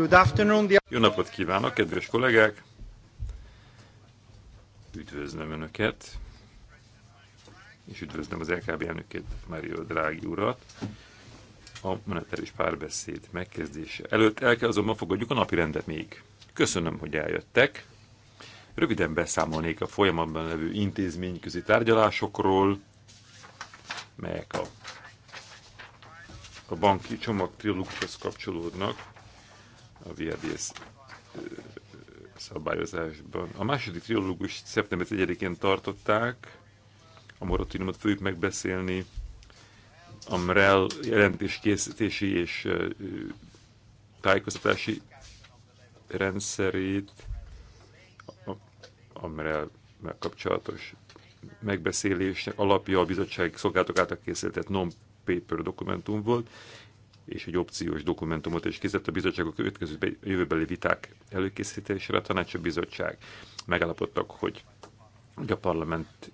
Good afternoon. Jó napot kívánok, kedves kollégák! Üdvözlöm Önöket, és üdvözlöm az LKB elnökét, Mário Drági urat. A menetelés párbeszéd megkezdése előtt el kell azonban fogadjuk a napi rendet még. Köszönöm, hogy eljöttek. Röviden beszámolnék a folyamatban levő intézményközi tárgyalásokról, melyek a, a banki csomag trilógushoz kapcsolódnak a VRDS szabályozásban. A második triológus szeptember 1-én tartották, a moratóriumot fogjuk megbeszélni, a MREL jelentéskészítési és tájékoztatási rendszerét, a, MREL kapcsolatos megbeszélésnek alapja a bizottság szolgálatok által készített non-paper dokumentum volt, és egy opciós dokumentumot is kizett a bizottság a következő jövőbeli viták előkészítésére. A tanács bizottság megállapodtak, hogy, hogy a parlament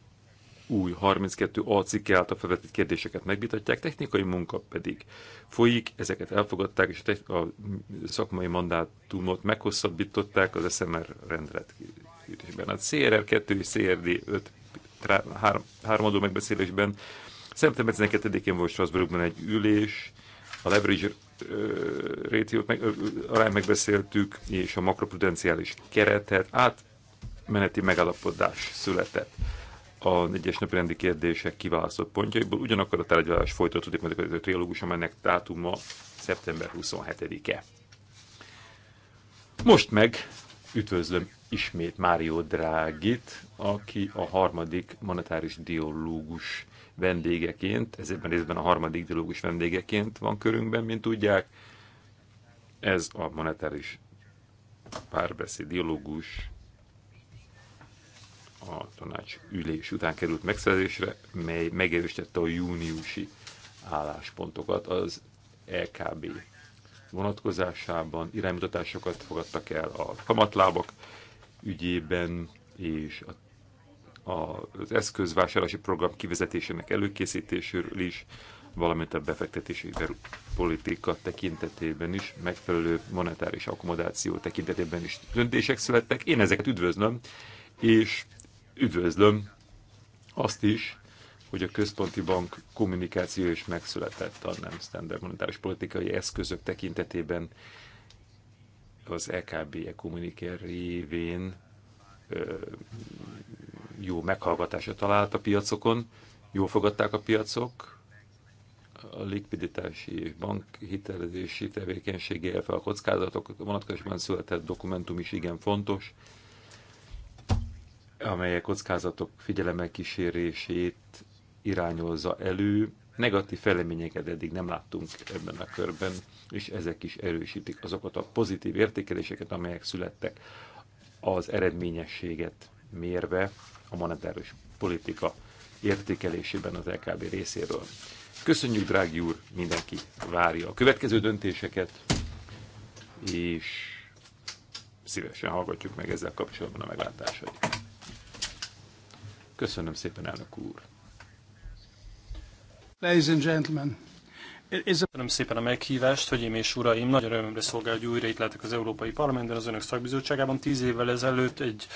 új 32 A cikke által felvetett kérdéseket megvitatják, technikai munka pedig folyik, ezeket elfogadták, és a, szakmai mandátumot meghosszabbították az SMR rendelet kérdésben. A CRR 2 és CRD 5 háromadó megbeszélésben szeptember 12-én volt Strasbourgban egy ülés, a leverage rétiót meg, arány megbeszéltük, és a makroprudenciális keretet átmeneti megállapodás született a egyes napi rendi kérdések kiválasztott pontjaiból. Ugyanakkor a tárgyalás folytatódik, mert a triológus, amelynek dátuma szeptember 27-e. Most meg üdvözlöm ismét Mário Drágit, aki a harmadik monetáris dialógus vendégeként, ezért részben a harmadik dialógus vendégeként van körünkben, mint tudják. Ez a monetáris párbeszéd dialógus a tanács ülés után került megszerzésre, mely megerősítette a júniusi álláspontokat az LKB vonatkozásában, iránymutatásokat fogadtak el a kamatlábak ügyében, és a az eszközvásárlási program kivezetésének előkészítéséről is, valamint a befektetési politika tekintetében is, megfelelő monetáris akkomodáció tekintetében is döntések születtek. Én ezeket üdvözlöm, és üdvözlöm azt is, hogy a központi bank kommunikáció is megszületett a nem standard monetáris politikai eszközök tekintetében az EKB-e kommunikér révén jó meghallgatása talált a piacokon, jól fogadták a piacok, a likviditási és bankhitelezési tevékenység, illetve a kockázatok vonatkozásban született dokumentum is igen fontos, amely a kockázatok figyelemmel kísérését irányozza elő. Negatív feleményeket eddig nem láttunk ebben a körben, és ezek is erősítik azokat a pozitív értékeléseket, amelyek születtek az eredményességet mérve a monetáris politika értékelésében az LKB részéről. Köszönjük, drági úr, mindenki várja a következő döntéseket, és szívesen hallgatjuk meg ezzel kapcsolatban a meglátásait. Köszönöm szépen, elnök úr! Ladies and gentlemen, Köszönöm szépen a meghívást, hölgyeim és uraim. Nagy örömömre szolgál, hogy újra itt látok az Európai Parlamentben, az Önök szakbizottságában. Tíz évvel ezelőtt egy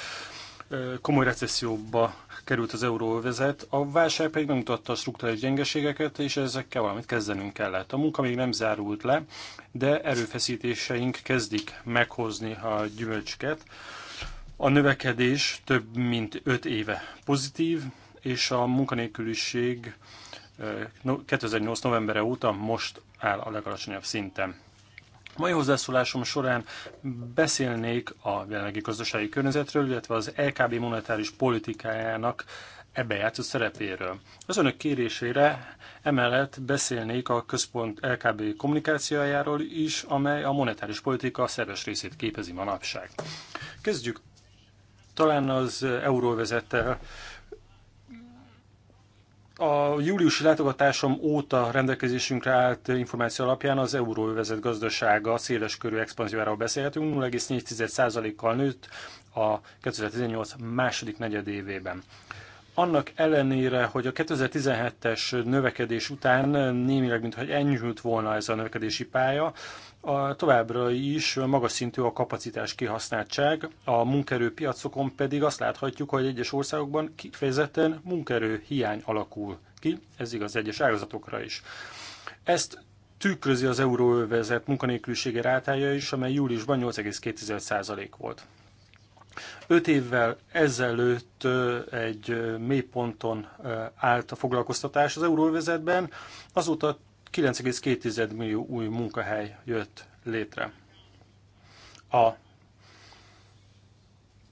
komoly recesszióba került az euróvezet, a válság pedig megmutatta a struktúrális gyengeségeket, és ezekkel valamit kezdenünk kellett. A munka még nem zárult le, de erőfeszítéseink kezdik meghozni a gyümölcsket. A növekedés több mint öt éve pozitív, és a munkanélküliség 2008. novembere óta most áll a legalacsonyabb szinten. Mai hozzászólásom során beszélnék a jelenlegi gazdasági környezetről, illetve az LKB monetáris politikájának ebbe játszott szerepéről. Az önök kérésére emellett beszélnék a központ LKB kommunikációjáról is, amely a monetáris politika szerves részét képezi manapság. Kezdjük talán az euróvezettel a júliusi látogatásom óta rendelkezésünkre állt információ alapján az euróövezet gazdasága széles körű expanzióáról beszélhetünk, 0,4%-kal nőtt a 2018 második negyedévében. Annak ellenére, hogy a 2017-es növekedés után némileg, mintha enyhült volna ez a növekedési pálya, a, továbbra is magas szintű a kapacitás kihasználtság, a munkerőpiacokon pedig azt láthatjuk, hogy egyes országokban kifejezetten munkerő hiány alakul ki, ez igaz egyes ágazatokra is. Ezt tükrözi az euróövezet munkanélküliségi rátája is, amely júliusban 8,2% volt. Öt évvel ezelőtt egy mélyponton állt a foglalkoztatás az euróvezetben, azóta 9,2 millió új munkahely jött létre. A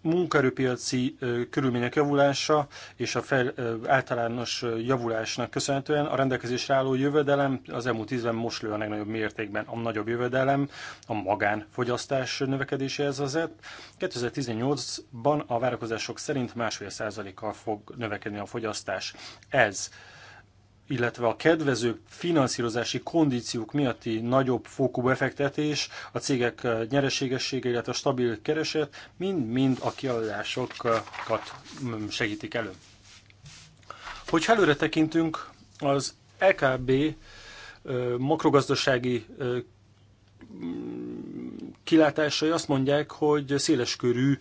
munkaerőpiaci körülmények javulása és a fel, általános javulásnak köszönhetően a rendelkezésre álló jövedelem az elmúlt tízben most lő a legnagyobb mértékben. A nagyobb jövedelem a magánfogyasztás növekedéséhez vezet. 2018-ban a várakozások szerint másfél százalékkal fog növekedni a fogyasztás. Ez illetve a kedvező finanszírozási kondíciók miatti nagyobb fokú befektetés, a cégek eh, nyereségessége, illetve a stabil kereset mind-mind a kiadásokat mm, segítik elő. Hogy előre tekintünk, az LKB e eh, makrogazdasági eh, mm, kilátásai azt mondják, hogy széleskörű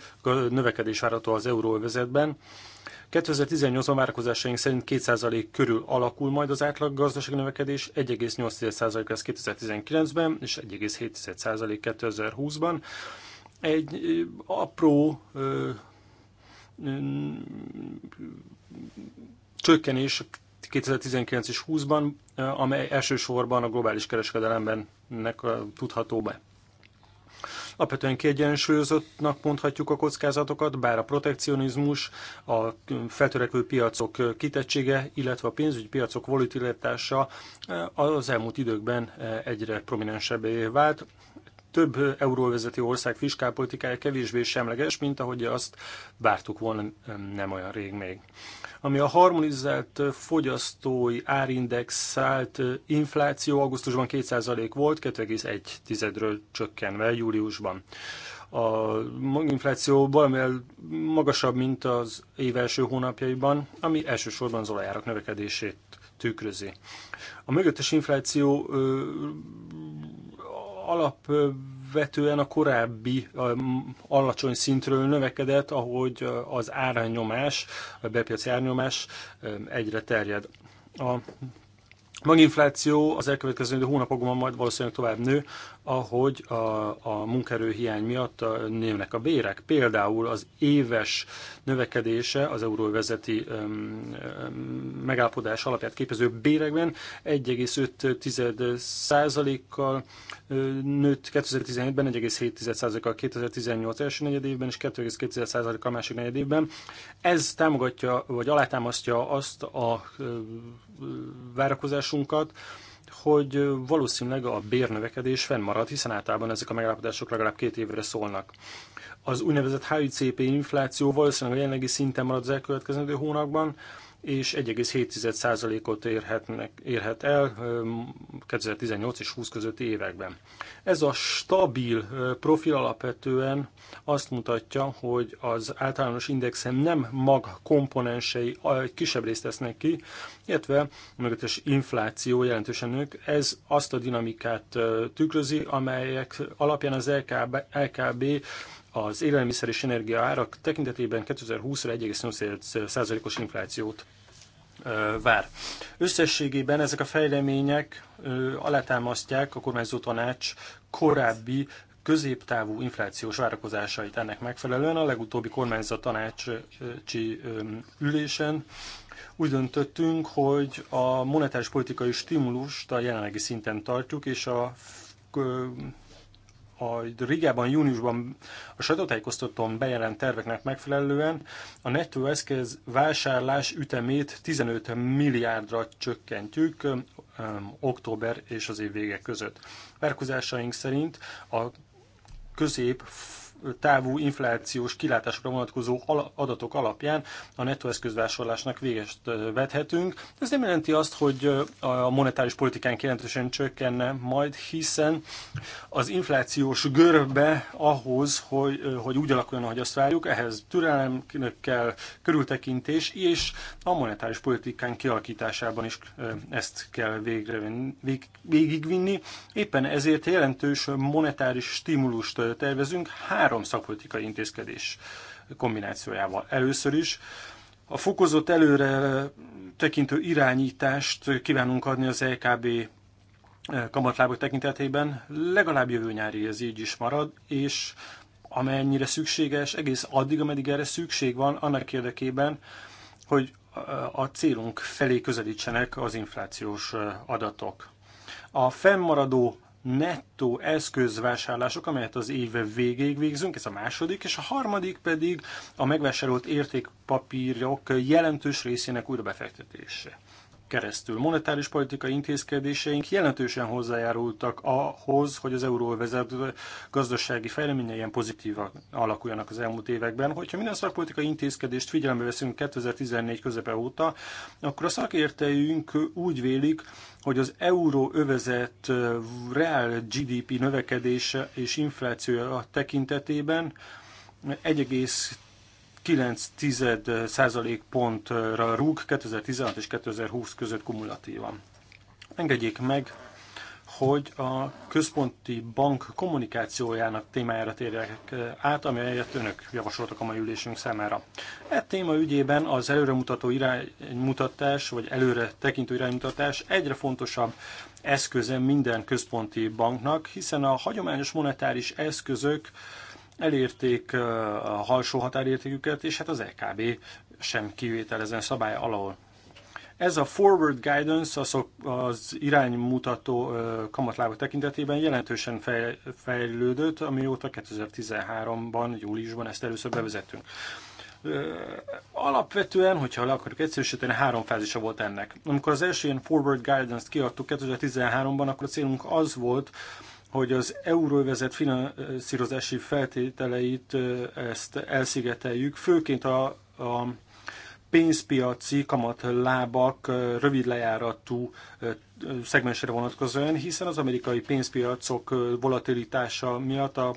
növekedés várható az euróvezetben. 2018-ban várakozásaink szerint 2% körül alakul majd az átlag gazdasági növekedés, 1,8% lesz 2019-ben, és 1,7% 2020-ban. Egy apró ö, ö, csökkenés 2019 és 20-ban, amely elsősorban a globális kereskedelemben tudható be. Alapvetően kiegyensúlyozottnak mondhatjuk a kockázatokat, bár a protekcionizmus, a feltörekvő piacok kitettsége, illetve a pénzügyi piacok volatilitása eh, az elmúlt időkben eh, egyre prominensebbé vált több euróvezeti ország fiskálpolitikája kevésbé semleges, mint ahogy azt vártuk volna eh, nem olyan rég még ami a harmonizált fogyasztói szállt infláció augusztusban 2% volt, 2,1%-ről csökkenve júliusban. A maginfláció valamivel magasabb, mint az év első hónapjaiban, ami elsősorban az olajárak növekedését tükrözi. A mögöttes infláció ö, alap alapvetően a korábbi alacsony szintről növekedett, ahogy az árnyomás, a belpiaci árnyomás egyre terjed. A maginfláció az elkövetkező hónapokban majd valószínűleg tovább nő, ahogy a, a munkerőhiány miatt nőnek a bérek. Például az éves növekedése az euróvezeti megállapodás alapját képező bérekben 1,5%-kal nőtt 2017-ben, 1,7%-kal 2018 első negyedévben és 2,2%-kal másik negyedévben. Ez támogatja, vagy alátámasztja azt a várakozásunkat, hogy valószínűleg a bérnövekedés fennmarad, hiszen általában ezek a megállapodások legalább két évre szólnak. Az úgynevezett HICP infláció valószínűleg a jelenlegi szinten marad az elkövetkező hónapban, és 1,7%-ot érhetnek, érhet el 2018 és 20 közötti években. Ez a stabil profil alapvetően azt mutatja, hogy az általános indexen nem mag komponensei egy kisebb részt tesznek ki, illetve a mögöttes infláció jelentősen nők. Ez azt a dinamikát tükrözi, amelyek alapján az LKB, LKB az élelmiszer és energia árak tekintetében 2020-ra 1,8%-os inflációt vár. Összességében ezek a fejlemények alátámasztják a kormányzó tanács korábbi középtávú inflációs várakozásait ennek megfelelően a legutóbbi kormányzat tanácsi ülésen úgy döntöttünk, hogy a monetáris politikai stimulust a jelenlegi szinten tartjuk, és a a Rigában júniusban a sajtótájékoztatón bejelent terveknek megfelelően a nettó eszköz vásárlás ütemét 15 milliárdra csökkentjük október és az év vége között. Verkozásaink szerint a közép távú inflációs kilátásra vonatkozó adatok alapján a nettoeszközvásárlásnak végest vethetünk. Ez nem jelenti azt, hogy a monetáris politikánk jelentősen csökkenne majd, hiszen az inflációs görbe ahhoz, hogy, hogy úgy alakuljon, ahogy azt várjuk, ehhez türelem kell, körültekintés, és a monetáris politikán kialakításában is ezt kell végre, vég, végigvinni. Éppen ezért jelentős monetáris stimulust tervezünk, három három szakpolitikai intézkedés kombinációjával. Először is a fokozott előre tekintő irányítást kívánunk adni az LKB e eh, kamatlábok tekintetében, legalább jövő nyári ez így is marad, és amennyire szükséges, egész addig, ameddig erre szükség van, annak érdekében, hogy eh, a célunk felé közelítsenek az inflációs eh, adatok. A fennmaradó nettó eszközvásárlások, amelyet az éve végéig végzünk, ez a második, és a harmadik pedig a megvásárolt értékpapírok jelentős részének újrabefektetése keresztül. Monetáris politikai intézkedéseink jelentősen hozzájárultak ahhoz, hogy az euróvezet gazdasági fejleménye ilyen pozitívak alakuljanak az elmúlt években. Hogyha minden szakpolitikai intézkedést figyelembe veszünk 2014 közepe óta, akkor a szakértőink úgy vélik, hogy az euróövezet reál GDP növekedése és inflációja tekintetében 9 százalék pontra rúg 2016 és 2020 között kumulatívan. Engedjék meg, hogy a központi bank kommunikációjának témájára térjek át, amelyet önök javasoltak a mai ülésünk számára. E téma ügyében az előremutató iránymutatás, vagy előre tekintő iránymutatás egyre fontosabb eszköze minden központi banknak, hiszen a hagyományos monetáris eszközök elérték a halsó határértéküket, és hát az LKB sem kivétel ezen szabály alól. Ez a forward guidance, az, az iránymutató kamatlába tekintetében jelentősen fejlődött, amióta 2013-ban, júliusban ezt először bevezettünk. Alapvetően, hogyha le akarjuk egyszerűsíteni, három fázisa volt ennek. Amikor az első ilyen forward guidance-t kiadtuk 2013-ban, akkor a célunk az volt, hogy az euróvezet finanszírozási feltételeit ezt elszigeteljük, főként a, a pénzpiaci kamatlábak rövid lejáratú szegmensre vonatkozóan, hiszen az amerikai pénzpiacok volatilitása miatt a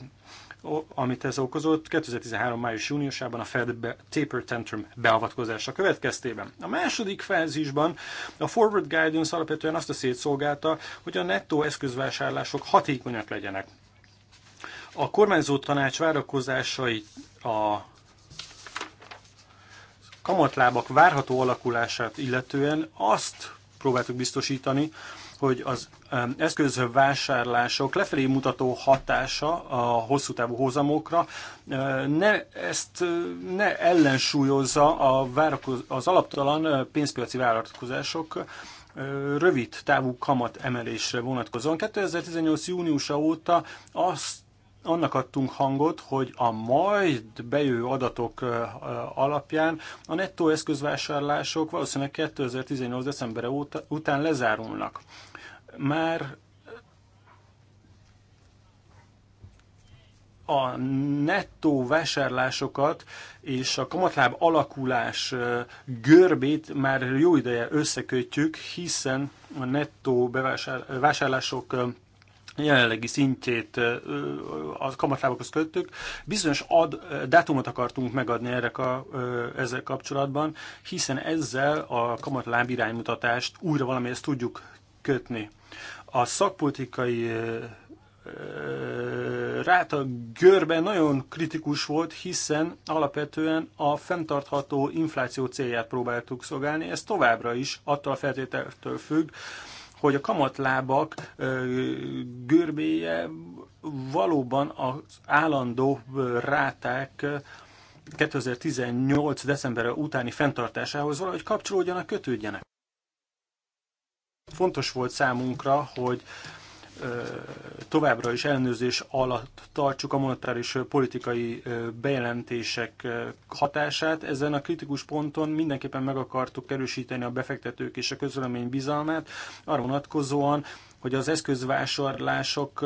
amit ez okozott 2013. május-júniusában a Fed be, taper tantrum beavatkozása következtében. A második fázisban a forward guidance alapvetően azt a szétszolgálta, hogy a nettó eszközvásárlások hatékonyak legyenek. A kormányzó tanács várakozásai a kamatlábak várható alakulását illetően azt próbáltuk biztosítani, hogy az eszközvásárlások lefelé mutató hatása a hosszú távú hozamokra ne, ezt ne ellensúlyozza a várakoz, az alaptalan pénzpiaci vállalkozások rövid távú kamat emelésre vonatkozóan. 2018. júniusa óta azt annak adtunk hangot, hogy a majd bejövő adatok alapján a nettó eszközvásárlások valószínűleg 2018. december után lezárulnak már a nettó vásárlásokat és a kamatláb alakulás görbét már jó ideje összekötjük, hiszen a nettó bevásárlások jelenlegi szintjét a kamatlábokhoz köttük. Bizonyos ad, dátumot akartunk megadni erre a, ezzel kapcsolatban, hiszen ezzel a kamatláb iránymutatást újra valamihez tudjuk kötni. A szakpolitikai ráta görbe nagyon kritikus volt, hiszen alapvetően a fenntartható infláció célját próbáltuk szolgálni, ez továbbra is attól a feltételtől függ, hogy a kamatlábak görbéje valóban az állandó ráták 2018. december utáni fenntartásához valahogy kapcsolódjanak, kötődjenek. Fontos volt számunkra, hogy továbbra is ellenőrzés alatt tartsuk a monetáris politikai bejelentések hatását. Ezen a kritikus ponton mindenképpen meg akartuk erősíteni a befektetők és a közlemény bizalmát, arra vonatkozóan, hogy az eszközvásárlások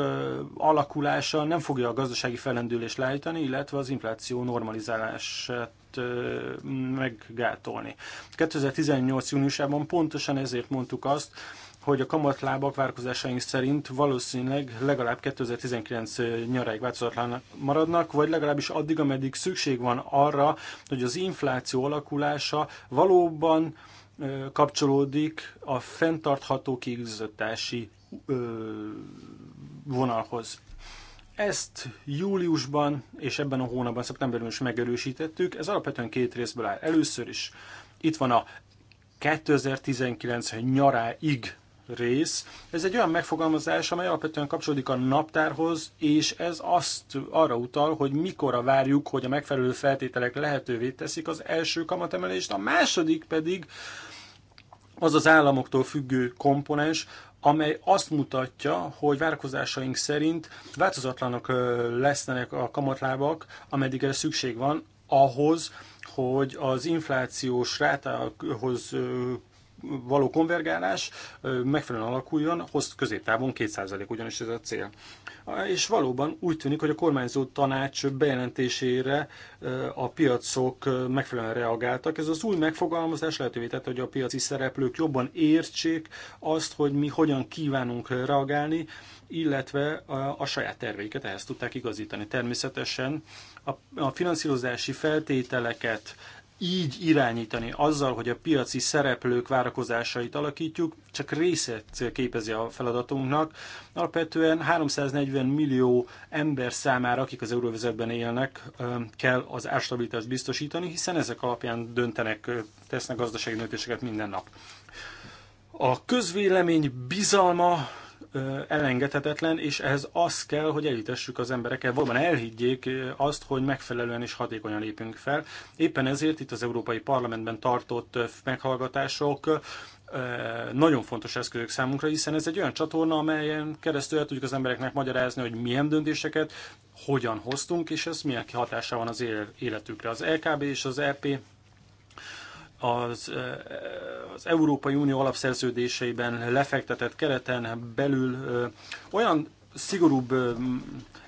alakulása nem fogja a gazdasági felendülést leállítani, illetve az infláció normalizálását meggátolni. 2018. júniusában pontosan ezért mondtuk azt, hogy a kamatlábak várkozásaink szerint valószínűleg legalább 2019 nyaráig változatlan maradnak, vagy legalábbis addig, ameddig szükség van arra, hogy az infláció alakulása valóban kapcsolódik a fenntartható kiigazítási vonalhoz. Ezt júliusban és ebben a hónapban, szeptemberben is megerősítettük. Ez alapvetően két részből áll. Először is itt van a 2019 nyaráig rész. Ez egy olyan megfogalmazás, amely alapvetően kapcsolódik a naptárhoz, és ez azt arra utal, hogy mikorra várjuk, hogy a megfelelő feltételek lehetővé teszik az első kamatemelést, a második pedig az az államoktól függő komponens, amely azt mutatja, hogy várakozásaink szerint változatlanok lesznek a kamatlábak, ameddig erre szükség van, ahhoz, hogy az inflációs rátához való konvergálás megfelelően alakuljon, hoz középtávon 2% ugyanis ez a cél és valóban úgy tűnik, hogy a kormányzó tanács bejelentésére a piacok megfelelően reagáltak. Ez az új megfogalmazás lehetővé tette, hogy a piaci szereplők jobban értsék azt, hogy mi hogyan kívánunk reagálni, illetve a, a saját terveiket ehhez tudták igazítani. Természetesen a, a finanszírozási feltételeket így irányítani, azzal, hogy a piaci szereplők várakozásait alakítjuk, csak részét képezi a feladatunknak. Alapvetően 340 millió ember számára, akik az euróvezetben élnek, kell az árstabilitást biztosítani, hiszen ezek alapján döntenek, tesznek gazdasági döntéseket minden nap. A közvélemény bizalma elengedhetetlen, és ehhez az kell, hogy elítessük az embereket, valóban elhiggyék azt, hogy megfelelően és hatékonyan lépünk fel. Éppen ezért itt az Európai Parlamentben tartott meghallgatások nagyon fontos eszközök számunkra, hiszen ez egy olyan csatorna, amelyen keresztül el tudjuk az embereknek magyarázni, hogy milyen döntéseket, hogyan hoztunk, és ez milyen hatása van az életükre. Az LKB és az EP az, az Európai Unió alapszerződéseiben lefektetett kereten belül olyan szigorúbb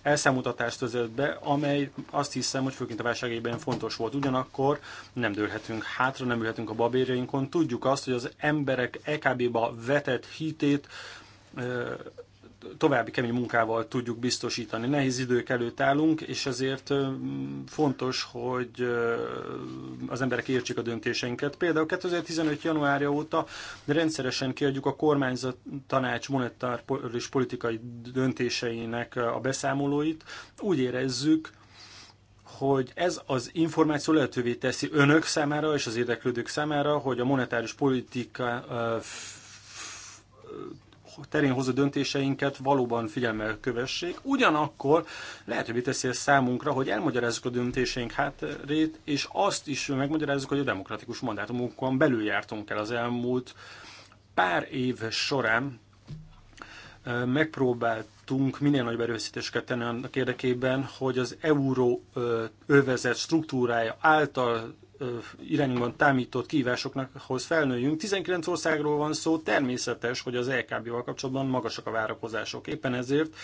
elszámutatást vezet be, amely azt hiszem, hogy főként a válságében fontos volt. Ugyanakkor nem dőlhetünk hátra, nem ülhetünk a babérjainkon. Tudjuk azt, hogy az emberek EKB-ba vetett hitét további kemény munkával tudjuk biztosítani. Nehéz idők előtt állunk, és ezért fontos, hogy az emberek értsék a döntéseinket. Például 2015. januárja óta rendszeresen kiadjuk a kormányzat tanács monetáris politikai döntéseinek a beszámolóit. Úgy érezzük, hogy ez az információ lehetővé teszi önök számára és az érdeklődők számára, hogy a monetáris politika terén hozó döntéseinket valóban figyelmel kövessék. Ugyanakkor lehetővé teszi ez számunkra, hogy elmagyarázzuk a döntéseink hátrét, és azt is megmagyarázzuk, hogy a demokratikus mandátumunkon belül jártunk el az elmúlt pár év során. Megpróbáltunk minél nagyobb erőszítéseket tenni annak érdekében, hogy az euró övezet struktúrája által irányunkban támított kihívásokhoz felnőjünk. 19 országról van szó, természetes, hogy az LKB-val e kapcsolatban magasak a várakozások. Éppen ezért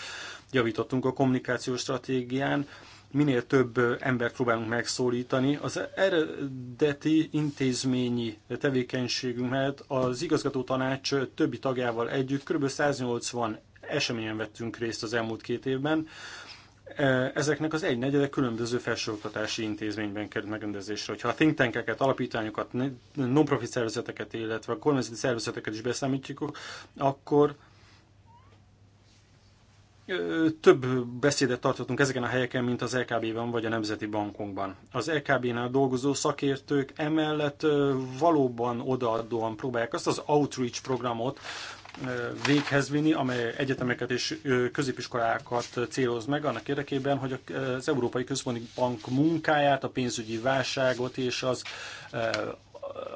javítottunk a kommunikációs stratégián, minél több embert próbálunk megszólítani. Az eredeti intézményi tevékenységünk mellett az igazgató tanács többi tagjával együtt kb. 180 eseményen vettünk részt az elmúlt két évben. E, ezeknek az egy negyede különböző felsőoktatási intézményben került megrendezésre. Hogyha a think tankeket, alapítványokat, non-profit szervezeteket, illetve a kormányzati szervezeteket is beszámítjuk, akkor e, több beszédet tartottunk ezeken a helyeken, mint az LKB-ben vagy a Nemzeti Bankunkban. Az LKB-nál dolgozó szakértők emellett e, valóban odaadóan próbálják azt az outreach programot, véghez vinni, amely egyetemeket és középiskolákat céloz meg annak érdekében, hogy az Európai Központi Bank munkáját, a pénzügyi válságot és az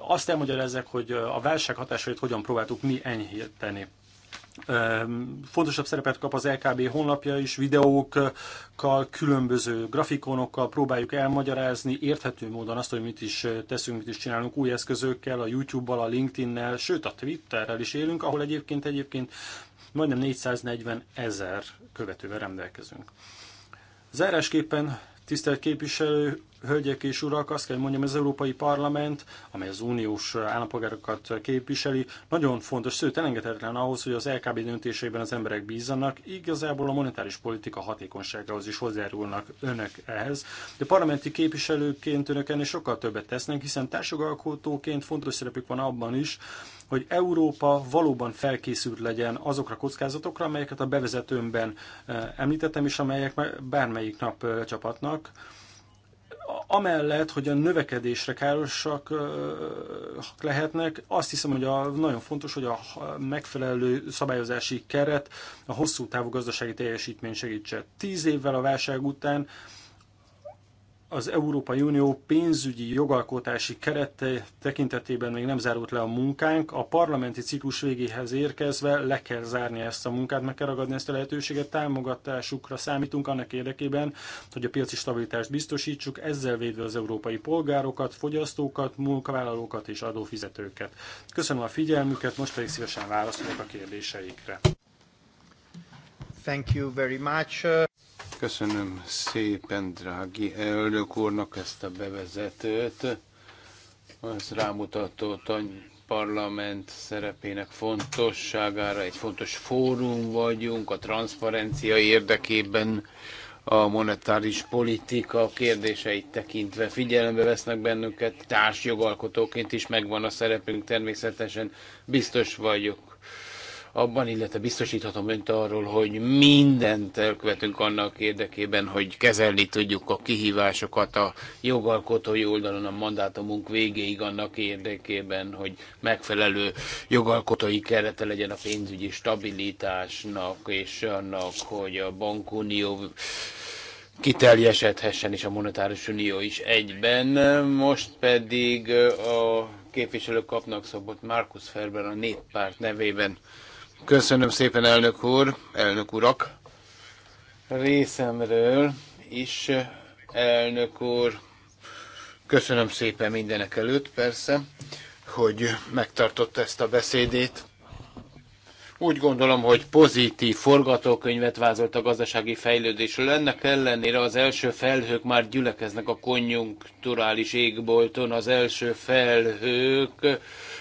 azt elmagyarázzák, hogy a válság hatásait hogyan próbáltuk mi enyhíteni. Ehm, fontosabb szerepet kap az LKB honlapja is, videókkal, különböző grafikonokkal próbáljuk elmagyarázni érthető módon azt, hogy mit is teszünk, mit is csinálunk új eszközökkel, a YouTube-bal, a LinkedIn-nel, sőt a Twitterrel is élünk, ahol egyébként egyébként majdnem 440 ezer követővel rendelkezünk. Zárásképpen, tisztelt képviselő Hölgyek és urak, azt kell mondjam, az Európai Parlament, amely az uniós állampolgárokat képviseli, nagyon fontos, sőt elengedhetetlen ahhoz, hogy az LKB döntéseiben az emberek bízzanak, igazából a monetáris politika hatékonyságához is hozzájárulnak önök ehhez. De parlamenti képviselőként önök ennél sokkal többet tesznek, hiszen társjogalkotóként fontos szerepük van abban is, hogy Európa valóban felkészült legyen azokra a kockázatokra, amelyeket a bevezetőmben eh, említettem, és amelyek bármelyik nap eh, csapatnak amellett, hogy a növekedésre károsak lehetnek, azt hiszem, hogy a, nagyon fontos, hogy a megfelelő szabályozási keret a hosszú távú gazdasági teljesítmény segítse. Tíz évvel a válság után az Európai Unió pénzügyi jogalkotási kerete tekintetében még nem zárult le a munkánk. A parlamenti ciklus végéhez érkezve le kell zárni ezt a munkát, meg kell ragadni ezt a lehetőséget. Támogatásukra számítunk annak érdekében, hogy a piaci stabilitást biztosítsuk, ezzel védve az európai polgárokat, fogyasztókat, munkavállalókat és adófizetőket. Köszönöm a figyelmüket, most pedig szívesen válaszolok a kérdéseikre. Thank you very much. Köszönöm szépen, drági elnök úrnak ezt a bevezetőt. Az rámutatott a parlament szerepének fontosságára. Egy fontos fórum vagyunk a transzparencia érdekében a monetáris politika kérdéseit tekintve figyelembe vesznek bennünket, társjogalkotóként is megvan a szerepünk természetesen. Biztos vagyok abban, illetve biztosíthatom önt arról, hogy mindent elkövetünk annak érdekében, hogy kezelni tudjuk a kihívásokat a jogalkotói oldalon a mandátumunk végéig annak érdekében, hogy megfelelő jogalkotói kerete legyen a pénzügyi stabilitásnak és annak, hogy a bankunió kiteljesedhessen, és a monetáris unió is egyben. Most pedig a képviselők kapnak szobot Markus Ferber a néppárt nevében. Köszönöm szépen, elnök úr, elnök urak. Részemről is, elnök úr, köszönöm szépen mindenek előtt, persze, hogy megtartotta ezt a beszédét. Úgy gondolom, hogy pozitív forgatókönyvet vázolt a gazdasági fejlődésről. Ennek ellenére az első felhők már gyülekeznek a konjunkturális égbolton. Az első felhők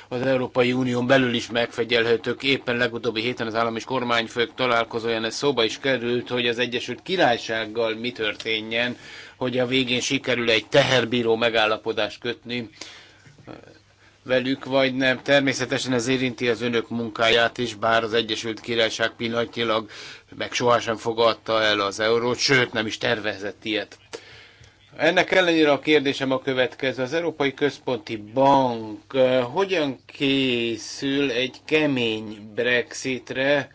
az Európai Unión belül is megfegyelhetők. Éppen legutóbbi héten az állam és kormányfők találkozóján ez szóba is került, hogy az Egyesült Királysággal mi történjen, hogy a végén sikerül egy teherbíró megállapodást kötni velük, vagy nem. Természetesen ez érinti az önök munkáját is, bár az Egyesült Királyság pillanatilag meg sohasem fogadta el az eurót, sőt nem is tervezett ilyet. Ennek ellenére a kérdésem a következő. Az Európai Központi Bank eh, hogyan készül egy kemény Brexitre,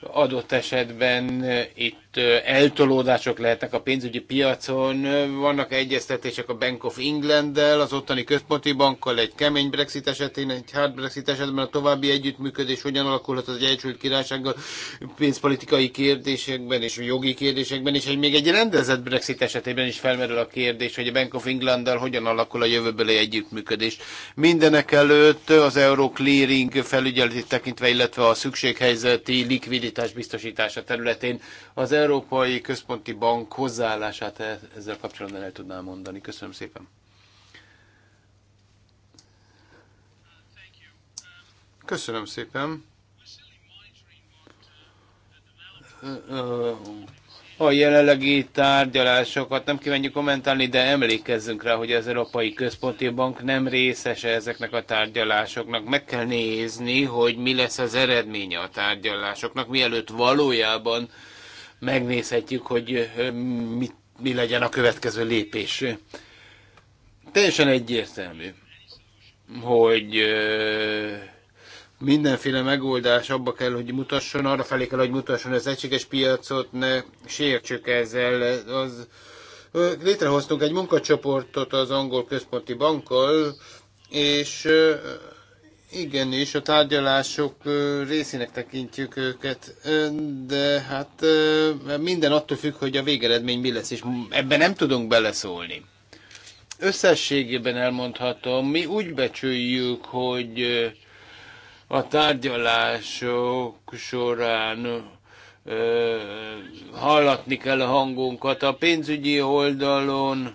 adott esetben eh, itt eltolódások lehetnek a pénzügyi piacon, vannak egyeztetések a Bank of England-del, az ottani központi bankkal, egy kemény Brexit esetén, egy hard Brexit esetben a további együttműködés hogyan alakulhat az Egyesült Királysággal pénzpolitikai kérdésekben és jogi kérdésekben, és egy még egy rendezett Brexit esetében is felmerül a kérdés, hogy a Bank of England-del hogyan alakul a jövőbeli együttműködés. Mindenek előtt az Euro Clearing felügyeletét tekintve, illetve a szükséghelyzeti likviditás biztosítása területén az Európai Központi Bank hozzáállását e- ezzel kapcsolatban el tudnám mondani. Köszönöm szépen. Köszönöm szépen. A jelenlegi tárgyalásokat nem kívánjuk kommentálni, de emlékezzünk rá, hogy az Európai Központi Bank nem részese ezeknek a tárgyalásoknak. Meg kell nézni, hogy mi lesz az eredménye a tárgyalásoknak, mielőtt valójában megnézhetjük, hogy mi, mi legyen a következő lépés. Teljesen egyértelmű, hogy mindenféle megoldás abba kell, hogy mutasson, arra felé kell, hogy mutasson az egységes piacot, ne sértsük ezzel. Az, létrehoztunk egy munkacsoportot az angol központi bankkal, és igen, és a tárgyalások részének tekintjük őket, de hát minden attól függ, hogy a végeredmény mi lesz, és ebben nem tudunk beleszólni. Összességében elmondhatom, mi úgy becsüljük, hogy a tárgyalások során hallatni kell a hangunkat a pénzügyi oldalon,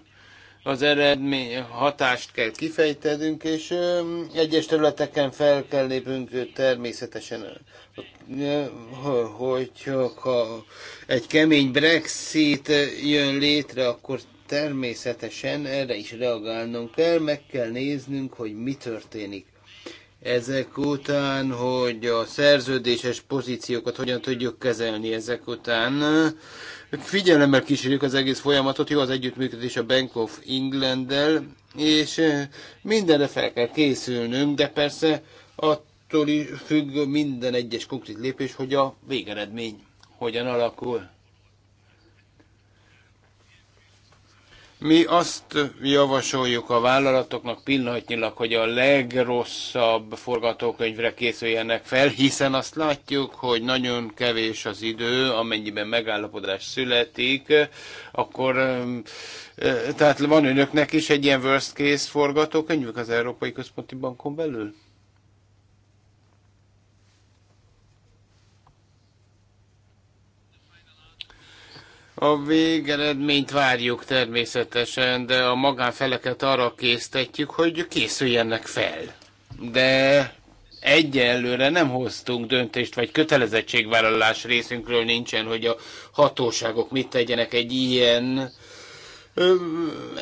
az eredmény hatást kell kifejtenünk, és egyes területeken fel kell lépünk természetesen, hogy ha egy kemény Brexit jön létre, akkor természetesen erre is reagálnunk kell, meg kell néznünk, hogy mi történik. Ezek után, hogy a szerződéses pozíciókat hogyan tudjuk kezelni ezek után, Figyelemmel kísérjük az egész folyamatot, jó az együttműködés a Bank of England-del, és eh, mindenre fel kell készülnünk, de persze attól is függ minden egyes konkrét lépés, hogy a végeredmény hogyan alakul. Mi azt javasoljuk a vállalatoknak pillanatnyilag, hogy a legrosszabb forgatókönyvre készüljenek fel, hiszen azt látjuk, hogy nagyon kevés az idő, amennyiben megállapodás születik, akkor e, tehát van önöknek is egy ilyen worst case forgatókönyvük az Európai Központi Bankon belül? A végeredményt várjuk természetesen, de a magánfeleket arra késztetjük, hogy készüljenek fel. De egyelőre nem hoztunk döntést, vagy kötelezettségvállalás részünkről nincsen, hogy a hatóságok mit tegyenek egy ilyen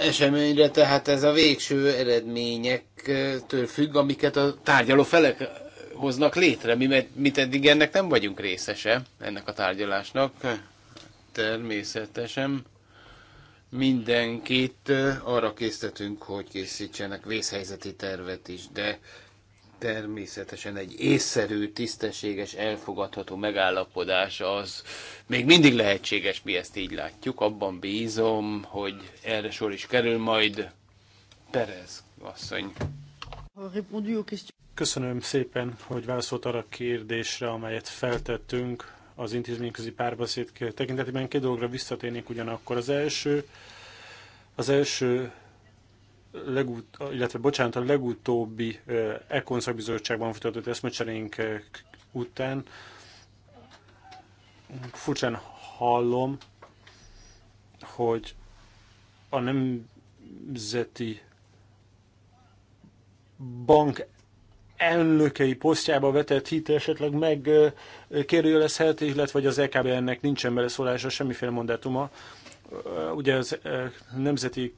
eseményre, tehát ez a végső eredményektől függ, amiket a tárgyaló felek hoznak létre. Mi, mit eddig ennek nem vagyunk részese, ennek a tárgyalásnak természetesen mindenkit arra késztetünk, hogy készítsenek vészhelyzeti tervet is, de természetesen egy észszerű, tisztességes, elfogadható megállapodás az még mindig lehetséges, mi ezt így látjuk. Abban bízom, hogy erre sor is kerül majd Perez asszony. Köszönöm szépen, hogy válaszolt arra a kérdésre, amelyet feltettünk az intézményközi párbeszéd tekintetében két dologra visszatérnék ugyanakkor. Az első, az első legut, illetve bocsánat, a legutóbbi Ekon szakbizottságban folytatott eszmecserénk után furcsán hallom, hogy a nemzeti bank elnökei posztjába vetett hit esetleg megkérdőjelezhet, illetve hogy az EKB nek nincsen beleszólása, semmiféle mandátuma ugye az nemzeti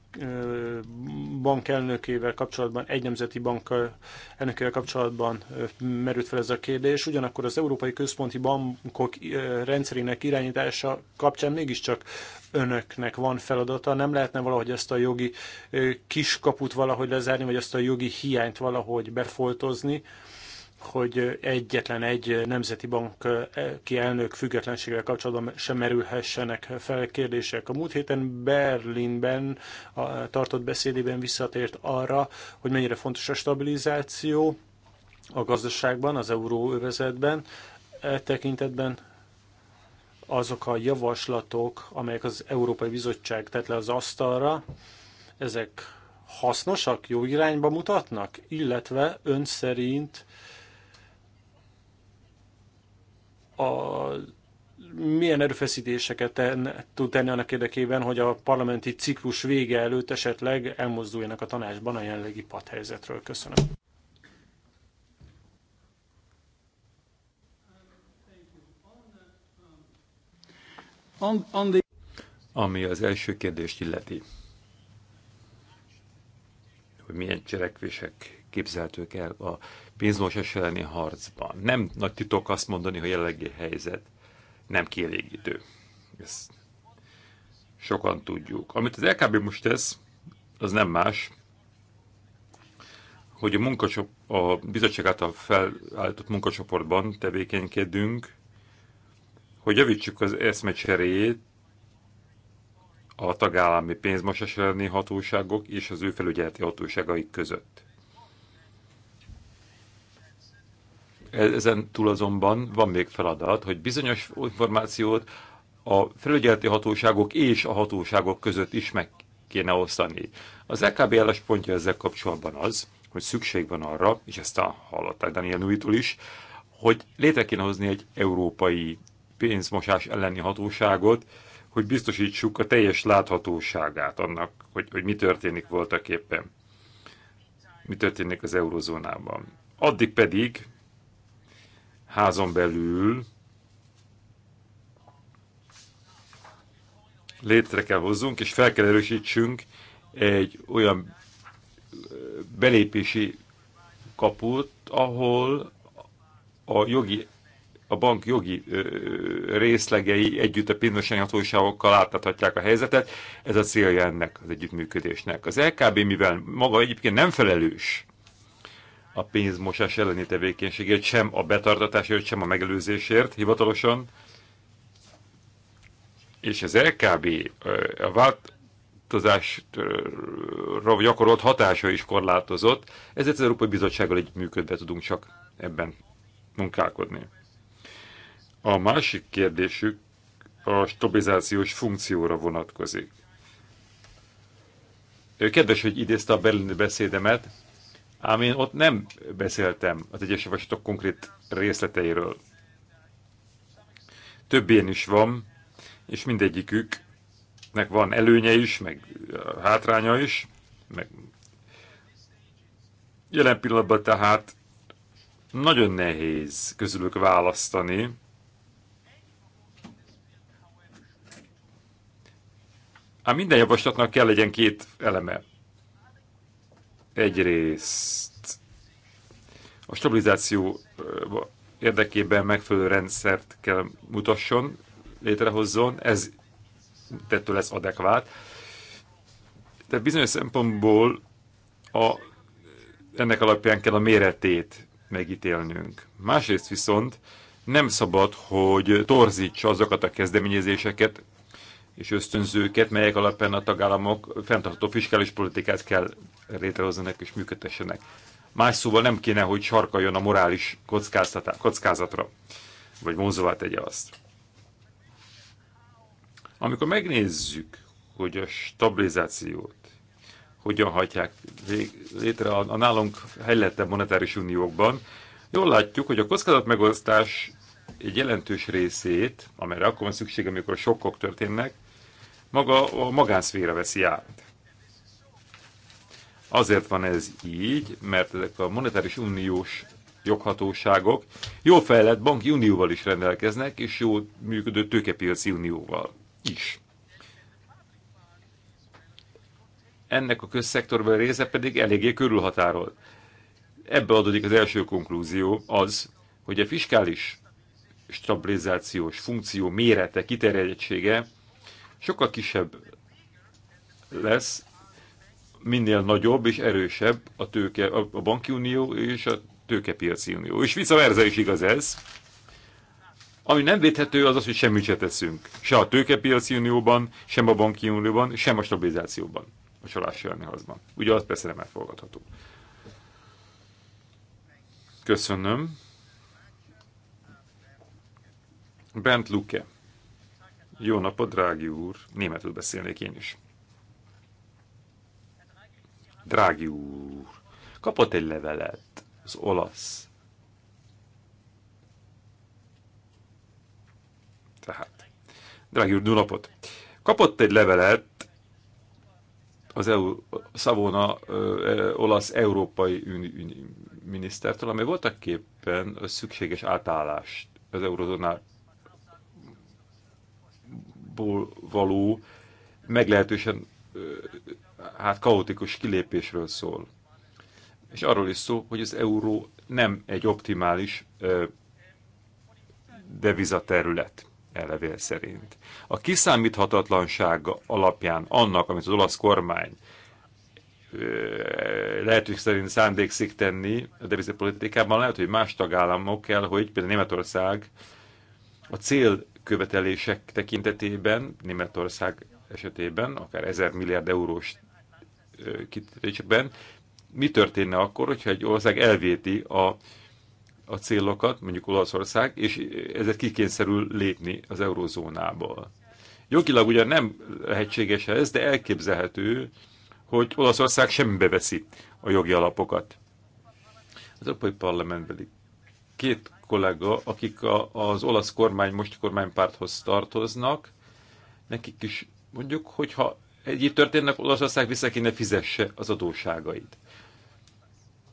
bank elnökével kapcsolatban, egy nemzeti bank elnökével kapcsolatban merült fel ez a kérdés, ugyanakkor az Európai Központi Bankok rendszerének irányítása kapcsán mégiscsak önöknek van feladata, nem lehetne valahogy ezt a jogi kiskaput valahogy lezárni, vagy ezt a jogi hiányt valahogy befoltozni, hogy egyetlen egy nemzeti bank eh, ki elnök függetlenségével kapcsolatban sem merülhessenek fel kérdések. A múlt héten Berlinben a tartott beszédében visszatért arra, hogy mennyire fontos a stabilizáció a gazdaságban, az euróövezetben. E tekintetben azok a javaslatok, amelyek az Európai Bizottság tett le az asztalra, ezek hasznosak, jó irányba mutatnak, illetve ön szerint a milyen erőfeszítéseket ten, tud tenni annak érdekében, hogy a parlamenti ciklus vége előtt esetleg elmozduljanak a tanácsban a jelenlegi padhelyzetről. Köszönöm. Ami az első kérdést illeti, hogy milyen cselekvések képzeltők el a pénzmosás elleni harcban. Nem nagy titok azt mondani, hogy jelenlegi helyzet nem kielégítő. Ezt sokan tudjuk. Amit az LKB most tesz, az nem más, hogy a, munkacsop, a bizottság által felállított munkacsoportban tevékenykedünk, hogy javítsuk az eszmecseréjét a tagállami pénzmosás elleni hatóságok és az ő felügyeleti hatóságaik között. E-, ezen túl azonban van még feladat, hogy bizonyos információt a felügyeleti hatóságok és a hatóságok között is meg kéne osztani. Az LKB e álláspontja ezzel kapcsolatban az, hogy szükség van arra, és ezt a hallották Daniel Nuitól is, hogy létre kéne hozni egy európai pénzmosás elleni hatóságot, hogy biztosítsuk a teljes láthatóságát annak, hogy, hogy mi történik voltak éppen, mi történik az eurozónában. Addig pedig házon belül létre kell hozzunk, és fel kell erősítsünk egy olyan belépési kaput, ahol a jogi a bank jogi részlegei együtt a pénzmosányi hatóságokkal átadhatják a helyzetet. Ez a célja ennek az együttműködésnek. Az LKB, mivel maga egyébként nem felelős a pénzmosás elleni tevékenységért, sem a betartatásért, sem a megelőzésért hivatalosan. És az LKB a változásra gyakorolt hatása is korlátozott, ezért az Európai Bizottsággal működve tudunk csak ebben munkálkodni. A másik kérdésük a stabilizációs funkcióra vonatkozik. Kedves, hogy idézte a berlini beszédemet, Ám én ott nem beszéltem az egyes javaslatok konkrét részleteiről. Több ilyen is van, és mindegyiküknek van előnye is, meg hátránya is, meg jelen pillanatban tehát nagyon nehéz közülük választani. Ám minden javaslatnak kell legyen két eleme. Egyrészt a stabilizáció érdekében megfelelő rendszert kell mutasson, létrehozzon, ez tettől lesz adekvát. De bizonyos szempontból a, ennek alapján kell a méretét megítélnünk. Másrészt viszont nem szabad, hogy torzítsa azokat a kezdeményezéseket, és ösztönzőket, melyek alapján a tagállamok fenntartó fiskális politikát kell létrehozzanak és működtessenek. Más szóval nem kéne, hogy sarkaljon a morális kockázatra, vagy vonzóvá tegye azt. Amikor megnézzük, hogy a stabilizációt hogyan hagyják létre a, nálunk helylettebb monetáris uniókban, jól látjuk, hogy a kockázatmegosztás egy jelentős részét, amelyre akkor van szükség, amikor sokkok történnek, maga a magánszféra veszi át. Azért van ez így, mert ezek a monetáris uniós joghatóságok jó fejlett banki unióval is rendelkeznek, és jó működő tőkepiaci unióval is. Ennek a közszektorban része pedig eléggé körülhatárolt. Ebbe adódik az első konklúzió, az, hogy a fiskális stabilizációs funkció mérete, kiterjedtsége sokkal kisebb lesz, minél nagyobb és erősebb a, tőke, a banki unió és a tőkepiaci unió. És visszaverze is igaz ez. Ami nem védhető, az az, hogy semmit se teszünk. Se a tőkepiaci unióban, sem a banki unióban, sem a stabilizációban, a csalási elleni Ugye az persze nem elfogadható. Köszönöm. Bent Luke. Jó napot, drági úr! Németül beszélnék én is. Drági úr! Kapott egy levelet az olasz. Tehát. Drági úr, jó napot! Kapott egy levelet az EU, Szavona ö, olasz európai minisztertől, amely voltak képpen a szükséges átállást az eurozónát válságból való, meglehetősen hát kaotikus kilépésről szól. És arról is szó, hogy az euró nem egy optimális devizaterület elevél szerint. A kiszámíthatatlansága alapján annak, amit az olasz kormány lehetőség szerint szándékszik tenni a devizapolitikában, lehet, hogy más tagállamok kell, hogy például Németország a célkövetelések tekintetében Németország esetében, akár 1000 milliárd eurós kitérésben, mi történne akkor, hogyha egy ország elvéti a, a célokat, mondjuk Olaszország, és ezért kikényszerül lépni az eurozónából. Jogilag ugyan nem lehetséges ez, de elképzelhető, hogy Olaszország semmibe veszi a jogi alapokat. Az Európai Parlamentbeli két kollega, akik a, az olasz kormány, most kormánypárthoz tartoznak, nekik is mondjuk, hogyha egy így történnek, Olaszország vissza kéne fizesse az adóságait.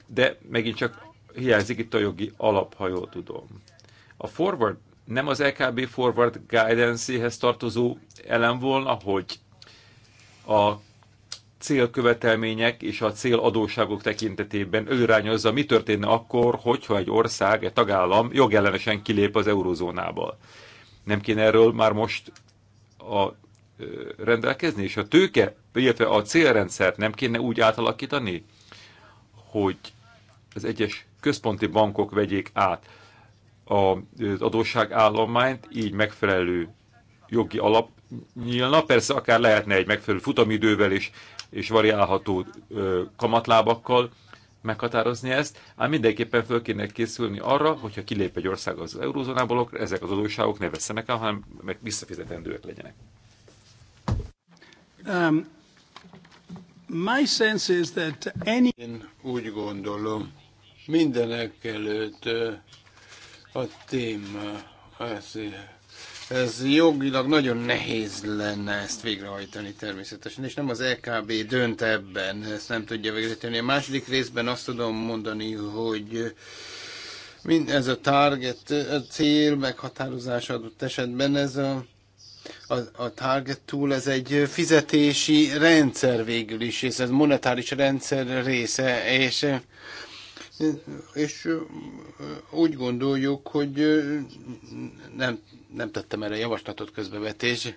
De megint csak hiányzik itt a jogi alap, ha jól tudom. A forward nem az LKB forward guidance-éhez tartozó elem volna, hogy a célkövetelmények és a céladóságok tekintetében előrányozza, mi történne akkor, hogyha egy ország, egy tagállam jogellenesen kilép az eurozónából. Nem kéne erről már most a rendelkezni, és a tőke, illetve a célrendszert nem kéne úgy átalakítani, hogy az egyes központi bankok vegyék át az adósságállományt, így megfelelő jogi alap nyílna. Persze akár lehetne egy megfelelő futamidővel is és variálható kamatlábakkal meghatározni ezt, ám mindenképpen föl kéne készülni arra, hogyha kilép egy ország az eurózónából, akkor ezek az adósságok ne vesszenek el, hanem meg visszafizetendőek legyenek. Um, my sense is that any... Én úgy gondolom, mindenek előtt a téma az, ez jogilag nagyon nehéz lenne ezt végrehajtani természetesen, és nem az LKB e dönt ebben, ezt nem tudja végrehajtani. A második részben azt tudom mondani, hogy mind ez a target, a cél meghatározása adott esetben, ez a, a, a target túl ez egy fizetési rendszer végül is, és ez monetáris rendszer része, és és úgy gondoljuk, hogy nem, nem tettem erre javaslatot közbevetés.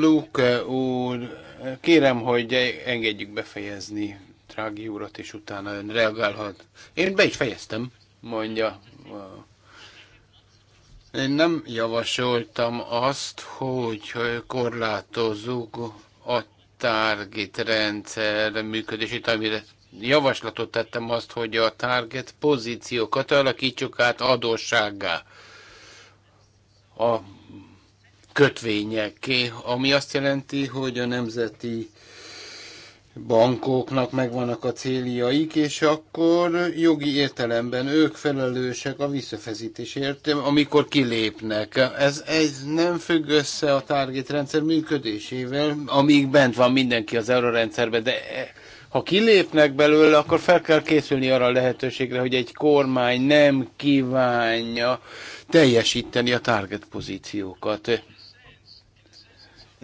Luke úr, kérem, hogy engedjük befejezni Trági úrat, és utána ön reagálhat. Én be is fejeztem, mondja. Én nem javasoltam azt, hogy korlátozzuk a target rendszer működését, amire javaslatot tettem azt, hogy a target pozíciókat alakítsuk át adóssággá a kötvényeké, ami azt jelenti, hogy a nemzeti bankoknak megvannak a céljaik, és akkor jogi értelemben ők felelősek a visszafezítésért, amikor kilépnek. Ez, ez nem függ össze a target rendszer működésével, amíg bent van mindenki az eurórendszerben, de ha kilépnek belőle, akkor fel kell készülni arra a lehetőségre, hogy egy kormány nem kívánja teljesíteni a target pozíciókat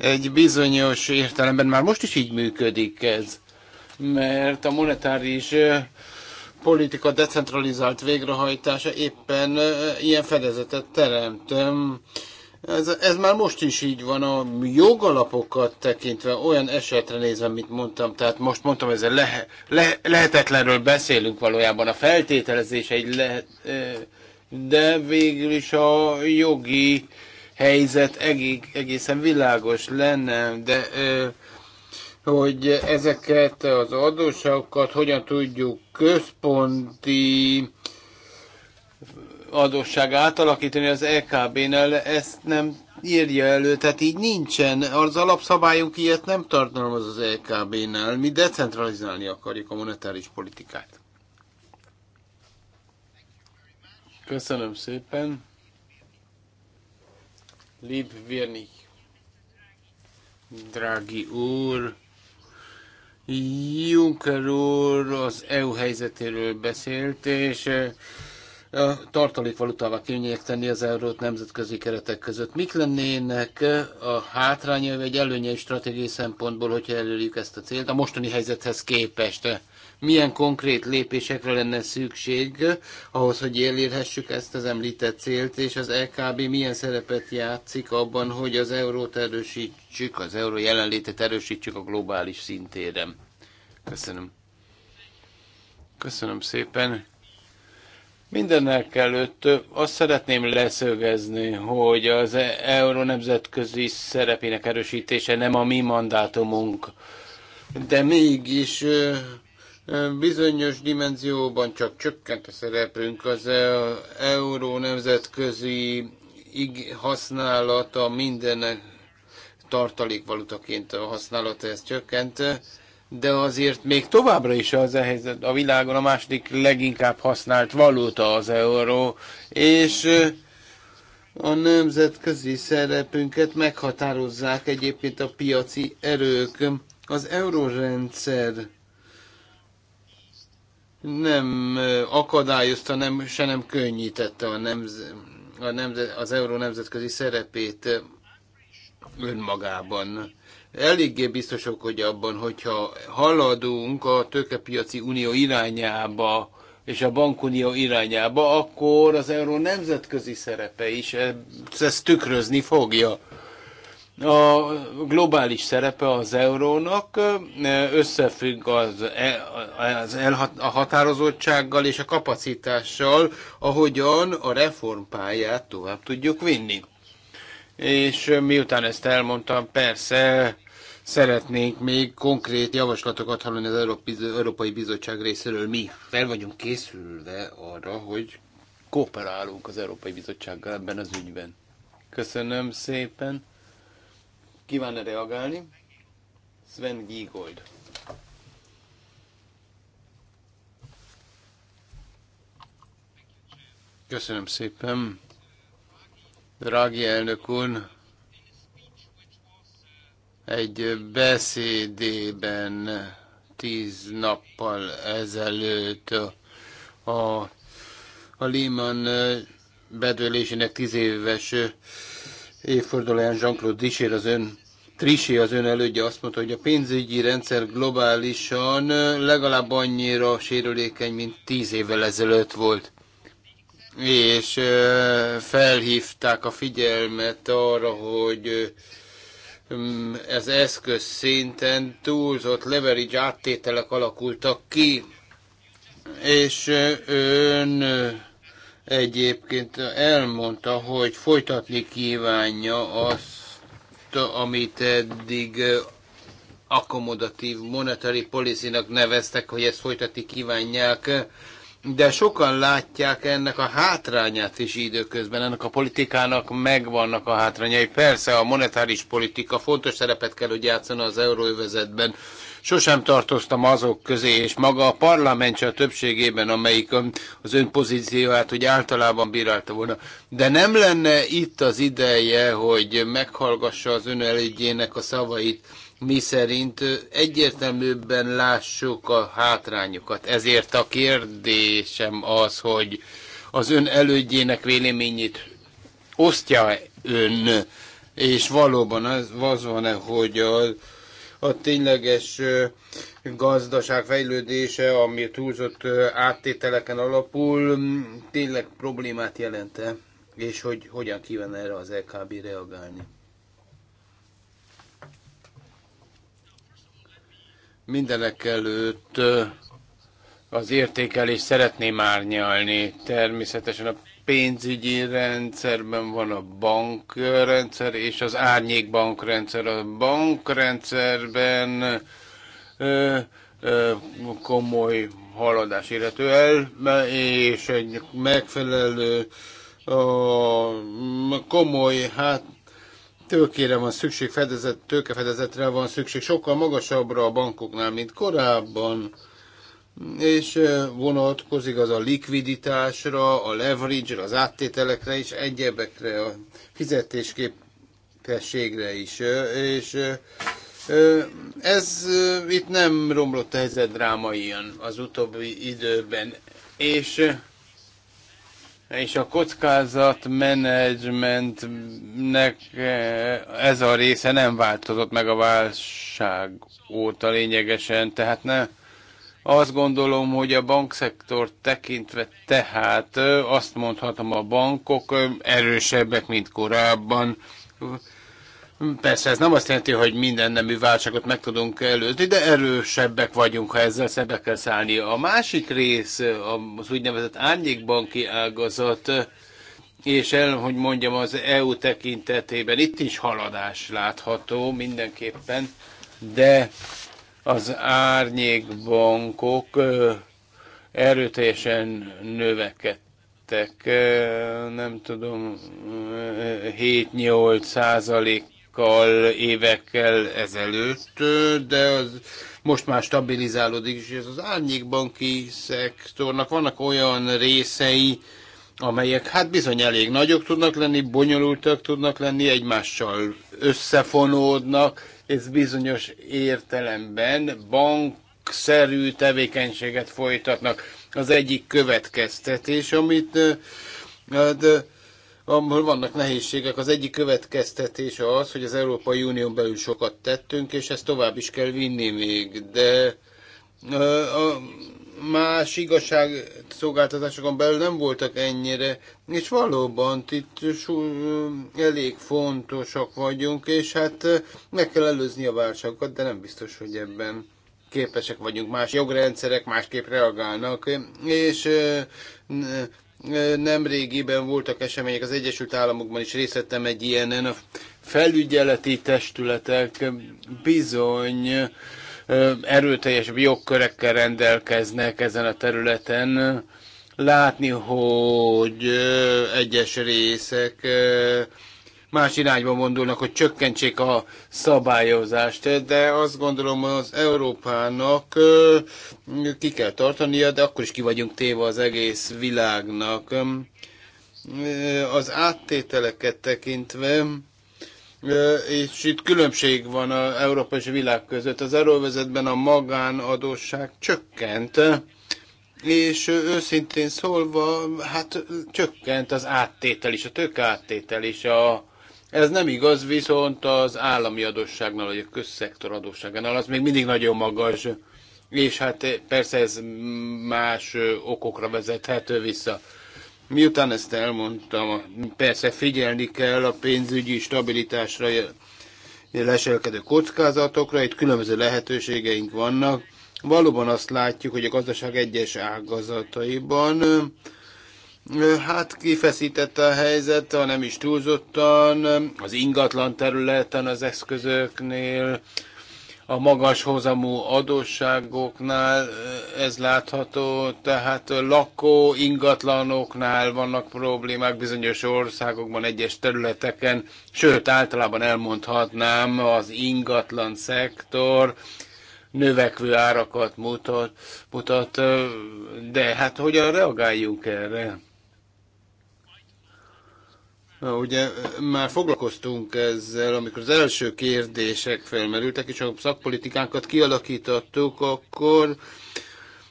egy bizonyos értelemben már most is így működik ez, mert a monetáris politika decentralizált végrehajtása éppen ilyen fedezetet teremt. Ez, ez már most is így van a jogalapokat tekintve, olyan esetre nézve, mint mondtam, tehát most mondtam, ez le, le, lehetetlenről beszélünk valójában, a feltételezés egy lehet, de végül is a jogi helyzet egészen világos lenne, de hogy ezeket az adósságokat hogyan tudjuk központi adósság átalakítani az EKB-nál, ezt nem írja elő, tehát így nincsen. Az alapszabályunk ilyet nem tartalmaz az EKB-nál. Mi decentralizálni akarjuk a monetáris politikát. Köszönöm szépen. Lib Virnik. Drági úr, Juncker úr az EU helyzetéről beszélt, és eh, a tartalékvalutává kényelteni az eurót nemzetközi keretek között. Mik lennének eh, a hátránya vagy előnyei stratégiai szempontból, hogyha elérjük ezt a célt a mostani helyzethez képest? milyen konkrét lépésekre lenne szükség ahhoz, hogy elérhessük ezt az említett célt, és az EKB milyen szerepet játszik abban, hogy az eurót erősítsük, az euró jelenlétet erősítsük a globális szintéren. Köszönöm. Köszönöm szépen. Mindennek előtt azt szeretném leszögezni, hogy az euró nemzetközi szerepének erősítése nem a mi mandátumunk, de mégis Bizonyos dimenzióban csak csökkent a szerepünk az euró nemzetközi használata minden tartalékvalutaként a használata ez csökkent, de azért még továbbra is az a e helyzet, a világon a második leginkább használt valuta az euró, és a nemzetközi szerepünket meghatározzák egyébként a piaci erők. Az eurórendszer nem akadályozta, nem, se nem könnyítette a nemz, a nemz, az euró nemzetközi szerepét önmagában. Eléggé biztosok, hogy abban, hogyha haladunk a tőkepiaci unió irányába, és a bankunió irányába, akkor az euró nemzetközi szerepe is ezt tükrözni fogja a globális szerepe az eurónak összefügg az, e, az elhat, a határozottsággal és a kapacitással, ahogyan a reformpályát tovább tudjuk vinni. És miután ezt elmondtam, persze szeretnénk még konkrét javaslatokat hallani az Európai Bizottság részéről. Mi fel vagyunk készülve arra, hogy kooperálunk az Európai Bizottsággal ebben az ügyben. Köszönöm szépen! Kívánna reagálni? Sven Giegold. Köszönöm szépen. Drági elnök úr, egy beszédében tíz nappal ezelőtt a, a Lehman bedőlésének tíz éves évfordulóján Jean-Claude Trichet az ön Trichet az ön elődje azt mondta, hogy a pénzügyi rendszer globálisan legalább annyira sérülékeny, mint tíz évvel ezelőtt volt. És felhívták a figyelmet arra, hogy mm, ez eszköz szinten túlzott leverage áttételek alakultak ki, és ön egyébként elmondta, hogy folytatni kívánja azt, amit eddig akkomodatív monetári policy neveztek, hogy ezt folytatni kívánják, de sokan látják ennek a hátrányát is időközben, ennek a politikának megvannak a hátrányai. Persze a monetáris politika fontos szerepet kell, hogy játszana az euróövezetben, Sosem tartoztam azok közé, és maga a parlament a többségében, amelyik az ön pozícióját hogy általában bírálta volna. De nem lenne itt az ideje, hogy meghallgassa az ön elődjének a szavait, mi szerint egyértelműbben lássuk a hátrányokat. Ezért a kérdésem az, hogy az ön elődjének véleményét osztja ön, és valóban az, az van-e, hogy az a tényleges gazdaság fejlődése, ami túlzott áttételeken alapul, tényleg problémát jelente, és hogy hogyan kíván erre az LKB reagálni. Mindenek előtt az értékelést szeretném árnyalni. Természetesen a pénzügyi rendszerben van a bankrendszer és az árnyék bankrendszer. A bankrendszerben ö, ö, komoly haladás érhető el, és egy megfelelő a komoly, hát tőkére van szükség, fedezet, tőkefedezetre van szükség, sokkal magasabbra a bankoknál, mint korábban és vonatkozik az a likviditásra, a leverage-re, az áttételekre és egyebekre, a fizetésképességre is. És ez itt nem romlott a helyzet drámaian az utóbbi időben. És és a kockázat menedzsmentnek ez a része nem változott meg a válság óta lényegesen, tehát ne, azt gondolom, hogy a bankszektor tekintve tehát azt mondhatom, a bankok erősebbek, mint korábban. Persze ez nem azt jelenti, hogy minden nemű válságot meg tudunk előzni, de erősebbek vagyunk, ha ezzel szembe kell szállni. A másik rész, az úgynevezett árnyékbanki ágazat, és el, hogy mondjam, az EU tekintetében itt is haladás látható mindenképpen, de az árnyékbankok erőteljesen növekedtek, nem tudom, 7-8 százalékkal évekkel ezelőtt, de az most már stabilizálódik, és ez az árnyékbanki szektornak vannak olyan részei, amelyek hát bizony elég nagyok tudnak lenni, bonyolultak tudnak lenni, egymással összefonódnak, ez bizonyos értelemben bankszerű tevékenységet folytatnak. Az egyik következtetés, amit de, hát, ahol vannak nehézségek. Az egyik következtetés az, hogy az Európai Unión belül sokat tettünk, és ezt tovább is kell vinni még, de a, a, más igazságszolgáltatásokon belül nem voltak ennyire, és valóban itt elég fontosak vagyunk, és hát meg kell előzni a válságokat, de nem biztos, hogy ebben képesek vagyunk. Más jogrendszerek másképp reagálnak, és nem régiben voltak események, az Egyesült Államokban is részletem egy ilyenen, a felügyeleti testületek bizony erőteljes jogkörekkel rendelkeznek ezen a területen. Látni, hogy egyes részek más irányba mondulnak, hogy csökkentsék a szabályozást, de azt gondolom az Európának ki kell tartania, de akkor is ki vagyunk téve az egész világnak. Az áttételeket tekintve és itt különbség van az Európa és világ között. Az euróvezetben a magánadósság csökkent, és őszintén szólva, hát csökkent az áttétel is, a tök áttétel is. A, ez nem igaz, viszont az állami adósságnál, vagy a közszektor adósságnál, az még mindig nagyon magas. És hát persze ez más okokra vezethető vissza. Miután ezt elmondtam, persze figyelni kell a pénzügyi stabilitásra leselkedő kockázatokra, itt különböző lehetőségeink vannak. Valóban azt látjuk, hogy a gazdaság egyes ágazataiban Hát kifeszítette a helyzet, ha nem is túlzottan, az ingatlan területen, az eszközöknél, a magas hozamú adósságoknál eh, ez látható, tehát lakó ingatlanoknál vannak problémák bizonyos országokban, egyes területeken, sőt általában elmondhatnám az ingatlan szektor növekvő árakat mutat, mutat eh, de hát hogyan reagáljunk erre? Ugye már foglalkoztunk ezzel, amikor az első kérdések felmerültek, és a szakpolitikánkat kialakítottuk, akkor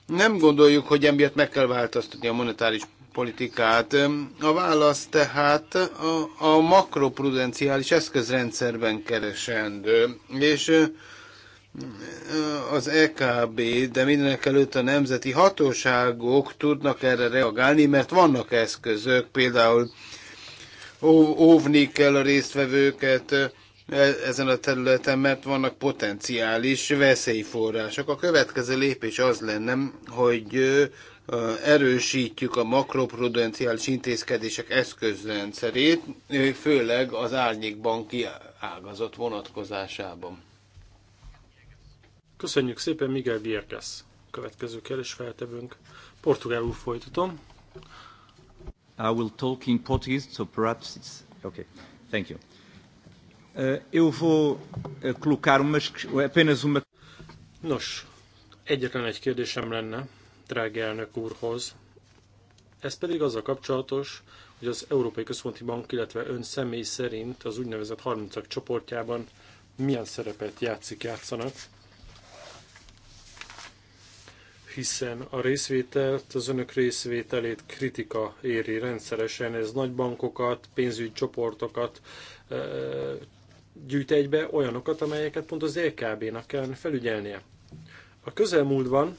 nem gondoljuk, hogy emiatt meg kell változtatni a monetáris politikát. A válasz tehát a, a makroprudenciális eszközrendszerben keresendő, és az EKB, de mindenek előtt a nemzeti hatóságok tudnak erre reagálni, mert vannak eszközök, például óvni kell a résztvevőket e- ezen a területen, mert vannak potenciális veszélyforrások. A következő lépés az lenne, hogy erősítjük a makroprudenciális intézkedések eszközrendszerét, főleg az árnyékbanki ágazat vonatkozásában. Köszönjük szépen, Miguel Vierges. Következő kérdés feltevünk. Portugálul folytatom. I will talk in Portuguese, so perhaps it's... Okay, thank you. Uh, eu vou uh, colocar umas, apenas uma... Nos, egyetlen egy kérdésem lenne, drági elnök úrhoz. Ez pedig az a kapcsolatos, hogy az Európai Központi Bank, illetve ön személy szerint az úgynevezett 30 csoportjában milyen szerepet játszik, játszanak hiszen a részvételt, az önök részvételét kritika éri rendszeresen. Ez nagy bankokat, pénzügyi csoportokat gyűjt egybe, olyanokat, amelyeket pont az LKB-nak kellene felügyelnie. A közelmúltban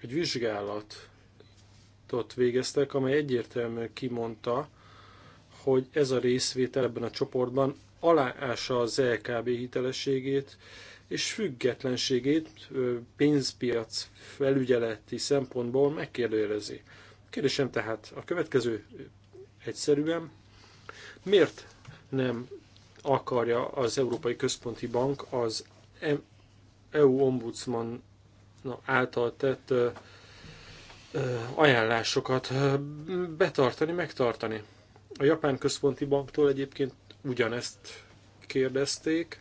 egy vizsgálatot végeztek, amely egyértelműen kimondta, hogy ez a részvétel ebben a csoportban aláássa az LKB hitelességét, és függetlenségét pénzpiac felügyeleti szempontból megkérdőjelezi. Kérdésem tehát a következő egyszerűen, miért nem akarja az Európai Központi Bank az EU e ombudsman által tett ajánlásokat betartani, megtartani. A Japán Központi Banktól egyébként ugyanezt kérdezték,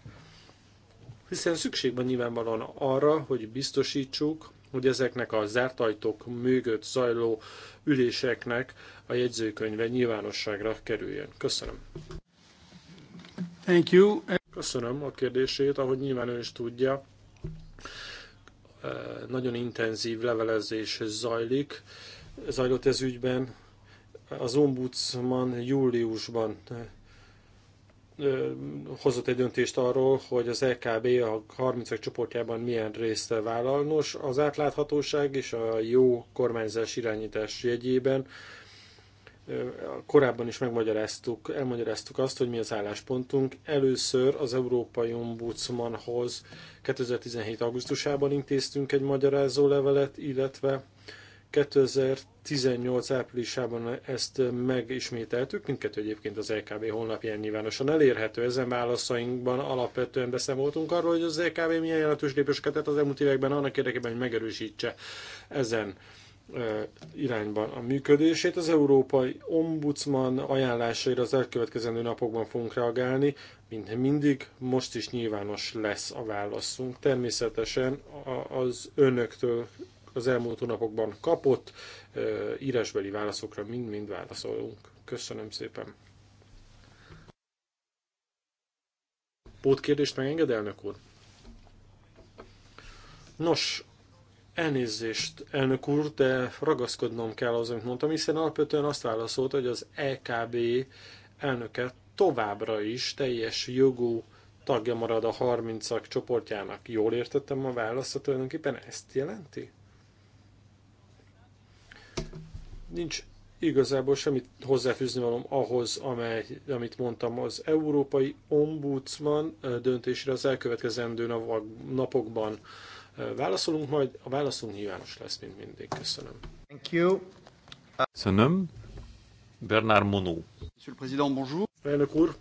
hiszen szükség van nyilvánvalóan arra, hogy biztosítsuk, hogy ezeknek a zárt ajtók mögött zajló üléseknek a jegyzőkönyve nyilvánosságra kerüljön. Köszönöm. Thank you. Köszönöm a kérdését, ahogy nyilván ő is tudja. Eh, nagyon intenzív levelezés zajlik, zajlott ez ügyben. Az ombudsman júliusban eh, hozott egy döntést arról, hogy az LKB e a 30 csoportjában milyen részt vállal. Nos, az átláthatóság és a jó kormányzás irányítás jegyében korábban is megmagyaráztuk, elmagyaráztuk azt, hogy mi az álláspontunk. Először az Európai Ombudsmanhoz 2017. augusztusában intéztünk egy magyarázó levelet, illetve 2000 18 áprilisában ezt megismételtük, mindkettő egyébként az LKB honlapján nyilvánosan elérhető. Ezen válaszainkban alapvetően beszámoltunk arról, hogy az LKB milyen jelentős lépéseket tett az elmúlt években annak érdekében, hogy megerősítse ezen irányban a működését. Az Európai Ombudsman ajánlásaira az elkövetkezendő napokban fogunk reagálni, mint mindig, most is nyilvános lesz a válaszunk. Természetesen az önöktől az elmúlt hónapokban kapott írásbeli válaszokra mind-mind válaszolunk. Köszönöm szépen. Pótkérdést megenged, elnök úr? Nos, elnézést, elnök úr, de ragaszkodnom kell az, amit mondtam, hiszen alapvetően azt válaszolta, hogy az EKB elnöke továbbra is teljes jogú tagja marad a 30-ak csoportjának. Jól értettem a választ, tulajdonképpen ezt jelenti? Nincs igazából semmit hozzáfűzni valam ahhoz, amely, amit mondtam, az Európai Ombudsman döntésre az elkövetkezendő napokban válaszolunk, majd a válaszunk nyilvános lesz, mint mindig. Köszönöm. Thank you. Köszönöm. Bernard Monó. Monsieur le Président, bonjour. Elnök úr,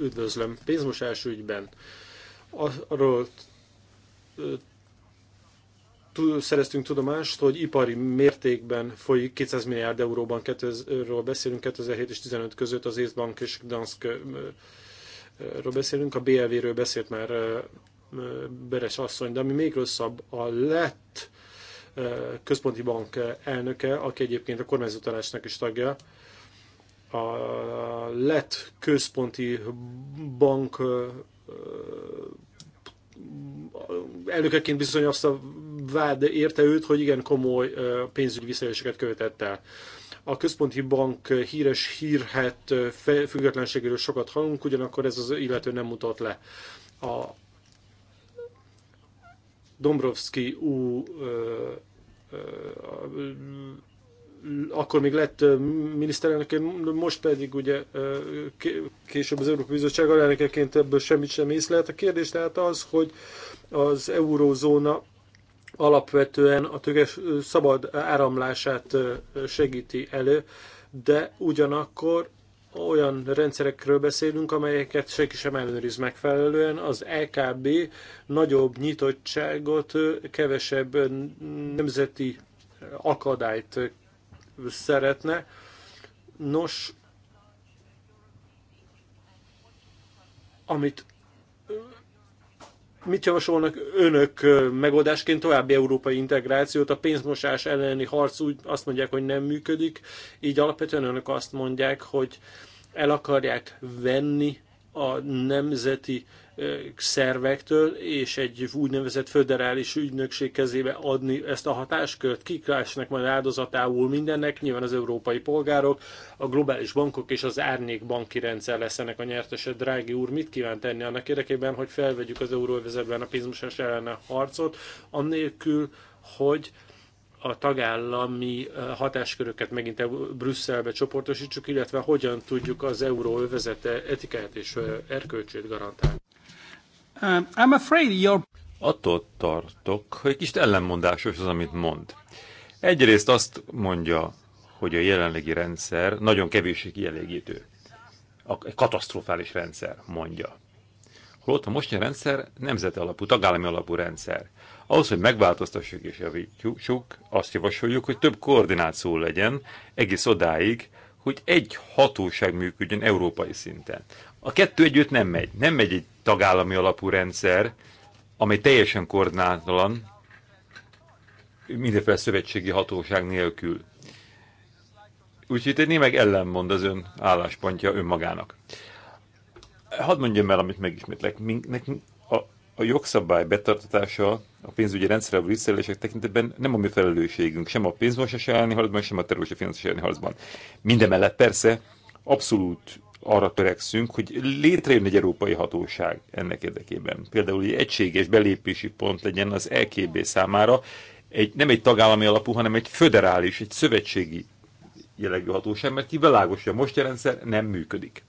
üdvözlöm. Pénzmosás ügyben arról szereztünk tudomást, hogy ipari mértékben folyik 200 milliárd euróban, 2000-ről beszélünk, 2007 és 15 között az Észbank és Gdanskról beszélünk, a BLV-ről beszélt már Beres asszony, de ami még rosszabb, a lett központi bank elnöke, aki egyébként a kormányzó is tagja, a lett központi bank elnökeként bizony azt a vád érte őt, hogy igen komoly pénzügyi visszaéléseket követett el. A központi bank híres hírhet függetlenségéről sokat hallunk, ugyanakkor ez az illető nem mutat le. A Dombrovski ú akkor még lett miniszterelnök, most pedig ugye később az Európai Bizottság alelnökeként ebből semmit sem észlelt. A kérdés tehát az, hogy az eurózóna alapvetően a tőkes szabad áramlását segíti elő, de ugyanakkor olyan rendszerekről beszélünk, amelyeket senki sem ellenőriz megfelelően. Az LKB nagyobb nyitottságot, kevesebb nemzeti akadályt szeretne. Nos, amit Mit javasolnak önök megoldásként további európai integrációt? A pénzmosás elleni harc úgy azt mondják, hogy nem működik, így alapvetően önök azt mondják, hogy el akarják venni a nemzeti szervektől és egy úgynevezett föderális ügynökség kezébe adni ezt a hatáskört, kikásnak majd áldozatául mindennek, nyilván az európai polgárok, a globális bankok és az árnyék banki rendszer lesz ennek a nyertese. Drági úr, mit kíván tenni annak érdekében, hogy felvegyük az euróvezetben a pénzmosás ellen a harcot, annélkül, hogy a tagállami hatásköröket megint Brüsszelbe csoportosítsuk, illetve hogyan tudjuk az euró övezete és erkölcsét garantálni. Uh, I'm afraid you're... Attól tartok, hogy kis ellenmondásos az, amit mond. Egyrészt azt mondja, hogy a jelenlegi rendszer nagyon kevéssé kielégítő. A katasztrofális rendszer, mondja holott a mostani rendszer nemzeti alapú, tagállami alapú rendszer. Ahhoz, hogy megváltoztassuk és javítjuk, azt javasoljuk, hogy több koordináció legyen egész odáig, hogy egy hatóság működjön európai szinten. A kettő együtt nem megy. Nem megy egy tagállami alapú rendszer, amely teljesen koordinátalan, mindenféle szövetségi hatóság nélkül. Úgyhogy itt egy némeg ellenmond az ön álláspontja önmagának hadd mondjam el, amit megismétlek, nekünk a, a jogszabály betartatása a pénzügyi rendszerrel visszaélések tekintetben nem a mi felelősségünk, sem a pénzmosás elleni harcban, sem a terrorista finanszírozás elleni harcban. Mindemellett persze abszolút arra törekszünk, hogy létrejön egy európai hatóság ennek érdekében. Például egy egységes belépési pont legyen az LKB számára, egy, nem egy tagállami alapú, hanem egy föderális, egy szövetségi jellegű hatóság, mert kivilágos, hogy a most rendszer nem működik.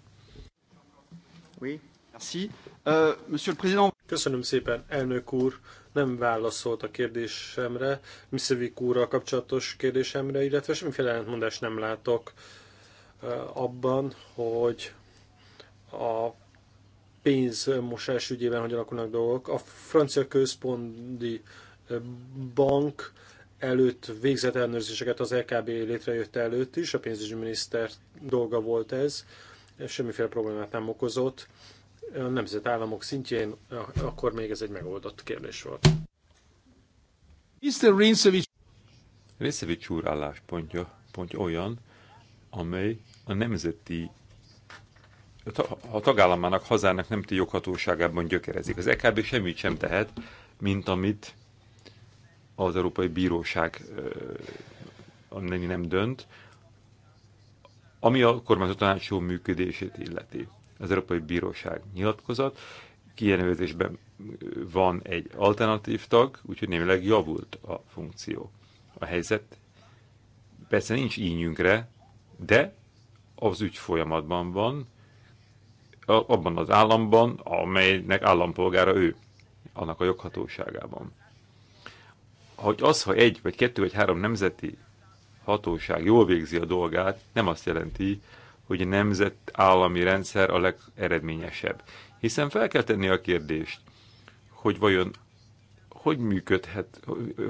Oui. Merci. Euh, monsieur le Président. Köszönöm szépen, elnök úr. Nem válaszolt a kérdésemre, Miszevik úrral kapcsolatos kérdésemre, illetve semmiféle ellentmondást nem látok uh, abban, hogy a pénzmosás ügyében hogy alakulnak dolgok. A francia központi uh, bank előtt végzett ellenőrzéseket az LKB létrejött előtt is, a pénzügyminiszter dolga volt ez semmiféle problémát nem okozott. A nemzetállamok szintjén akkor még ez egy megoldott kérdés volt. Mr. Rincevics Részevics úr álláspontja pont olyan, amely a nemzeti a tagállamának, hazának nem joghatóságában gyökerezik. Az EKB semmit sem tehet, mint amit az Európai Bíróság nem dönt, ami a kormányzatanácsú működését illeti. Az Európai Bíróság nyilatkozat, kijelentésben van egy alternatív tag, úgyhogy némileg javult a funkció. A helyzet persze nincs ínyünkre, de az ügy folyamatban van, abban az államban, amelynek állampolgára ő, annak a joghatóságában. Hogy az, ha egy, vagy kettő, vagy három nemzeti hatóság jól végzi a dolgát, nem azt jelenti, hogy a nemzetállami rendszer a legeredményesebb. Hiszen fel kell tenni a kérdést, hogy vajon hogy működhet,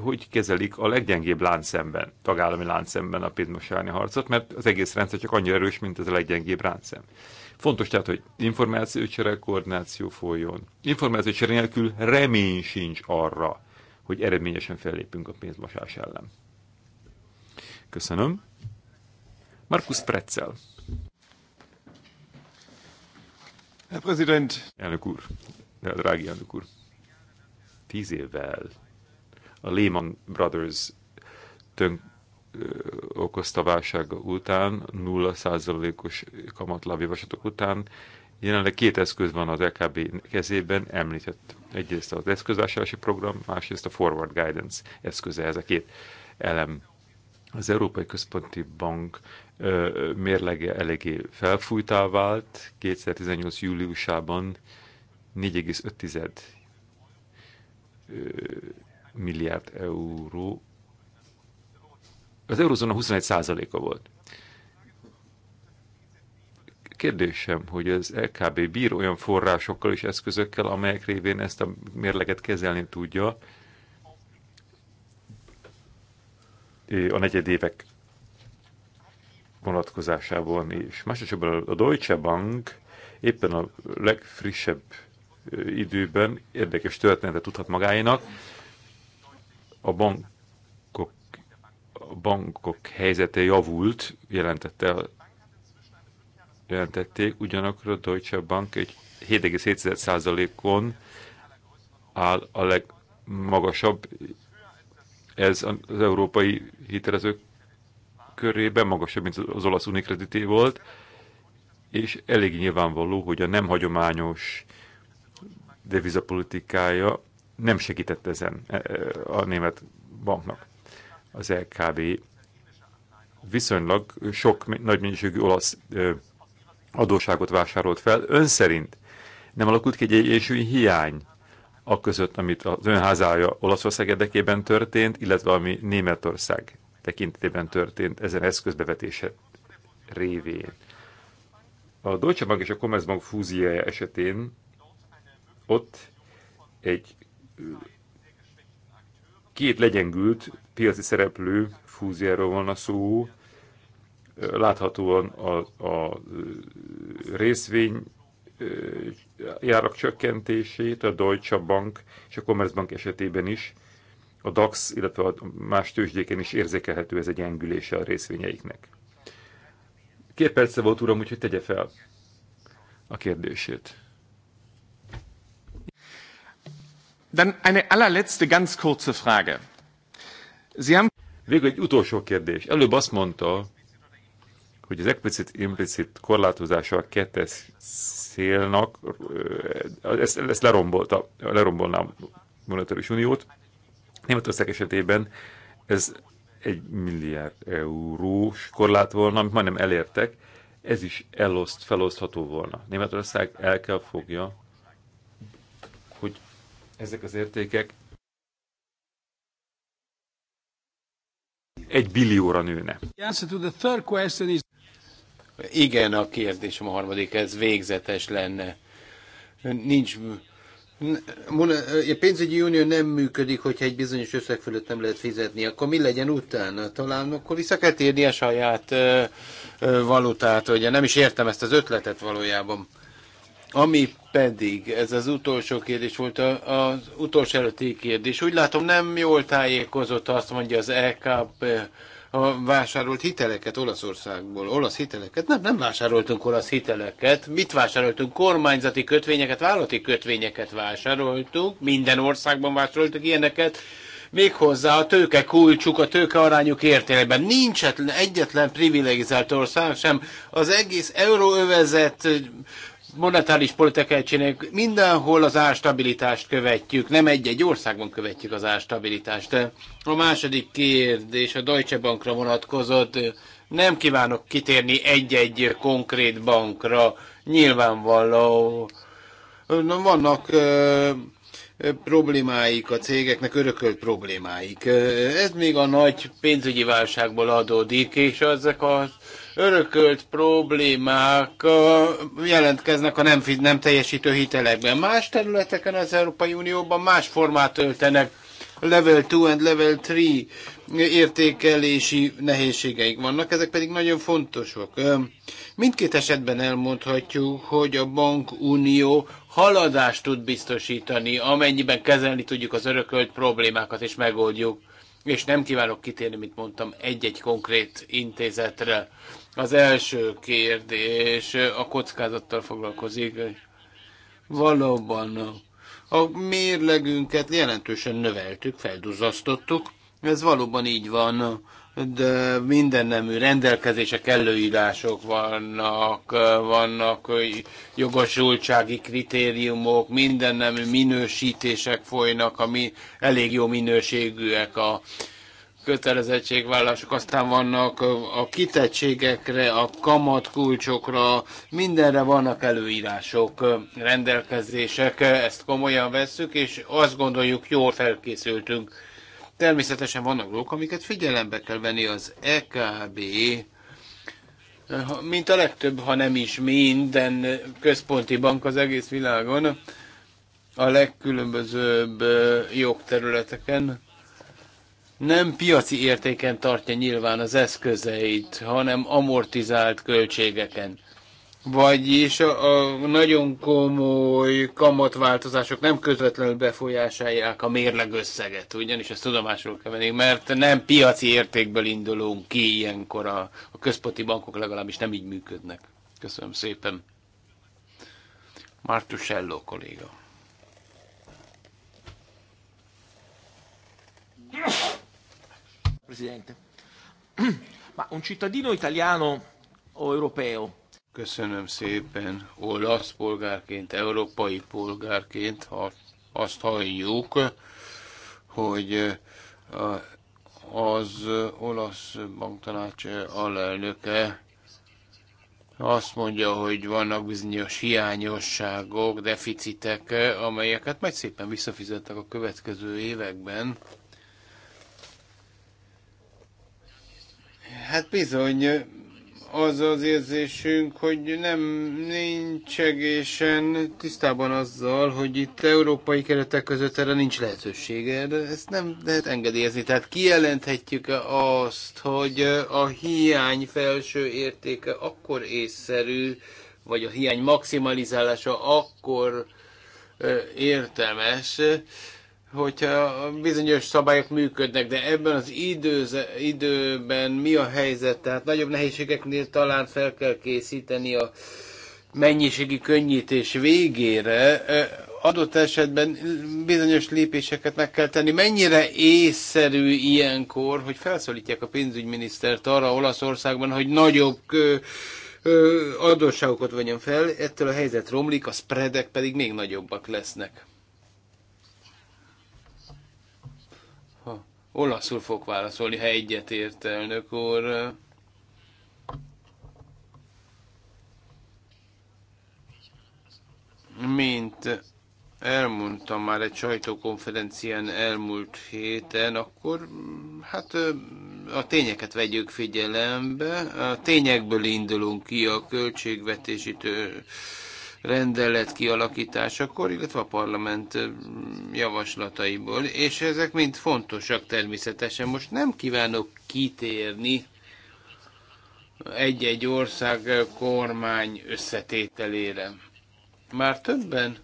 hogy kezelik a leggyengébb láncszemben, tagállami láncszemben a pénzmosárni harcot, mert az egész rendszer csak annyira erős, mint ez a leggyengébb láncszem. Fontos tehát, hogy információcsere, koordináció folyjon. Információcsere nélkül remény sincs arra, hogy eredményesen fellépünk a pénzmosás ellen. Köszönöm. Markus Pretzel. Herr Präsident! Elnök úr, de drági elnök úr, tíz évvel a Lehman Brothers tönk ö, okozta válsága után, 0%-os kamatlábjavaslatok után, jelenleg két eszköz van az LKB e kezében, említett egyrészt az eszközvásárlási program, másrészt a Forward Guidance eszköze, ez a két elem az Európai Központi Bank mérlege eléggé felfújtá vált, 2018. júliusában 4,5 milliárd euró. Az eurozóna 21 százaléka volt. Kérdésem, hogy az LKB bír olyan forrásokkal és eszközökkel, amelyek révén ezt a mérleget kezelni tudja, a negyedévek vonatkozásában is. Másodszorban a Deutsche Bank éppen a legfrissebb időben érdekes történetet tudhat magáénak. A bankok, a bankok helyzete javult, jelentette, jelentették, ugyanakkor a Deutsche Bank egy 7,7%-on áll a legmagasabb ez az európai hitelezők körében magasabb, mint az olasz unikredité volt, és elég nyilvánvaló, hogy a nem hagyományos devizapolitikája nem segített ezen e, e, a német banknak. Az LKB viszonylag sok nagy mennyiségű olasz adóságot vásárolt fel. Ön szerint nem alakult ki egy egyensúlyi hiány a között, amit az önházája Olaszország érdekében történt, illetve ami Németország tekintetében történt ezen eszközbevetése révén. A Deutsche Bank és a Commerzbank fúziója esetén ott egy két legyengült piaci szereplő fúziáról van a szó, láthatóan a, a részvény járak csökkentését, a Deutsche Bank és a Commerzbank esetében is, a DAX, illetve a más tőzsdéken is érzékelhető ez egy gyengülése a részvényeiknek. Két perce volt, uram, úgyhogy tegye fel a kérdését. Dann eine allerletzte ganz kurze Frage. Sie haben... Végül egy utolsó kérdés. Előbb azt mondta, hogy az explicit-implicit korlátozása a kettes szélnak, ezt, ezt lerombolta, lerombolná a monetáris uniót. Németország esetében ez egy milliárd eurós korlát volna, amit majdnem elértek, ez is eloszt, felosztható volna. Németország el kell fogja, hogy ezek az értékek egy billióra nőne. Igen, a kérdésem a harmadik, ez végzetes lenne. Nincs... A pénzügyi unió nem működik, hogyha egy bizonyos összeg fölött nem lehet fizetni. Akkor mi legyen utána? Talán akkor vissza kell térni a saját ö, ö, valutát. Ugye nem is értem ezt az ötletet valójában. Ami pedig, ez az utolsó kérdés volt, az utolsó előtti kérdés. Úgy látom, nem jól tájékozott, azt mondja az EKP a vásárolt hiteleket Olaszországból, olasz hiteleket. Nem, nem vásároltunk olasz hiteleket. Mit vásároltunk? Kormányzati kötvényeket, vállalati kötvényeket vásároltunk. Minden országban vásároltuk ilyeneket. Méghozzá a tőke kulcsuk, a tőke arányuk értelemben. Nincs egyetlen privilegizált ország sem. Az egész euróövezet monetáris politikát csináljuk, mindenhol az árstabilitást követjük, nem egy-egy országban követjük az árstabilitást. A második kérdés a Deutsche Bankra vonatkozott. Nem kívánok kitérni egy-egy konkrét bankra, nyilvánvaló. Vannak ö, problémáik a cégeknek, örökölt problémáik. Ez még a nagy pénzügyi válságból adódik, és ezek a örökölt problémák jelentkeznek a nem, nem teljesítő hitelekben. Más területeken az Európai Unióban más formát öltenek. Level 2 and Level 3 értékelési nehézségeik vannak, ezek pedig nagyon fontosok. Mindkét esetben elmondhatjuk, hogy a bankunió haladást tud biztosítani, amennyiben kezelni tudjuk az örökölt problémákat és megoldjuk és nem kívánok kitérni, mint mondtam, egy-egy konkrét intézetre. Az első kérdés a kockázattal foglalkozik. Valóban a mérlegünket jelentősen növeltük, felduzzasztottuk. Ez valóban így van, de minden nemű rendelkezések, előírások vannak, vannak jogosultsági kritériumok, minden nemű minősítések folynak, ami elég jó minőségűek a kötelezettségvállások, aztán vannak a kitettségekre, a kamatkulcsokra, mindenre vannak előírások, rendelkezések, ezt komolyan vesszük, és azt gondoljuk, jól felkészültünk. Természetesen vannak dolgok, amiket figyelembe kell venni az EKB, mint a legtöbb, ha nem is minden központi bank az egész világon, a legkülönbözőbb jogterületeken nem piaci értéken tartja nyilván az eszközeit, hanem amortizált költségeken. Vagyis a, a nagyon komoly kamatváltozások nem közvetlenül befolyásolják a mérlegösszeget, ugyanis ezt tudomásul kell venni, mert nem piaci értékből indulunk ki ilyenkor, a, a központi bankok legalábbis nem így működnek. Köszönöm szépen. Martusello kolléga. Yes! Presidente. Ma un cittadino italiano o europeo? Köszönöm szépen, olasz polgárként, európai polgárként, ha azt halljuk, hogy az olasz banktanács alelnöke azt mondja, hogy vannak bizonyos hiányosságok, deficitek, amelyeket majd szépen visszafizettek a következő években. Hát bizony, az az érzésünk, hogy nem nincs egészen tisztában azzal, hogy itt európai keretek között erre nincs lehetőség. Ezt nem lehet engedélyezni. Tehát kijelenthetjük -e azt, hogy a hiány felső értéke akkor észszerű, vagy a hiány maximalizálása akkor értelmes, hogyha bizonyos szabályok működnek, de ebben az időz, időben mi a helyzet? Tehát nagyobb nehézségeknél talán fel kell készíteni a mennyiségi könnyítés végére, adott esetben bizonyos lépéseket meg kell tenni. Mennyire észszerű ilyenkor, hogy felszólítják a pénzügyminisztert arra Olaszországban, hogy nagyobb adósságokat vegyen fel, ettől a helyzet romlik, a spreadek pedig még nagyobbak lesznek. Olaszul fog válaszolni, ha ért elnök úr. Mint elmondtam már egy sajtókonferencián elmúlt héten, akkor hát a tényeket vegyük figyelembe. A tényekből indulunk ki a költségvetési tő rendelet kialakításakor, illetve a parlament javaslataiból, és ezek mind fontosak természetesen. Most nem kívánok kitérni egy-egy ország kormány összetételére. Már többen,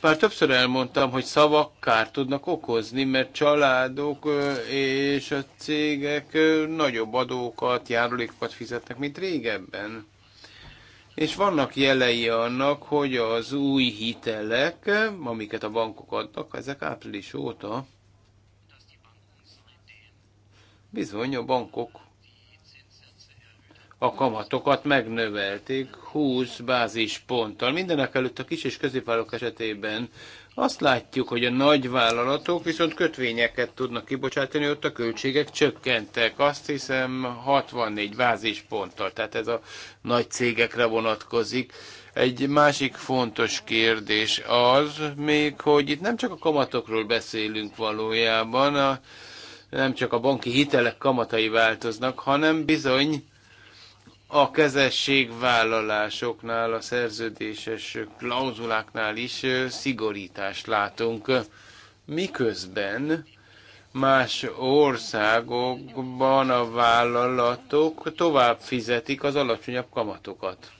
már többször elmondtam, hogy szavak kárt tudnak okozni, mert családok és a cégek nagyobb adókat, járulékokat fizetnek, mint régebben és vannak jelei annak, hogy az új hitelek, amiket a bankok adnak, ezek április óta bizony a bankok a kamatokat megnövelték 20 bázisponttal. Mindenek előtt a kis és középvállalók esetében azt látjuk, hogy a nagyvállalatok viszont kötvényeket tudnak kibocsátani, ott a költségek csökkentek. Azt hiszem 64 bázisponttal, tehát ez a nagy cégekre vonatkozik. Egy másik fontos kérdés az még, hogy itt nem csak a kamatokról beszélünk valójában, a, nem csak a banki hitelek kamatai változnak, hanem bizony a kezességvállalásoknál, a szerződéses klauzuláknál is szigorítást látunk, miközben más országokban a vállalatok tovább fizetik az alacsonyabb kamatokat.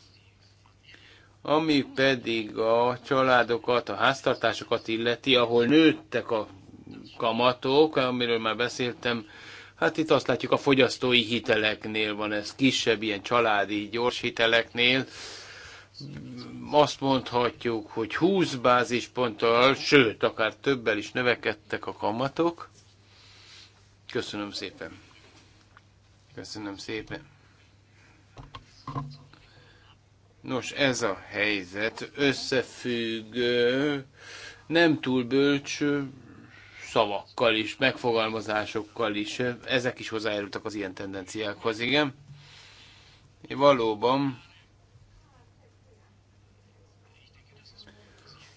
Ami pedig a családokat, a háztartásokat illeti, ahol nőttek a kamatok, amiről már beszéltem, Hát itt azt látjuk, a fogyasztói hiteleknél van ez, kisebb ilyen családi gyors hiteleknél. Azt mondhatjuk, hogy 20 bázisponttal, sőt, akár többel is növekedtek a kamatok. Köszönöm szépen. Köszönöm szépen. Nos, ez a helyzet összefügg, nem túl bölcs szavakkal is, megfogalmazásokkal is. Ezek is hozzájárultak az ilyen tendenciákhoz, igen. Valóban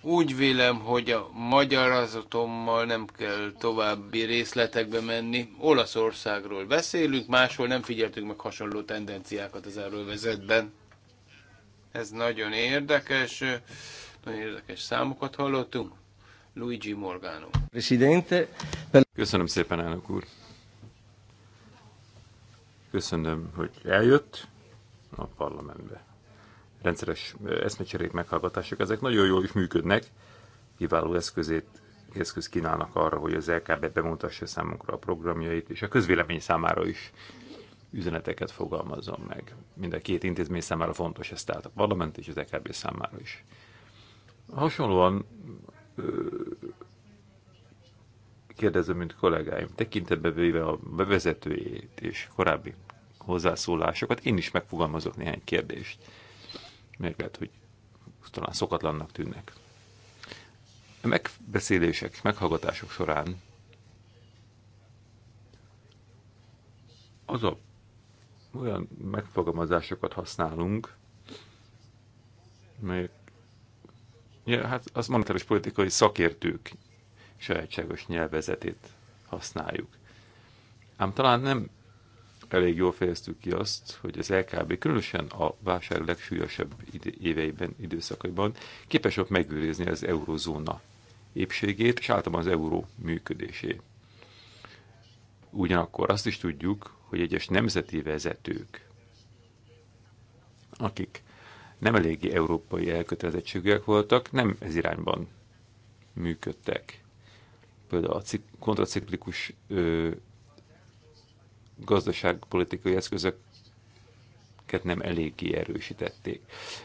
úgy vélem, hogy a magyarázatommal nem kell további részletekbe menni. Olaszországról beszélünk, máshol nem figyeltünk meg hasonló tendenciákat az erővezetben. Ez nagyon érdekes, nagyon érdekes számokat hallottunk. Luigi Morgano. Köszönöm szépen, elnök úr. Köszönöm, hogy eljött a parlamentbe. Rendszeres eszmecserék, meghallgatások, ezek nagyon jól is működnek. Kiváló eszközét, eszköz kínálnak arra, hogy az LKB bemutassa számunkra a programjait, és a közvélemény számára is üzeneteket fogalmazzon meg. Mind a két intézmény számára fontos ez, tehát a parlament és az EKB számára is. Hasonlóan kérdezem, mint kollégáim, tekintetbe véve a bevezetőjét és korábbi hozzászólásokat, én is megfogalmazok néhány kérdést, mert lehet, hogy talán szokatlannak tűnnek. A megbeszélések, meghallgatások során az a olyan megfogalmazásokat használunk, melyek Ja, hát az monetáris politikai szakértők sajátságos nyelvezetét használjuk. Ám talán nem elég jól fejeztük ki azt, hogy az LKB különösen a válság legsúlyosabb éveiben, időszakaiban képes volt megőrizni az eurozóna épségét, és általában az euró működését. Ugyanakkor azt is tudjuk, hogy egyes nemzeti vezetők, akik nem eléggé európai elkötelezettségűek voltak, nem ez irányban működtek. Például a kontraciklikus ö, gazdaságpolitikai eszközöket nem eléggé erősítették.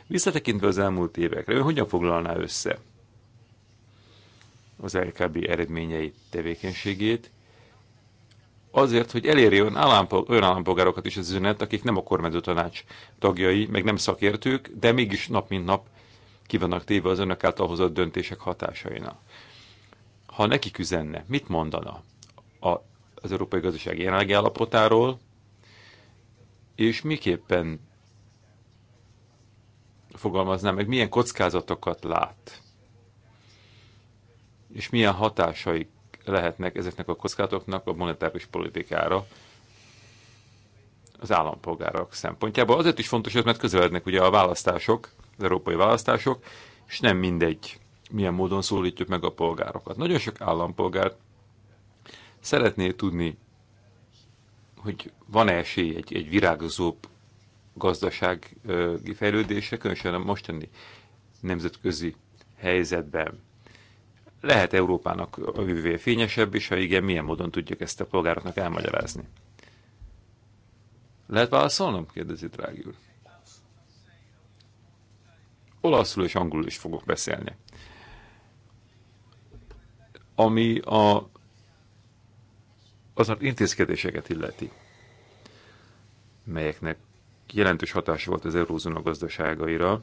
Visszatekintve az elmúlt évekre, ő hogyan foglalná össze az LKB eredményeit, tevékenységét, azért, hogy elérjön állampol, olyan állampolgárokat is az üzenet, akik nem a kormányzó tanács tagjai, meg nem szakértők, de mégis nap mint nap ki vannak téve az önök által hozott döntések hatásainak. Ha neki üzenne, mit mondana a, az európai gazdaság jelenlegi állapotáról, és miképpen fogalmazná meg, milyen kockázatokat lát, és milyen hatásai lehetnek ezeknek a kockázatoknak a monetáris politikára az állampolgárok szempontjából. Azért is fontos mert közelednek ugye a választások, az európai választások, és nem mindegy, milyen módon szólítjuk meg a polgárokat. Nagyon sok állampolgár szeretné tudni, hogy van-e esély egy, egy virágozóbb gazdasági fejlődésre, különösen a mostani nemzetközi helyzetben lehet Európának a jövője fényesebb, és ha igen, milyen módon tudjuk ezt a polgároknak elmagyarázni? Lehet válaszolnom? kérdezi drági úr. Olaszul és angolul is fogok beszélni. Ami a, az intézkedéseket illeti, melyeknek jelentős hatása volt az eurózóna gazdaságaira.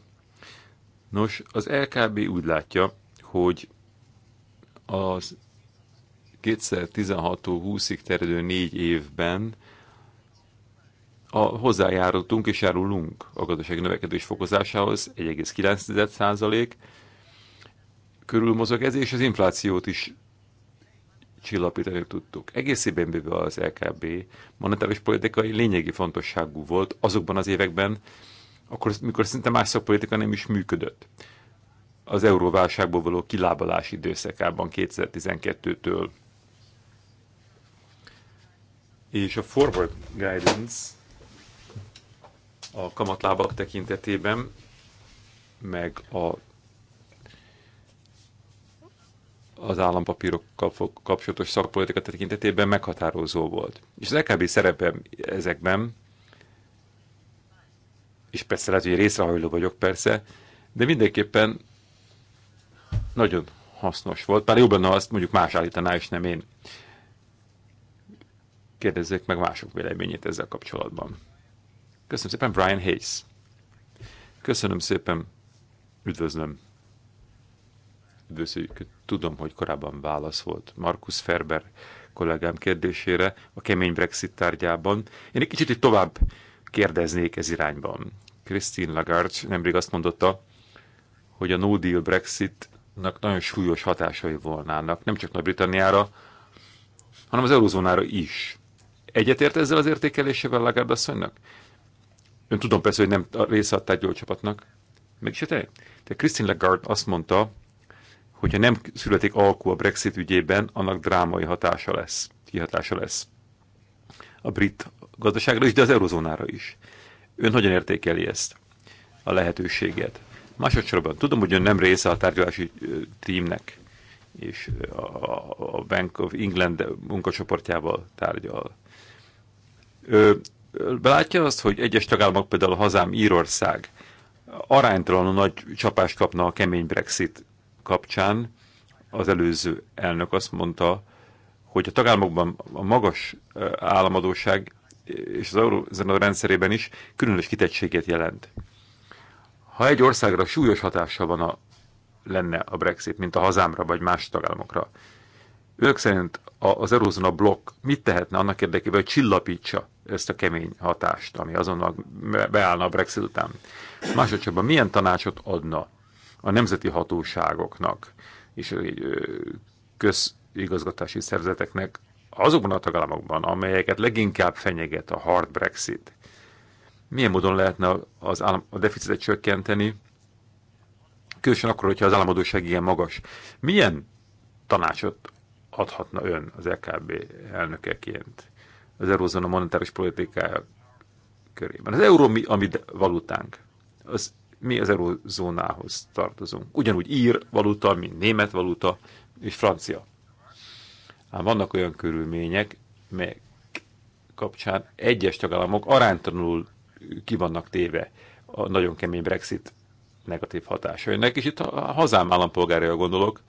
Nos, az LKB úgy látja, hogy az 2016 20-ig terjedő négy évben a, hozzájárultunk és járulunk a gazdasági növekedés fokozásához 1,9% körül mozog ez, és az inflációt is csillapítani tudtuk. Egészében véve az LKB monetáris politikai lényegi fontosságú volt azokban az években, akkor, mikor szinte más szakpolitika nem is működött az euróválságból való kilábalás időszakában 2012-től. És a forward guidance a kamatlábak tekintetében, meg a az állampapírokkal kapcsolatos szakpolitika tekintetében meghatározó volt. És az LKB e szerepe ezekben, és persze lehet, hogy részrehajló vagyok persze, de mindenképpen nagyon hasznos volt. Bár jobban, ha azt mondjuk más állítaná, és nem én. Kérdezzék meg mások véleményét ezzel kapcsolatban. Köszönöm szépen, Brian Hayes. Köszönöm szépen, üdvözlöm. Üdvözlőjük. Tudom, hogy korábban válasz volt Markus Ferber kollégám kérdésére a kemény Brexit tárgyában. Én egy kicsit tovább kérdeznék ez irányban. Christine Lagarde nemrég azt mondotta, hogy a no deal Brexit nagyon súlyos hatásai volnának, nem csak Nagy-Britanniára, hanem az eurozónára is. Egyetért ezzel az értékelésével Lagarde asszonynak? Ön tudom persze, hogy nem része a tárgyaló csapatnak. Meg se te? De Christine Lagarde azt mondta, hogy ha nem születik alkú a Brexit ügyében, annak drámai hatása lesz, kihatása lesz. A brit gazdaságra is, de az eurozónára is. Ön hogyan értékeli ezt? A lehetőséget. Másodszorban tudom, hogy ön nem része a tárgyalási tímnek, és a Bank of England munkacsoportjával tárgyal. Ö, belátja azt, hogy egyes tagállamok, például a hazám Írország, aránytalanul nagy csapást kapna a kemény Brexit kapcsán. Az előző elnök azt mondta, hogy a tagállamokban a magas államadóság és az eurózóna rendszerében is különös kitettséget jelent. Ha egy országra súlyos hatással van a, lenne a Brexit, mint a hazámra vagy más tagállamokra, ők szerint az Eurózona blokk mit tehetne annak érdekében, hogy csillapítsa ezt a kemény hatást, ami azonnal beállna a Brexit után. Másodszorban milyen tanácsot adna a nemzeti hatóságoknak és közigazgatási szervezeteknek azokban a tagállamokban, amelyeket leginkább fenyeget a hard Brexit, milyen módon lehetne az állam, a deficitet csökkenteni, különösen akkor, hogyha az államadóság ilyen magas. Milyen tanácsot adhatna ön az LKB e elnökeként az Eurózona monetáris politikája körében? Az euró mi, ami valutánk, az mi az Eurózónához tartozunk. Ugyanúgy ír valuta, mint német valuta és francia. Ám vannak olyan körülmények, melyek kapcsán egyes tagállamok aránytanul ki vannak téve a nagyon kemény Brexit negatív hatásainak, és itt a hazám állampolgáraira gondolok,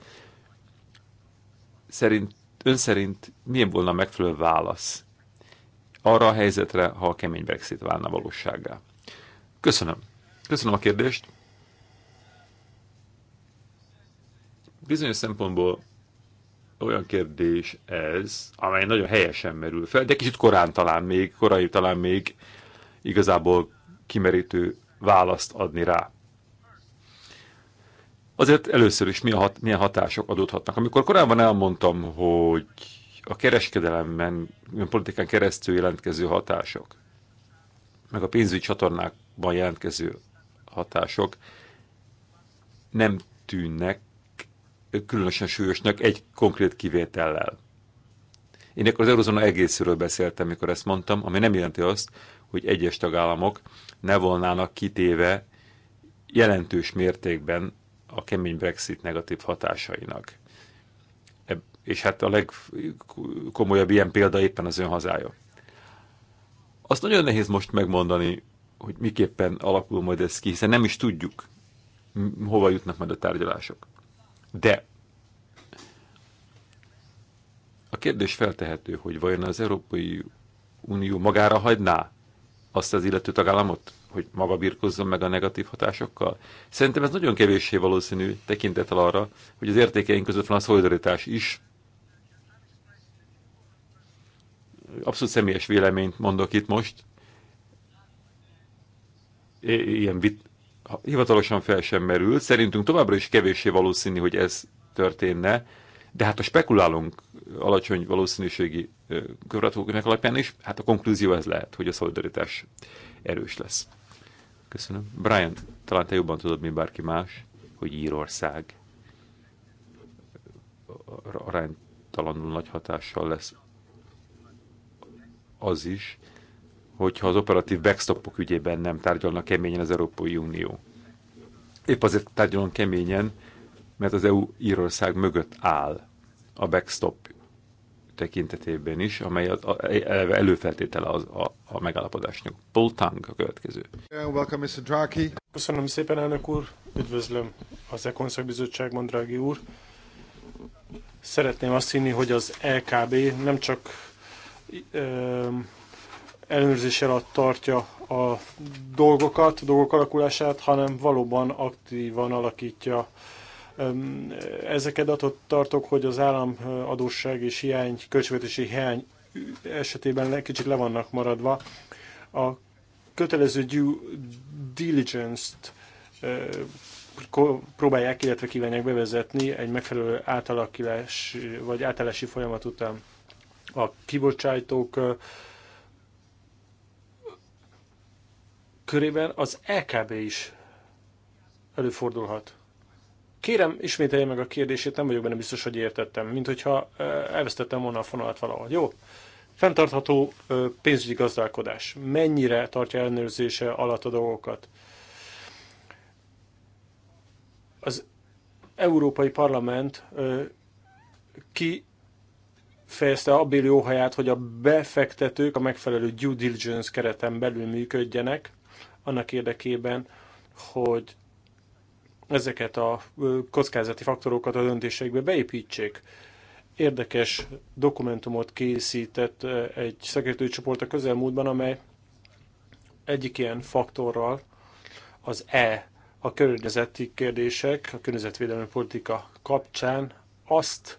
szerint, ön szerint milyen volna megfelelő válasz arra a helyzetre, ha a kemény Brexit válna valósággá? Köszönöm. Köszönöm a kérdést. Bizonyos szempontból olyan kérdés ez, amely nagyon helyesen merül fel, de kicsit korán talán még, korai talán még igazából kimerítő választ adni rá. Azért először is milyen hatások adódhatnak. Amikor korábban elmondtam, hogy a kereskedelemben, a politikán keresztül jelentkező hatások, meg a pénzügyi csatornákban jelentkező hatások nem tűnnek különösen súlyosnak egy konkrét kivétellel. Én akkor az eurozóna egészről beszéltem, mikor ezt mondtam, ami nem jelenti azt, hogy egyes tagállamok ne volnának kitéve jelentős mértékben a kemény Brexit negatív hatásainak. És hát a legkomolyabb ilyen példa éppen az ön hazája. Azt nagyon nehéz most megmondani, hogy miképpen alakul majd ez ki, hiszen nem is tudjuk, hova jutnak majd a tárgyalások. De a kérdés feltehető, hogy vajon az Európai Unió magára hagyná azt az illető tagállamot, hogy maga birkozzon meg a negatív hatásokkal? Szerintem ez nagyon kevéssé valószínű tekintettel arra, hogy az értékeink között van a szolidaritás is. Abszolút személyes véleményt mondok itt most. Ilyen vit hivatalosan fel sem merül. Szerintünk továbbra is kevéssé valószínű, hogy ez történne, de hát a spekulálunk alacsony valószínűségi követelmények alapján is, hát a konklúzió ez lehet, hogy a szolidaritás erős lesz. Köszönöm. Brian, talán te jobban tudod, mint bárki más, hogy Írország aránytalanul nagy hatással lesz az is, hogyha az operatív backstopok ügyében nem tárgyalnak keményen az Európai Unió. Épp azért tárgyalom keményen, mert az EU Írország mögött áll a backstop tekintetében is, amely az előfeltétele az, a, a megállapodásnak. Paul Tang a következő. Welcome, Mr. Draghi. Köszönöm szépen, elnök úr. Üdvözlöm az Ekonszak Bizottságban, Draghi úr. Szeretném azt hinni, hogy az LKB nem csak ö, ellenőrzés alatt tartja a dolgokat, dolgok alakulását, hanem valóban aktívan alakítja Ezeket adott tartok, hogy az állam adósság és hiány, költségvetési hiány esetében le, kicsit le vannak maradva. A kötelező due diligence-t próbálják, illetve kívánják bevezetni egy megfelelő átalakítás vagy átállási folyamat után. A kibocsájtók körében az LKB e is előfordulhat. Kérem, ismételje meg a kérdését, nem vagyok benne biztos, hogy értettem, mint hogyha elvesztettem volna a fonalat valahol. Jó? Fentartható pénzügyi gazdálkodás. Mennyire tartja ellenőrzése alatt a dolgokat? Az Európai Parlament ki fejezte abbéli óhaját, hogy a befektetők a megfelelő due diligence kereten belül működjenek, annak érdekében, hogy ezeket a kockázati faktorokat a döntésekbe beépítsék. Érdekes dokumentumot készített egy szakértői csoport a közelmúltban, amely egyik ilyen faktorral az E, a környezeti kérdések, a környezetvédelmi politika kapcsán azt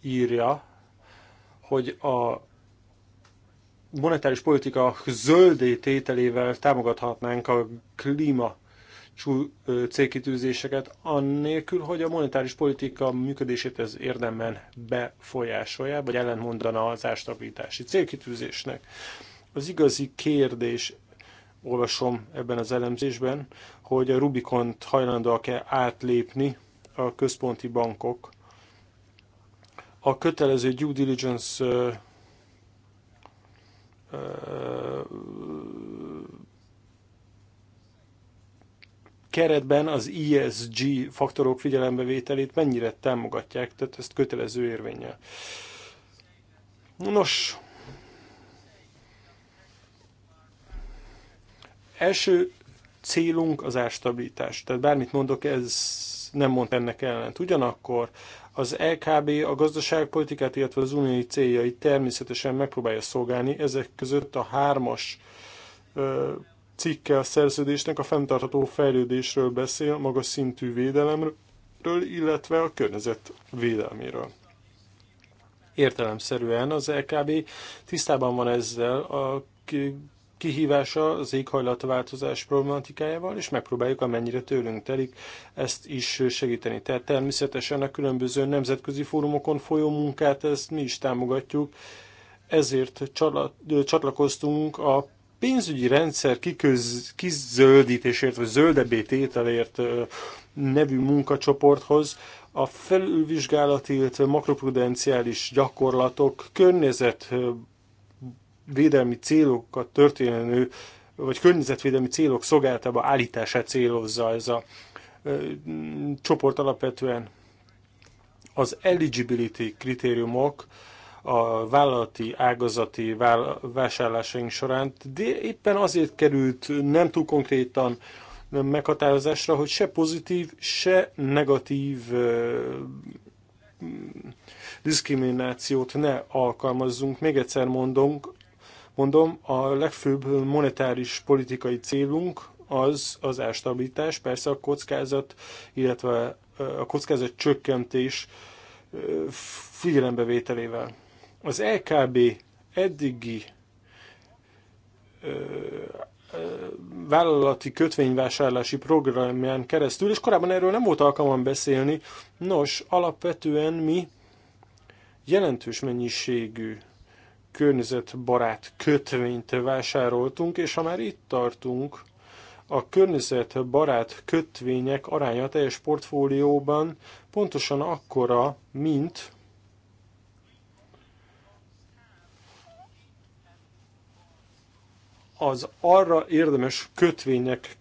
írja, hogy a monetáris politika zöldé tételével támogathatnánk a klíma célkitűzéseket, annélkül, hogy a monetáris politika működését ez érdemben befolyásolja, vagy ellentmondana az árstabilitási célkitűzésnek. Az igazi kérdés, olvasom ebben az elemzésben, hogy a Rubikont hajlandóak-e átlépni a központi bankok. A kötelező due diligence keretben az ESG faktorok figyelembevételét mennyire támogatják, tehát ezt kötelező érvényel. Nos, első célunk az árstabilitás. Tehát bármit mondok, ez nem mond ennek ellent. Ugyanakkor az LKB a gazdaságpolitikát, illetve az uniói céljait természetesen megpróbálja szolgálni, ezek között a hármas cikke a szerződésnek a fenntartható fejlődésről beszél, magas szintű védelemről, illetve a környezet védelméről. Értelemszerűen az LKB tisztában van ezzel a kihívása az éghajlatváltozás problematikájával, és megpróbáljuk, amennyire tőlünk telik, ezt is segíteni. Tehát természetesen a különböző nemzetközi fórumokon folyó munkát, ezt mi is támogatjuk, ezért csatlakoztunk a pénzügyi rendszer kiköz, kizöldítésért, vagy zöldebbé tételért nevű munkacsoporthoz a felülvizsgálati, illetve makroprudenciális gyakorlatok környezet védelmi célokat történő, vagy környezetvédelmi célok szolgáltába állítását célozza ez a csoport alapvetően. Az eligibility kritériumok a vállalati ágazati vásárlásaink során, de éppen azért került nem túl konkrétan meghatározásra, hogy se pozitív, se negatív diszkriminációt ne alkalmazzunk. Még egyszer mondom, mondom, a legfőbb monetáris politikai célunk az az árstabilitás, persze a kockázat, illetve a kockázat csökkentés figyelembevételével. Az LKB e eddigi ö, vállalati kötvényvásárlási programján keresztül, és korábban erről nem volt alkalmam beszélni, nos, alapvetően mi jelentős mennyiségű környezetbarát kötvényt vásároltunk, és ha már itt tartunk, a környezetbarát kötvények aránya teljes portfólióban pontosan akkora, mint az arra érdemes kötvények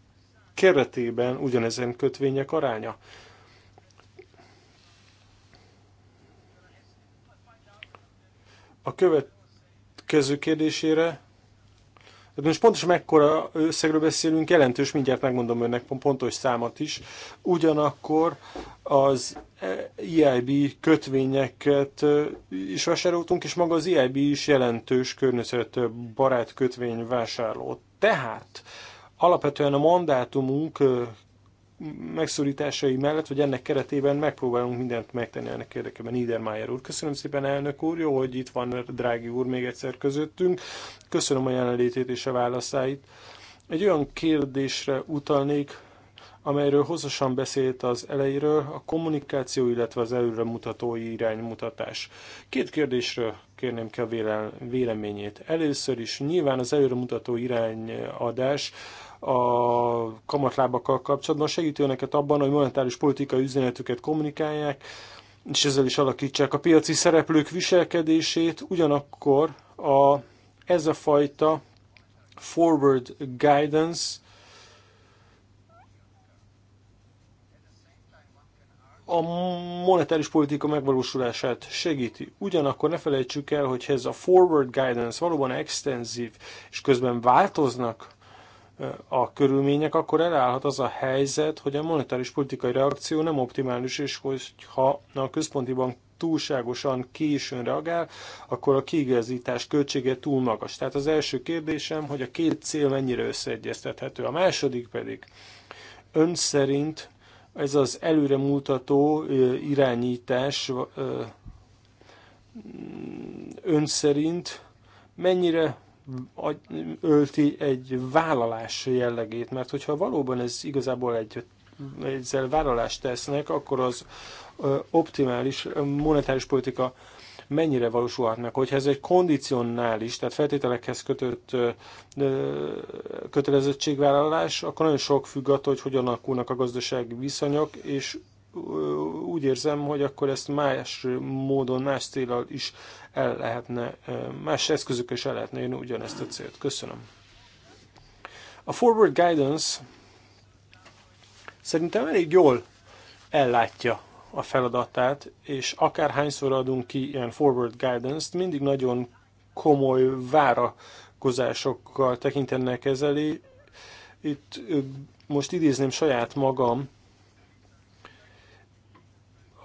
keretében ugyanezen kötvények aránya. A következő kérdésére, de hát most pontosan mekkora összegről beszélünk, jelentős, mindjárt megmondom önnek pontos számot is, ugyanakkor az EIB kötvényeket is vásároltunk, és maga az EIB is jelentős barát kötvény vásárló. Tehát alapvetően a mandátumunk megszorításai mellett, vagy ennek keretében megpróbálunk mindent megtenni ennek érdekében. Niedermayer úr, köszönöm szépen elnök úr, jó, hogy itt van drági úr még egyszer közöttünk. Köszönöm a jelenlétét és a válaszáit. Egy olyan kérdésre utalnék, amelyről hosszasan beszélt az elejéről, a kommunikáció, illetve az előremutatói iránymutatás. Két kérdésről kérném ki a véleményét. Először is nyilván az előremutató irányadás a kamatlábakkal kapcsolatban segítő önöket abban, hogy monetáris politikai üzenetüket kommunikálják, és ezzel is alakítsák a piaci szereplők viselkedését, ugyanakkor a, ez a fajta forward guidance a monetáris politika megvalósulását segíti. Ugyanakkor ne felejtsük el, hogy ez a forward guidance valóban extenzív, és közben változnak a körülmények, akkor elállhat az a helyzet, hogy a monetáris politikai reakció nem optimális, és hogyha a központi bank túlságosan későn reagál, akkor a kiigazítás költsége túl magas. Tehát az első kérdésem, hogy a két cél mennyire összeegyeztethető. A második pedig ön szerint ez az előremutató irányítás ön szerint mennyire ölti egy vállalás jellegét, mert hogyha valóban ez igazából egy ezzel vállalást tesznek, akkor az optimális monetáris politika mennyire valósulhat meg. Hogyha ez egy kondicionális, tehát feltételekhez kötött kötelezettségvállalás, akkor nagyon sok függ attól, hogy hogyan alakulnak a gazdasági viszonyok, és úgy érzem, hogy akkor ezt más módon, más célral is el lehetne, más eszközökkel is el lehetne érni ugyanezt a célt. Köszönöm. A Forward Guidance szerintem elég jól ellátja a feladatát, és akárhányszor adunk ki ilyen forward guidance-t, mindig nagyon komoly várakozásokkal tekintenek kezeli Itt most idézném saját magam,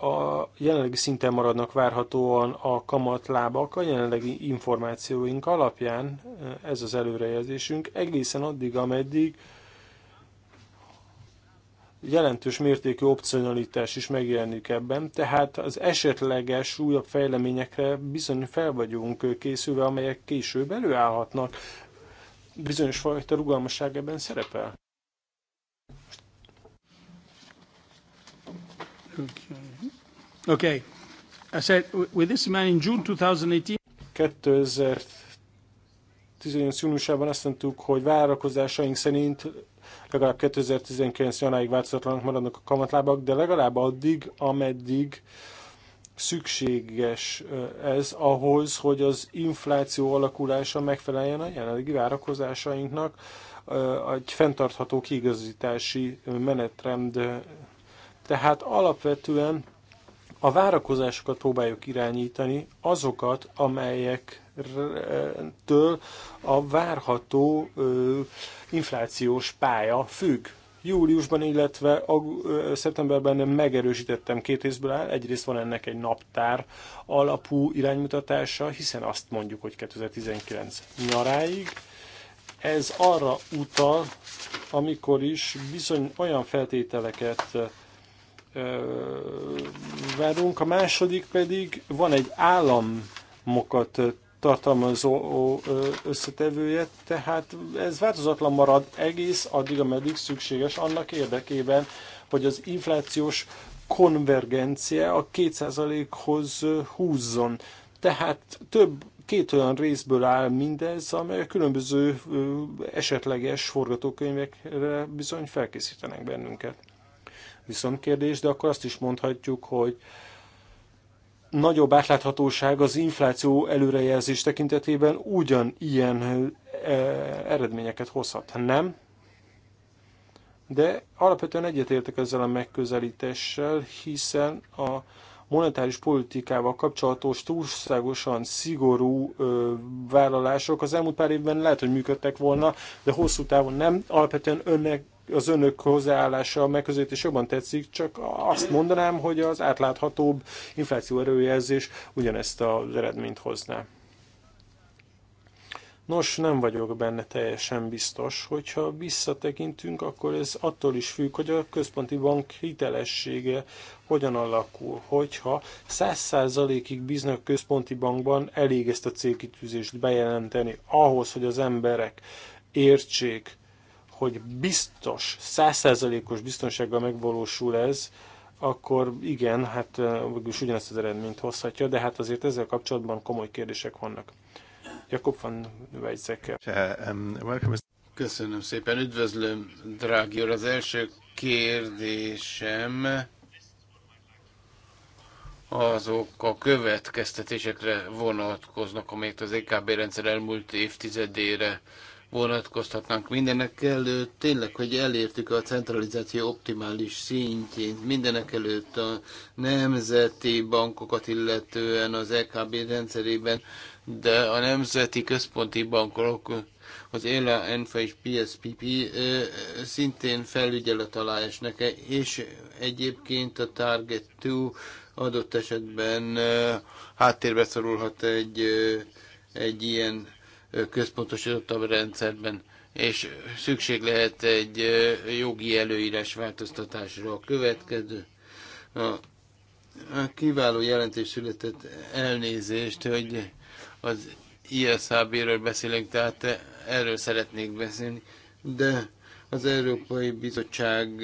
a jelenlegi szinten maradnak várhatóan a kamatlábak a jelenlegi információink alapján, ez az előrejelzésünk, egészen addig, ameddig jelentős mértékű opcionalitás is megjelenik ebben, tehát az esetleges újabb fejleményekre bizony fel vagyunk készülve, amelyek később előállhatnak. Bizonyos fajta rugalmasság ebben szerepel. Okay. okay. I said, with this man in June 2018... 2018 júniusában azt mondtuk, hogy várakozásaink szerint legalább 2019 januárig változatlanak maradnak a kamatlábak, de legalább addig, ameddig szükséges ez ahhoz, hogy az infláció alakulása megfeleljen a jelenlegi várakozásainknak, egy fenntartható kiigazítási menetrend. Tehát alapvetően a várakozásokat próbáljuk irányítani, azokat, amelyek től a várható inflációs pálya függ. Júliusban, illetve a, szeptemberben megerősítettem két részből áll. Egyrészt van ennek egy naptár alapú iránymutatása, hiszen azt mondjuk, hogy 2019 nyaráig. Ez arra utal, amikor is bizony olyan feltételeket várunk, a második pedig van egy államokat tartalmazó összetevője, tehát ez változatlan marad egész addig, ameddig szükséges annak érdekében, hogy az inflációs konvergencia a 2%-hoz húzzon. Tehát több két olyan részből áll mindez, amely a különböző esetleges forgatókönyvekre bizony felkészítenek bennünket. Viszont kérdés, de akkor azt is mondhatjuk, hogy nagyobb átláthatóság az infláció előrejelzés tekintetében ugyanilyen e, eredményeket hozhat. Nem, de alapvetően egyetértek ezzel a megközelítéssel, hiszen a monetáris politikával kapcsolatos túlságosan szigorú ö, vállalások az elmúlt pár évben lehet, hogy működtek volna, de hosszú távon nem. Alapvetően önnek az önök hozzáállása, a megközelítés jobban tetszik, csak azt mondanám, hogy az átláthatóbb infláció erőjelzés ugyanezt az eredményt hozná. Nos, nem vagyok benne teljesen biztos, hogyha visszatekintünk, akkor ez attól is függ, hogy a központi bank hitelessége hogyan alakul. Hogyha 100%-ig bíznak a központi bankban, elég ezt a célkitűzést bejelenteni ahhoz, hogy az emberek értsék, hogy biztos, százszerzalékos biztonsággal megvalósul ez, akkor igen, hát végülis ugyanezt az eredményt hozhatja, de hát azért ezzel kapcsolatban komoly kérdések vannak. Jakob van Weizsäcker. Köszönöm szépen, üdvözlöm, drági úr. Az első kérdésem azok a következtetésekre vonatkoznak, amelyek az EKB rendszer elmúlt évtizedére vonatkoztatnánk mindenek előtt, tényleg, hogy elértük a centralizáció optimális szintjét, mindenek előtt a nemzeti bankokat illetően az EKB rendszerében, de a nemzeti központi bankok, az ELA, ENFA és PSPP szintén felügyelet alá esnek, és egyébként a Target 2 adott esetben háttérbe szorulhat egy, egy ilyen központosítottabb rendszerben, és szükség lehet egy jogi előírás változtatásra. A következő, a kiváló jelentés született elnézést, hogy az ISHB-ről beszélünk, tehát erről szeretnék beszélni, de az Európai Bizottság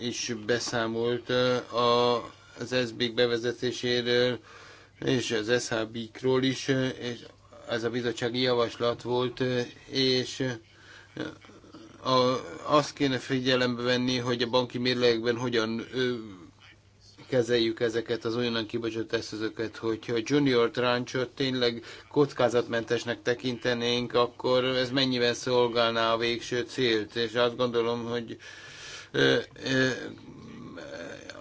is beszámolt az SZB bevezetéséről, és az SHB-król is, és ez a bizottsági javaslat volt, és a, azt kéne figyelembe venni, hogy a banki mérlegekben hogyan ö, kezeljük ezeket az olyan kibocsott eszközöket, hogyha a junior tranchot tényleg kockázatmentesnek tekintenénk, akkor ez mennyiben szolgálná a végső célt, és azt gondolom, hogy ö, ö,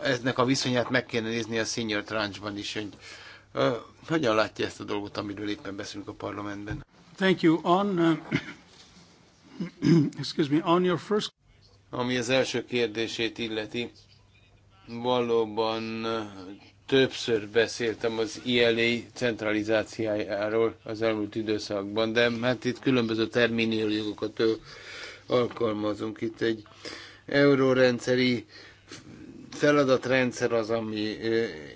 eznek a viszonyát meg kéne nézni a senior tranchban is, hogy hogyan látja ezt a dolgot, amiről éppen beszélünk a parlamentben? Thank you. On, uh, excuse me, on your first... Ami az első kérdését illeti, valóban uh, többször beszéltem az ILA centralizációjáról az elmúlt időszakban, de hát itt különböző terminológiakat alkalmazunk. Itt egy eurórendszeri feladatrendszer az, ami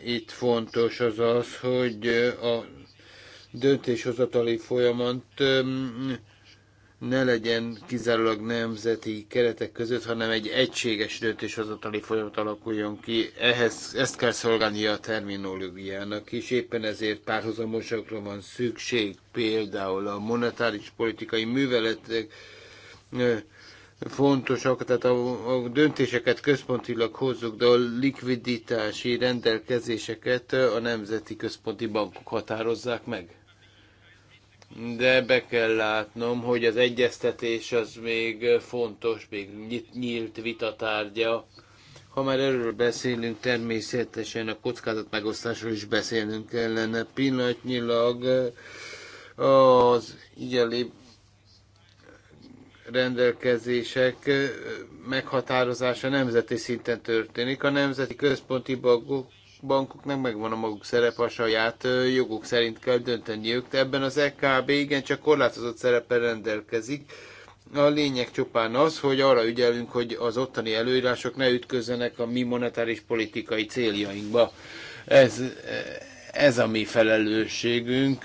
itt fontos, az az, hogy a döntéshozatali folyamat ne legyen kizárólag nemzeti keretek között, hanem egy egységes döntéshozatali folyamat alakuljon ki. Ehhez ezt kell szolgálnia a terminológiának is, éppen ezért párhuzamosakra van szükség, például a monetáris politikai műveletek fontosak, tehát a, a döntéseket központilag hozzuk, de a likviditási rendelkezéseket a nemzeti központi bankok határozzák meg. De be kell látnom, hogy az egyeztetés az még fontos, még nyílt vitatárgya. Ha már erről beszélünk, természetesen a megosztásról is beszélnünk kellene. Pillanatnyilag az igyelép rendelkezések meghatározása nemzeti szinten történik. A nemzeti központi bankok, bankoknak megvan a maguk szerep, a saját joguk szerint kell dönteniük. Ebben az EKB igen csak korlátozott szerepe rendelkezik. A lényeg csupán az, hogy arra ügyelünk, hogy az ottani előírások ne ütközzenek a mi monetáris politikai céljainkba. Ez, ez a mi felelősségünk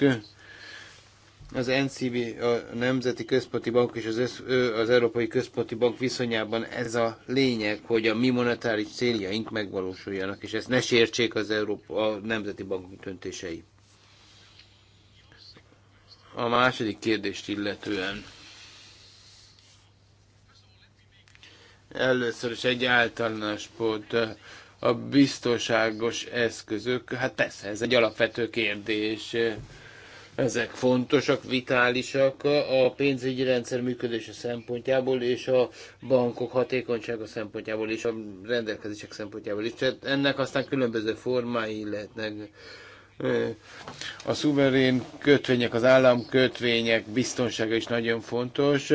az NCB, a Nemzeti Központi Bank és az, össz, az Európai Központi Bank viszonyában ez a lényeg, hogy a mi monetáris céljaink megvalósuljanak, és ezt ne sértsék az Európa, a Nemzeti Bank döntései. A második kérdést illetően. Először is egy általános pont a biztonságos eszközök. Hát persze, ez egy alapvető kérdés ezek fontosak, vitálisak a pénzügyi rendszer működése szempontjából és a bankok hatékonysága szempontjából és a rendelkezések szempontjából is. Tehát ennek aztán különböző formái lehetnek a szuverén kötvények, az államkötvények biztonsága is nagyon fontos,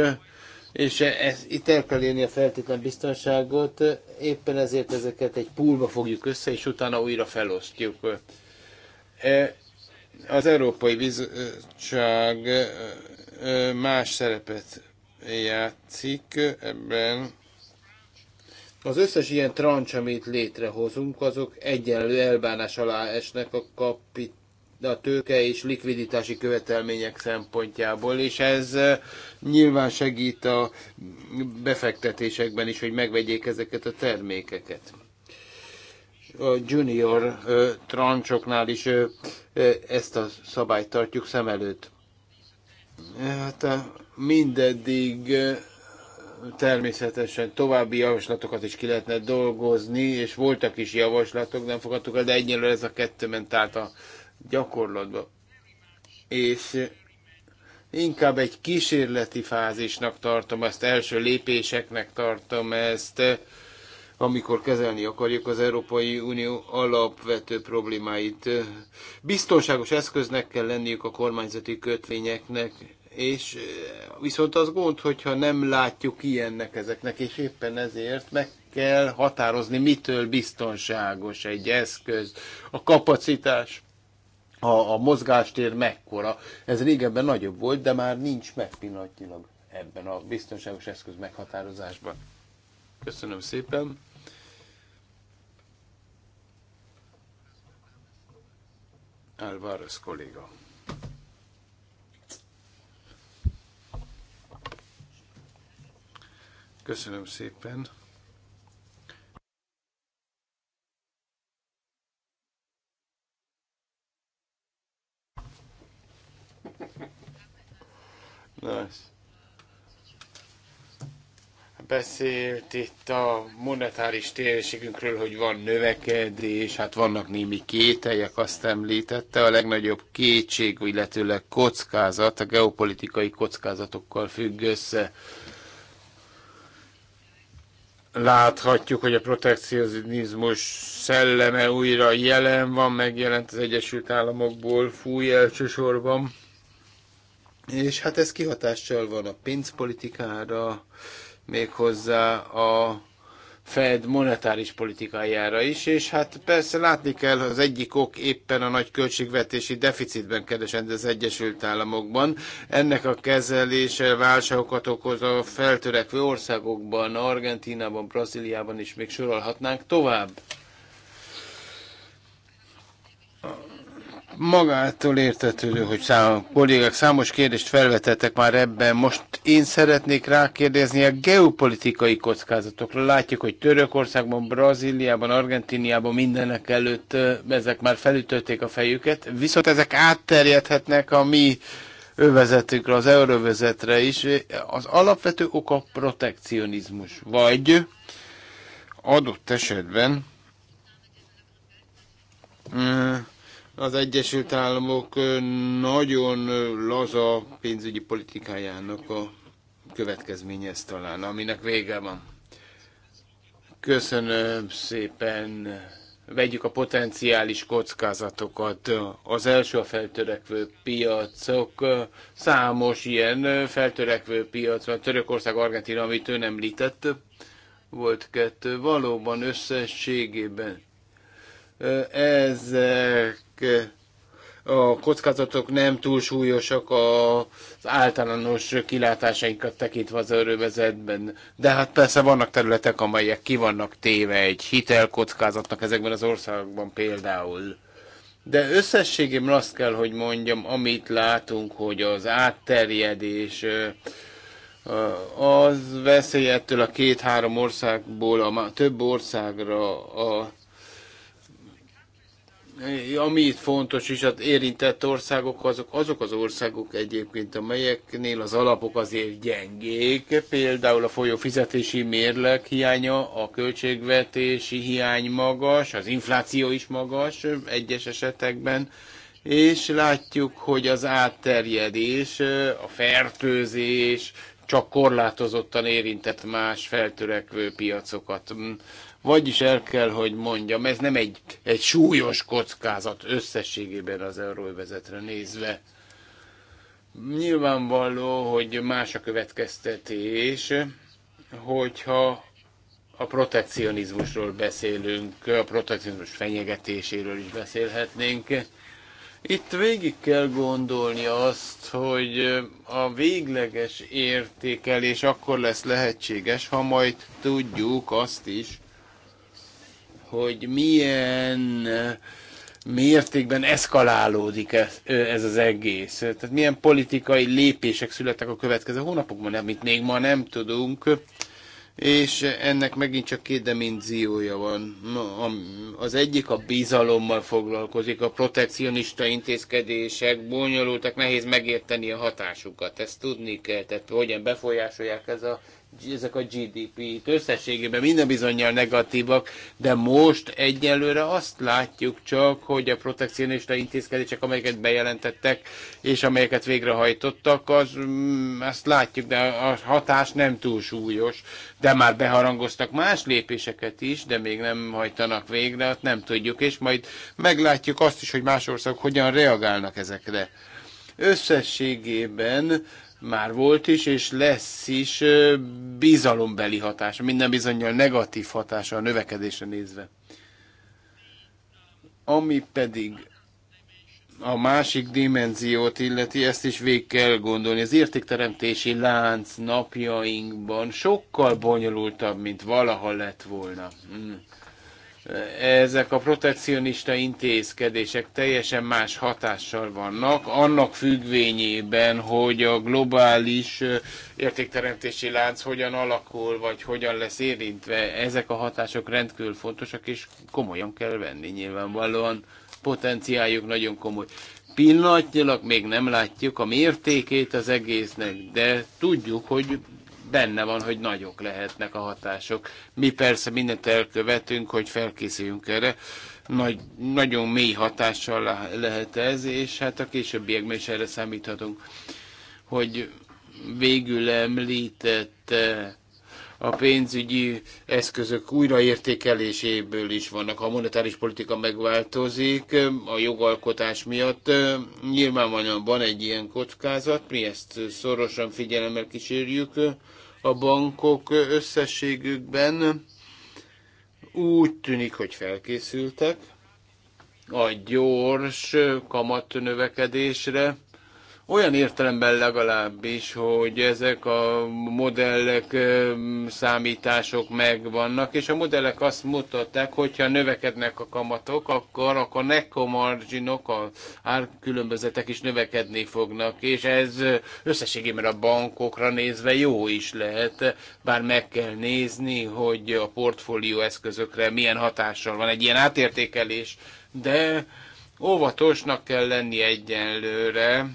és ez, itt el kell érni a feltétlen biztonságot, éppen ezért ezeket egy poolba fogjuk össze, és utána újra felosztjuk. Az Európai Bizottság más szerepet játszik ebben. Az összes ilyen trancs, amit létrehozunk, azok egyenlő elbánás alá esnek a kapit a tőke és likviditási követelmények szempontjából, és ez nyilván segít a befektetésekben is, hogy megvegyék ezeket a termékeket a junior trancsoknál is ezt a szabályt tartjuk szem előtt. Hát mindeddig természetesen további javaslatokat is ki lehetne dolgozni, és voltak is javaslatok, nem fogadtuk el, de egyelőre ez a kettő ment át a gyakorlatba. És inkább egy kísérleti fázisnak tartom ezt, első lépéseknek tartom ezt, amikor kezelni akarjuk az Európai Unió alapvető problémáit. Biztonságos eszköznek kell lenniük a kormányzati kötvényeknek, és eh, viszont az gond, hogyha nem látjuk ilyennek ezeknek, és éppen ezért meg kell határozni, mitől biztonságos egy eszköz, a kapacitás, a, a mozgástér mekkora. Ez régebben nagyobb volt, de már nincs meg pillanatnyilag ebben a biztonságos eszköz meghatározásban. Köszönöm szépen. Álvarez kolléga. Köszönöm szépen. Nice beszélt itt a monetáris térségünkről, hogy van növekedés, hát vannak némi kételjek, azt említette, a legnagyobb kétség, illetőleg kockázat, a geopolitikai kockázatokkal függ össze. Láthatjuk, hogy a protekcionizmus szelleme újra jelen van, megjelent az Egyesült Államokból, fúj elsősorban. És hát ez kihatással van a pénzpolitikára, méghozzá a Fed monetáris politikájára is, és hát persze látni kell, az egyik ok éppen a nagy költségvetési deficitben keresend az Egyesült Államokban. Ennek a kezelése válságokat okoz a feltörekvő országokban, Argentínában, Brazíliában is még sorolhatnánk tovább. magától értetődő, hogy szám, kollégák számos kérdést felvetettek már ebben. Most én szeretnék rákérdezni a geopolitikai kockázatokra. Látjuk, hogy Törökországban, Brazíliában, Argentíniában mindenek előtt ezek már felütötték a fejüket, viszont ezek átterjedhetnek a mi övezetünkre, az euróvezetre is. Az alapvető oka protekcionizmus, vagy adott esetben az Egyesült Államok nagyon laza pénzügyi politikájának a következménye ez talán, aminek vége van. Köszönöm szépen. Vegyük a potenciális kockázatokat. Az első a feltörekvő piacok. Számos ilyen feltörekvő piac van. Törökország, Argentina, amit ön említett, volt kettő. Valóban összességében ezek Eh, a kockázatok nem túl súlyosak az általános kilátásainkat tekintve az örövezetben. De hát persze vannak területek, amelyek ki vannak téve egy hitelkockázatnak ezekben az országokban például. De összességében azt kell, hogy mondjam, amit látunk, hogy az átterjedés eh, az veszély ettől a két-három országból a több országra a ami itt fontos is, az érintett országok, azok, azok az országok egyébként, amelyeknél az alapok azért gyengék, például a folyó fizetési mérleg hiánya, a költségvetési hiány magas, az infláció is magas egyes esetekben, és látjuk, hogy az átterjedés, a fertőzés csak korlátozottan érintett más feltörekvő piacokat. Vagyis el kell, hogy mondjam, ez nem egy, egy súlyos kockázat összességében az euróvezetre nézve. Nyilvánvaló, hogy más a következtetés, hogyha a protekcionizmusról beszélünk, a protekcionizmus fenyegetéséről is beszélhetnénk. Itt végig kell gondolni azt, hogy a végleges értékelés akkor lesz lehetséges, ha majd tudjuk azt is, hogy milyen eh, mértékben eszkalálódik ez, eh, ez az egész. Tehát milyen politikai lépések születtek a következő hónapokban, amit még ma nem tudunk. És ennek megint csak két dimenziója van. Az egyik a bizalommal foglalkozik, a protekcionista intézkedések bonyolultak, nehéz megérteni a hatásukat. Ezt tudni kell, tehát hogyan befolyásolják ez a ezek a GDP-t összességében minden bizonyal negatívak, de most egyelőre azt látjuk csak, hogy a protekcionista intézkedések, amelyeket bejelentettek, és amelyeket végrehajtottak, az, mm, azt látjuk, de a hatás nem túl súlyos, de már beharangoztak más lépéseket is, de még nem hajtanak végre, azt nem tudjuk, és majd meglátjuk azt is, hogy más országok hogyan reagálnak ezekre. Összességében már volt is, és lesz is bizalombeli hatása, minden bizonyal negatív hatása a növekedésre nézve. Ami pedig a másik dimenziót illeti, ezt is végig kell gondolni. Az értékteremtési lánc napjainkban sokkal bonyolultabb, mint valaha lett volna. Hmm ezek a protekcionista intézkedések teljesen más hatással vannak, annak függvényében, hogy a globális értékteremtési lánc hogyan alakul, vagy hogyan lesz érintve. Ezek a hatások rendkívül fontosak, és komolyan kell venni nyilvánvalóan. Potenciáljuk nagyon komoly. Pillanatnyilag még nem látjuk a mértékét az egésznek, de tudjuk, hogy benne van, hogy nagyok lehetnek a hatások. Mi persze mindent elkövetünk, hogy felkészüljünk erre. Nagy, nagyon mély hatással lehet ez, és hát a későbbiekben is erre számíthatunk, hogy végül említett eh, a pénzügyi eszközök újraértékeléséből is vannak. Ha a monetáris politika megváltozik eh, a jogalkotás miatt, eh, nyilvánvalóan van egy ilyen kockázat, mi ezt szorosan figyelemmel kísérjük, a bankok összességükben úgy tűnik, hogy felkészültek a gyors kamat növekedésre, olyan értelemben legalábbis, hogy ezek a modellek, számítások megvannak, és a modellek azt mutatták, hogyha növekednek a kamatok, akkor, akkor a neko marginok, a árkülönbözetek is növekedni fognak, és ez összességében a bankokra nézve jó is lehet, bár meg kell nézni, hogy a portfólió eszközökre milyen hatással van egy ilyen átértékelés, de óvatosnak kell lenni egyenlőre,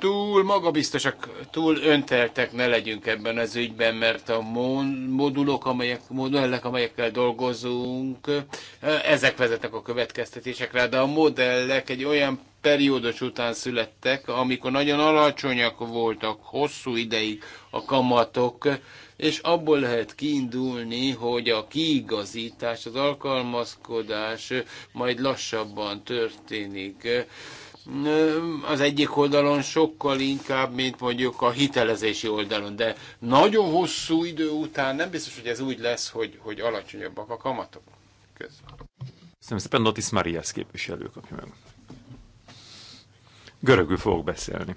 túl magabiztosak, túl önteltek ne legyünk ebben az ügyben, mert a modulok, amelyek, modellek, amelyekkel dolgozunk, ezek vezetnek a következtetésekre, de a modellek egy olyan periódus után születtek, amikor nagyon alacsonyak voltak hosszú ideig a kamatok, és abból lehet kiindulni, hogy a kiigazítás, az alkalmazkodás majd lassabban történik az egyik oldalon sokkal inkább, mint mondjuk a hitelezési oldalon, de nagyon hosszú idő után nem biztos, hogy ez úgy lesz, hogy, hogy alacsonyabbak a kamatok Köszönöm szépen, Notis Marias képviselő kapja meg. Görögül fogok beszélni.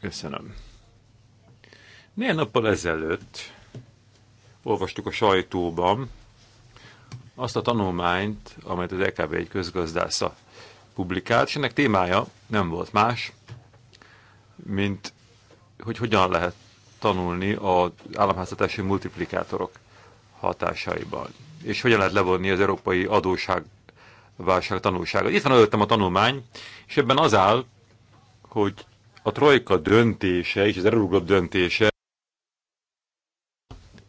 Köszönöm. Néhány nappal ezelőtt olvastuk a sajtóban azt a tanulmányt, amelyet az EKB egy közgazdásza publikált, és ennek témája nem volt más, mint hogy hogyan lehet tanulni az államháztatási multiplikátorok hatásaiban, és hogyan lehet levonni az európai adóságválság tanulsága. Itt van előttem a tanulmány, és ebben az áll, hogy a trojka döntése és az Eurogroup döntése,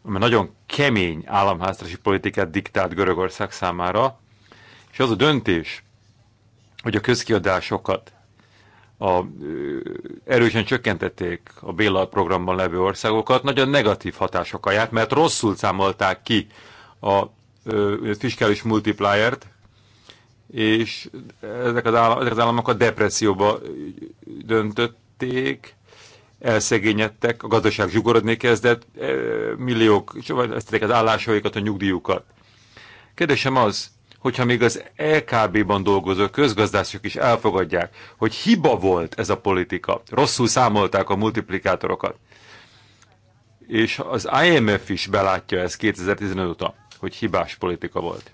amely nagyon kemény államháztatási politikát diktált Görögország számára, és az a döntés, hogy a közkiadásokat a, erősen csökkentették a Béla programban levő országokat, nagyon negatív hatások járt, mert rosszul számolták ki a ö, fiskális multipliert, és ezek az, állam, ezek az államok a depresszióba döntötték, elszegényedtek, a gazdaság zsugorodni kezdett, milliók vesztették az állásaikat, a nyugdíjukat. Kérdésem az, hogyha még az LKB-ban dolgozó közgazdászok is elfogadják, hogy hiba volt ez a politika, rosszul számolták a multiplikátorokat, és az IMF is belátja ezt 2015 óta, hogy hibás politika volt.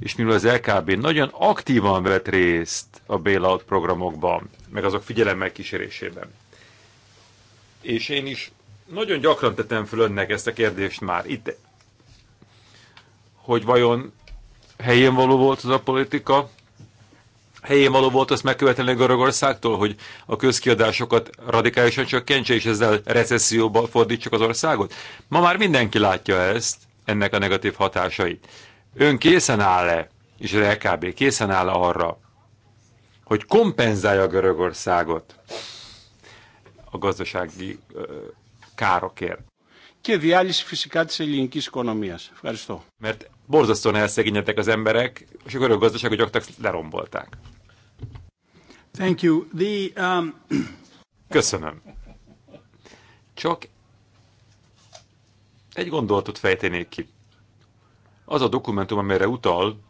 És mivel az LKB nagyon aktívan vett részt a bailout programokban, meg azok figyelemmel kísérésében. És én is nagyon gyakran tettem föl önnek ezt a kérdést már itt, hogy vajon helyén való volt az a politika, helyén való volt azt megkövetelni Görögországtól, hogy a közkiadásokat radikálisan csökkentse, és ezzel recesszióba fordítsak az országot? Ma már mindenki látja ezt, ennek a negatív hatásait. Ön készen áll-e, és az LKB készen áll -e arra, hogy kompenzálja a Görögországot a gazdasági károkért? και διάλυση φυσικά της ελληνικής οικονομίας. Ευχαριστώ. Mert borzasztóan elszegényedtek az emberek, és akkor a gazdaságot gyakorlatilag lerombolták. Thank you. The, um... Köszönöm. Csak egy gondolatot fejtenék ki. Az a dokumentum, amire utal,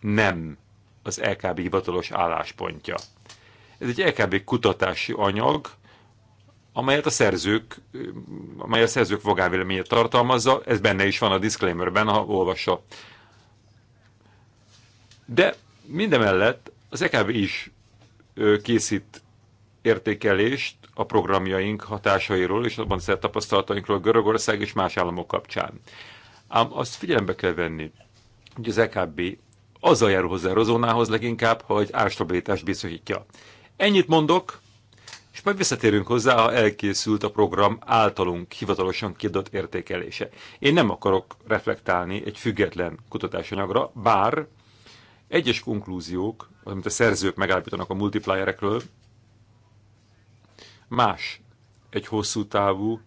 nem az LKB hivatalos álláspontja. Ez egy LKB kutatási anyag, amelyet a szerzők, amely a szerzők vagávéleményét tartalmazza, ez benne is van a disclaimerben, ha olvassa. De mindemellett az EKB is készít értékelést a programjaink hatásairól és abban szert tapasztalatainkról Görögország és más államok kapcsán. Ám azt figyelembe kell venni, hogy az EKB azzal jár hozzá a leginkább, hogy árstabilitást biztosítja. Ennyit mondok, és majd visszatérünk hozzá, ha elkészült a program általunk hivatalosan kiadott értékelése. Én nem akarok reflektálni egy független kutatásanyagra, bár egyes konklúziók, amit a szerzők megállapítanak a multiplierekről, más egy hosszú távú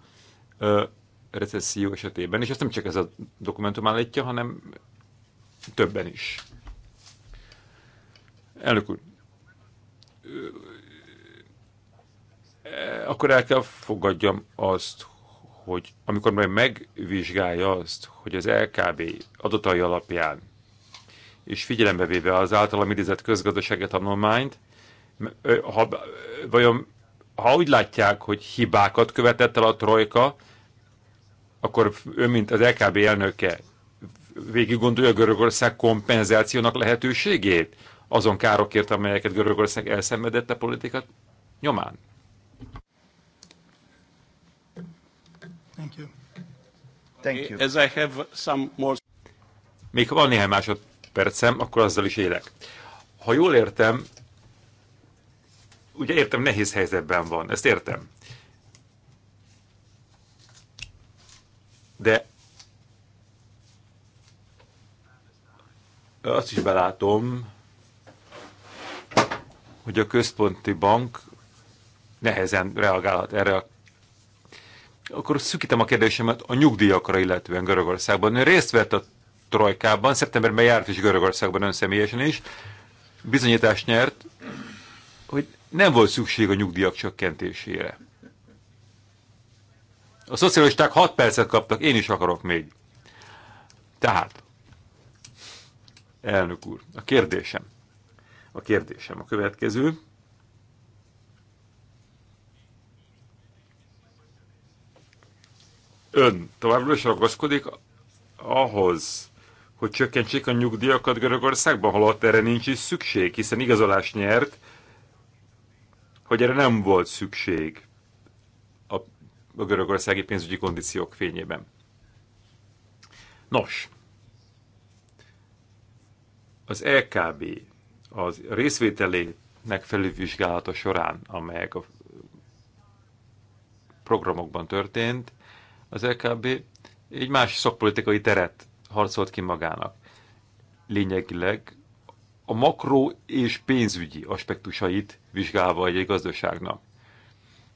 ö, recesszió esetében, és ezt nem csak ez a dokumentum állítja, hanem többen is. Elnök úr, akkor el kell fogadjam azt, hogy amikor majd megvizsgálja azt, hogy az LKB adatai alapján, és figyelembe véve az általam idézett közgazdasági tanulmányt, ha, vajon, ha úgy látják, hogy hibákat követett el a trojka, akkor ő, mint az LKB elnöke, végig gondolja Görögország kompenzációnak lehetőségét azon károkért, amelyeket Görögország elszenvedett a politikát nyomán. Thank you. Thank you. As I have some more... Még ha van néhány másodpercem, akkor azzal is élek. Ha jól értem, ugye értem, nehéz helyzetben van, ezt értem. De azt is belátom, hogy a központi bank nehezen reagálhat erre a akkor szükítem a kérdésemet a nyugdíjakra, illetően Görögországban. Ön részt vett a trojkában, szeptemberben járt is Görögországban ön személyesen is, bizonyítást nyert, hogy nem volt szükség a nyugdíjak csökkentésére. A szocialisták 6 percet kaptak, én is akarok még. Tehát, elnök úr, a kérdésem, a kérdésem a következő. ön továbbra is ragaszkodik ahhoz, hogy csökkentsék a nyugdíjakat Görögországban, holott erre nincs is szükség, hiszen igazolást nyert, hogy erre nem volt szükség a, a görögországi pénzügyi kondíciók fényében. Nos, az LKB az részvételének felülvizsgálata során, amelyek a programokban történt, az LKB e egy más szakpolitikai teret harcolt ki magának. Lényegileg a makro és pénzügyi aspektusait vizsgálva egy gazdaságnak.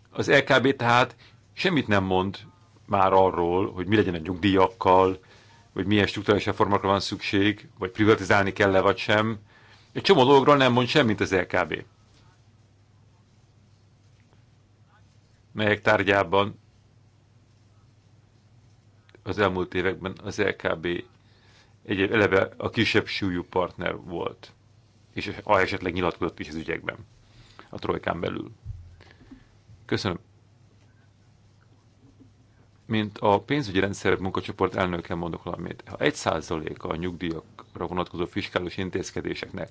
Az LKB e tehát semmit nem mond már arról, hogy mi legyen a nyugdíjakkal, hogy milyen struktúrális reformokra van szükség, vagy privatizálni kell-e, vagy sem. Egy csomó dologról nem mond semmit az LKB. E Melyek tárgyában az elmúlt években az LKB egy eleve a kisebb súlyú partner volt, és a esetleg nyilatkozott is az ügyekben, a trojkán belül. Köszönöm. Mint a pénzügyi rendszer munkacsoport elnöke mondok valamit. Ha egy a a nyugdíjakra vonatkozó fiskális intézkedéseknek,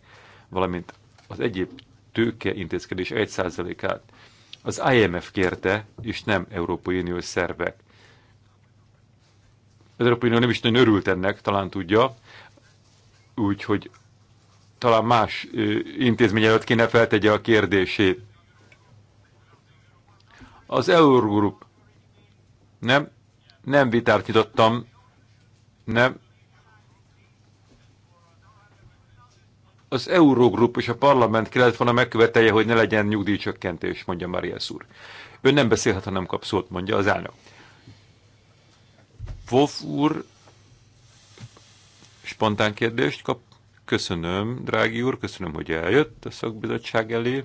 valamint az egyéb tőke intézkedés egy át az IMF kérte, és nem Európai Uniós szervek az Európai Unió nem is nagyon örült ennek, talán tudja, úgyhogy talán más intézmény előtt kéne feltegye a kérdését. Az Eurogroup. Nem, nem vitárt nyitottam. Nem. Az Eurogroup és a parlament kellett volna megkövetelje, hogy ne legyen nyugdíjcsökkentés, mondja Marias úr. Ön nem beszélhet, ha nem kap szót, mondja az elnök. Wolf úr spontán kérdést kap. Köszönöm, drági úr, köszönöm, hogy eljött a szakbizottság elé.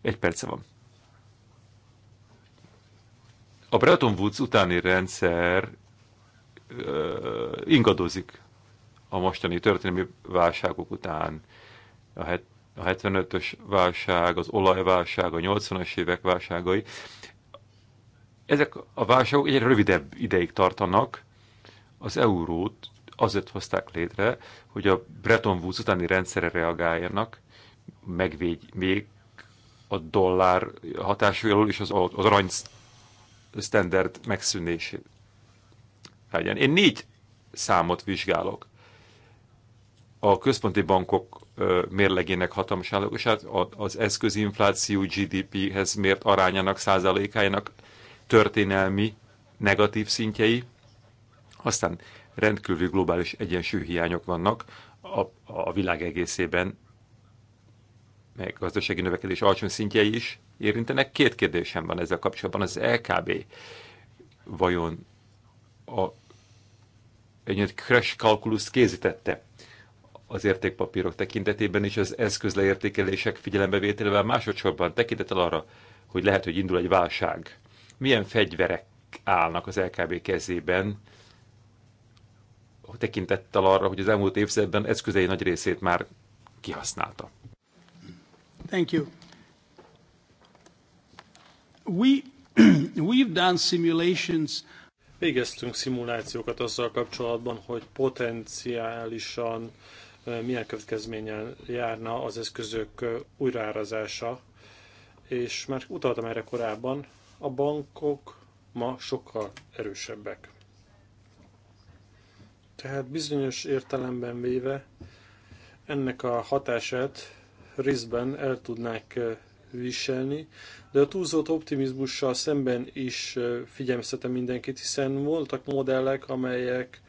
Egy perce van. A Bretton Woods utáni rendszer uh, ingadozik a mostani történelmi válságok után. A, het, a 75-ös válság, az olajválság, a 80-as évek válságai ezek a válságok egyre rövidebb ideig tartanak. Az eurót azért hozták létre, hogy a Bretton Woods utáni rendszerre reagáljanak, megvédj még a dollár hatású és az, az arany standard megszűnését legyen. Én négy számot vizsgálok. A központi bankok mérlegének hatalmasságosát, az eszközinfláció GDP-hez mért arányának, százalékájának történelmi negatív szintjei, aztán rendkívül globális egyensúly hiányok vannak a, a világ egészében, meg gazdasági növekedés alacsony szintjei is érintenek. Két kérdésem van ezzel kapcsolatban. Az LKB vajon a egy crash kalkuluszt készítette az értékpapírok tekintetében és az eszközleértékelések figyelembevételével másodszorban tekintettel arra, hogy lehet, hogy indul egy válság milyen fegyverek állnak az LKB kezében, tekintettel arra, hogy az elmúlt évszerben eszközei nagy részét már kihasználta. Thank you. We, we've done simulations. Végeztünk szimulációkat azzal kapcsolatban, hogy potenciálisan milyen következménnyel járna az eszközök újraárazása, és már utaltam erre korábban, a bankok ma sokkal erősebbek. Tehát bizonyos értelemben véve ennek a hatását részben el tudnák eh, viselni, de a túlzott optimizmussal szemben is eh, figyelmeztetem mindenkit, hiszen voltak modellek, amelyek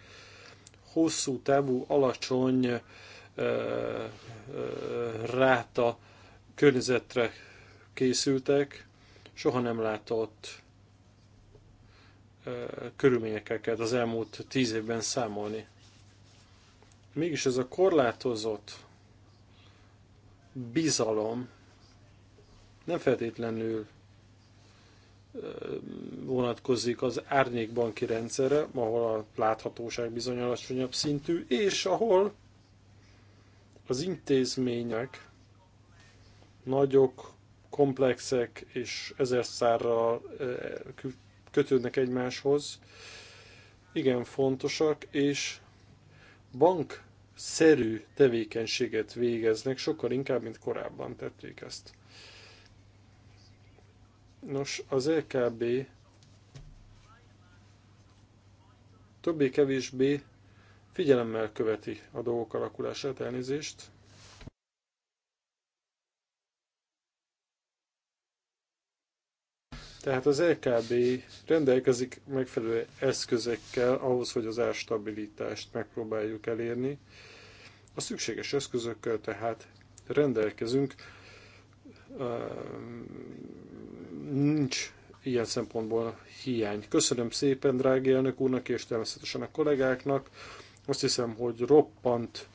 hosszú távú, alacsony eh, ráta környezetre készültek, soha nem látott körülményekkel kellett az elmúlt tíz évben számolni. Mégis ez a korlátozott bizalom nem feltétlenül vonatkozik az árnyékbanki rendszerre, ahol a láthatóság bizony alacsonyabb szintű, és ahol az intézmények nagyok, komplexek, és ezer szárral eh, kötődnek egymáshoz. Igen, fontosak, és bank szerű tevékenységet végeznek, sokkal inkább, mint korábban tették ezt. Nos, az LKB e többé-kevésbé figyelemmel követi a dolgok alakulását, elnézést. Tehát az LKB e rendelkezik megfelelő eszközekkel ahhoz, hogy az árstabilitást megpróbáljuk elérni. A szükséges eszközökkel tehát rendelkezünk. Nincs ilyen szempontból hiány. Köszönöm szépen drági elnök úrnak és természetesen a kollégáknak. Azt hiszem, hogy roppant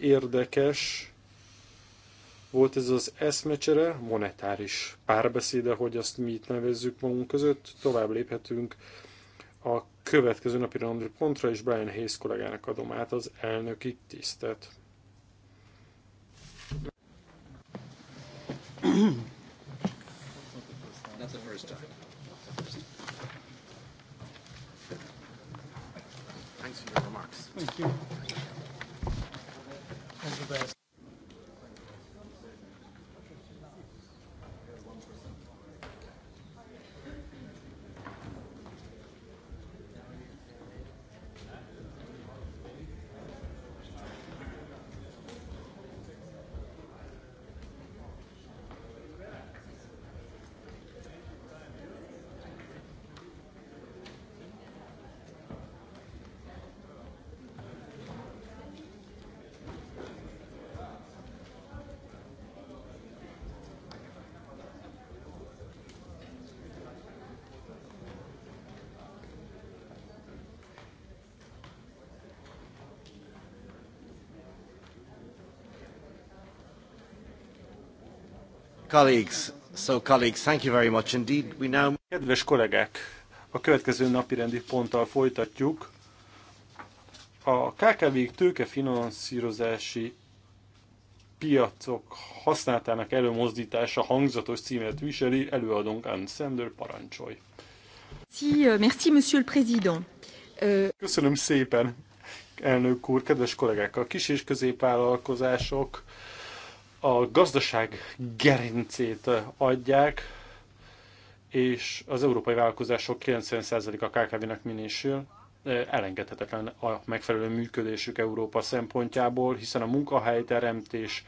érdekes volt ez az eszmecsere, monetáris párbeszéde, hogy azt mi itt nevezzük magunk között. Tovább léphetünk a következő napi rendőr pontra, és Brian Hayes kollégának adom át az elnöki tisztet. Kedves kollégák, a következő napi rendi ponttal folytatjuk. A KKV-k tőkefinanszírozási piacok használatának előmozdítása hangzatos címet viseli, előadónk Ann Sander parancsolj. Euh, merci, monsieur le président. Euh, Köszönöm szépen, elnök úr, kedves kollégák, a kis és középvállalkozások a gazdaság gerincét adják, és az európai vállalkozások 90%-a KKV-nek minősül, elengedhetetlen a megfelelő működésük Európa szempontjából, hiszen a munkahelyteremtés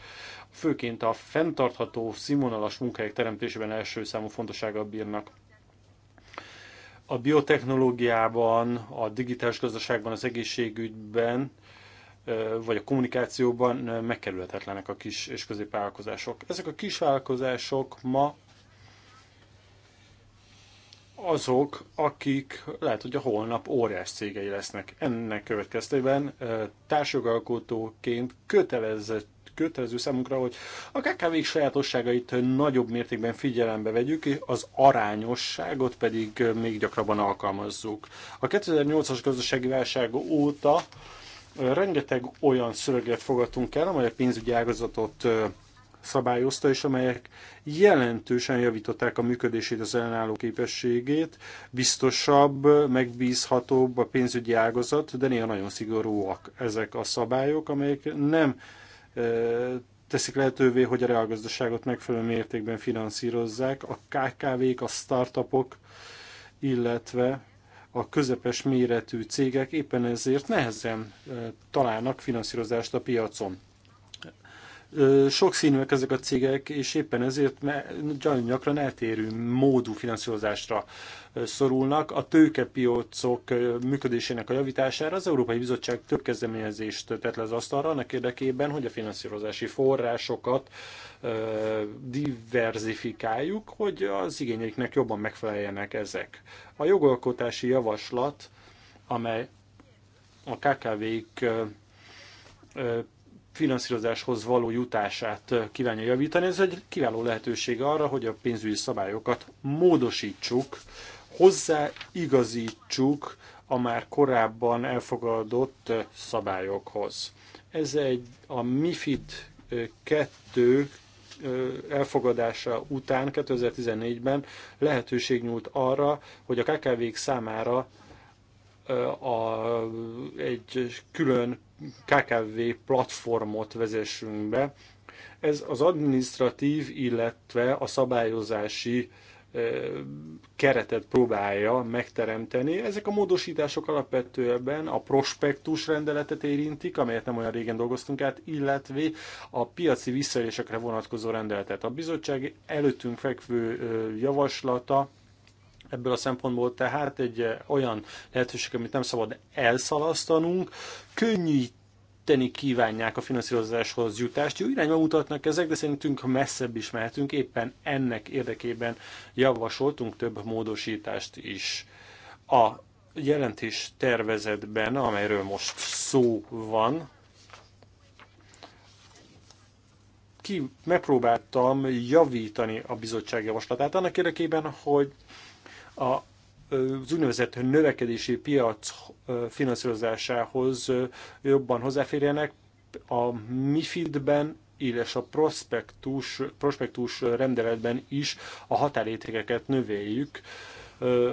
főként a fenntartható színvonalas munkahelyek teremtésében első számú fontossággal bírnak. A biotechnológiában, a digitális gazdaságban, az egészségügyben vagy a kommunikációban megkerülhetetlenek a kis és középvállalkozások. Ezek a kis vállalkozások ma azok, akik lehet, hogy a holnap óriás cégei lesznek. Ennek következtében társjogalkotóként kötelezett kötelező számunkra, hogy a kkv sajátosságait nagyobb mértékben figyelembe vegyük, az arányosságot pedig még gyakrabban alkalmazzuk. A 2008-as gazdasági válság óta rengeteg olyan szöveget fogadtunk el, amely a pénzügyi ágazatot szabályozta, és amelyek jelentősen javították a működését, az ellenálló képességét, biztosabb, megbízhatóbb a pénzügyi ágazat, de néha nagyon szigorúak ezek a szabályok, amelyek nem teszik lehetővé, hogy a reálgazdaságot megfelelő mértékben finanszírozzák, a KKV-k, a startupok, illetve a közepes méretű cégek éppen ezért nehezen eh, találnak finanszírozást a piacon sokszínűek ezek a cégek, és éppen ezért nagyon gyakran eltérő módú finanszírozásra szorulnak. A tőkepiócok működésének a javítására az Európai Bizottság több kezdeményezést tett le az asztalra annak érdekében, hogy a finanszírozási forrásokat diverzifikáljuk, hogy az igényeiknek jobban megfeleljenek ezek. A jogalkotási javaslat, amely a KKV-k finanszírozáshoz való jutását kívánja javítani. Ez egy kiváló lehetőség arra, hogy a pénzügyi szabályokat módosítsuk, hozzáigazítsuk a már korábban elfogadott szabályokhoz. Ez egy a MIFID 2 elfogadása után 2014-ben lehetőség nyúlt arra, hogy a KKV-k számára a, egy külön KKV platformot vezessünk be. Ez az administratív, illetve a szabályozási keretet próbálja megteremteni. Ezek a módosítások alapvetően a prospektus rendeletet érintik, amelyet nem olyan régen dolgoztunk át, illetve a piaci visszaélésekre vonatkozó rendeletet. A bizottság előttünk fekvő javaslata Ebből a szempontból tehát egy eh, olyan lehetőség, amit nem szabad elszalasztanunk, könnyíteni kívánják a finanszírozáshoz jutást. Jó irányba mutatnak ezek, de szerintünk messzebb is mehetünk. Éppen ennek érdekében javasoltunk több módosítást is. A jelentés tervezetben, amelyről most szó van, ki megpróbáltam javítani a bizottság javaslatát annak érdekében, hogy a az úgynevezett növekedési piac finanszírozásához jobban hozzáférjenek. A MIFID-ben illetve a prospektus, prospektus rendeletben is a határértékeket növeljük,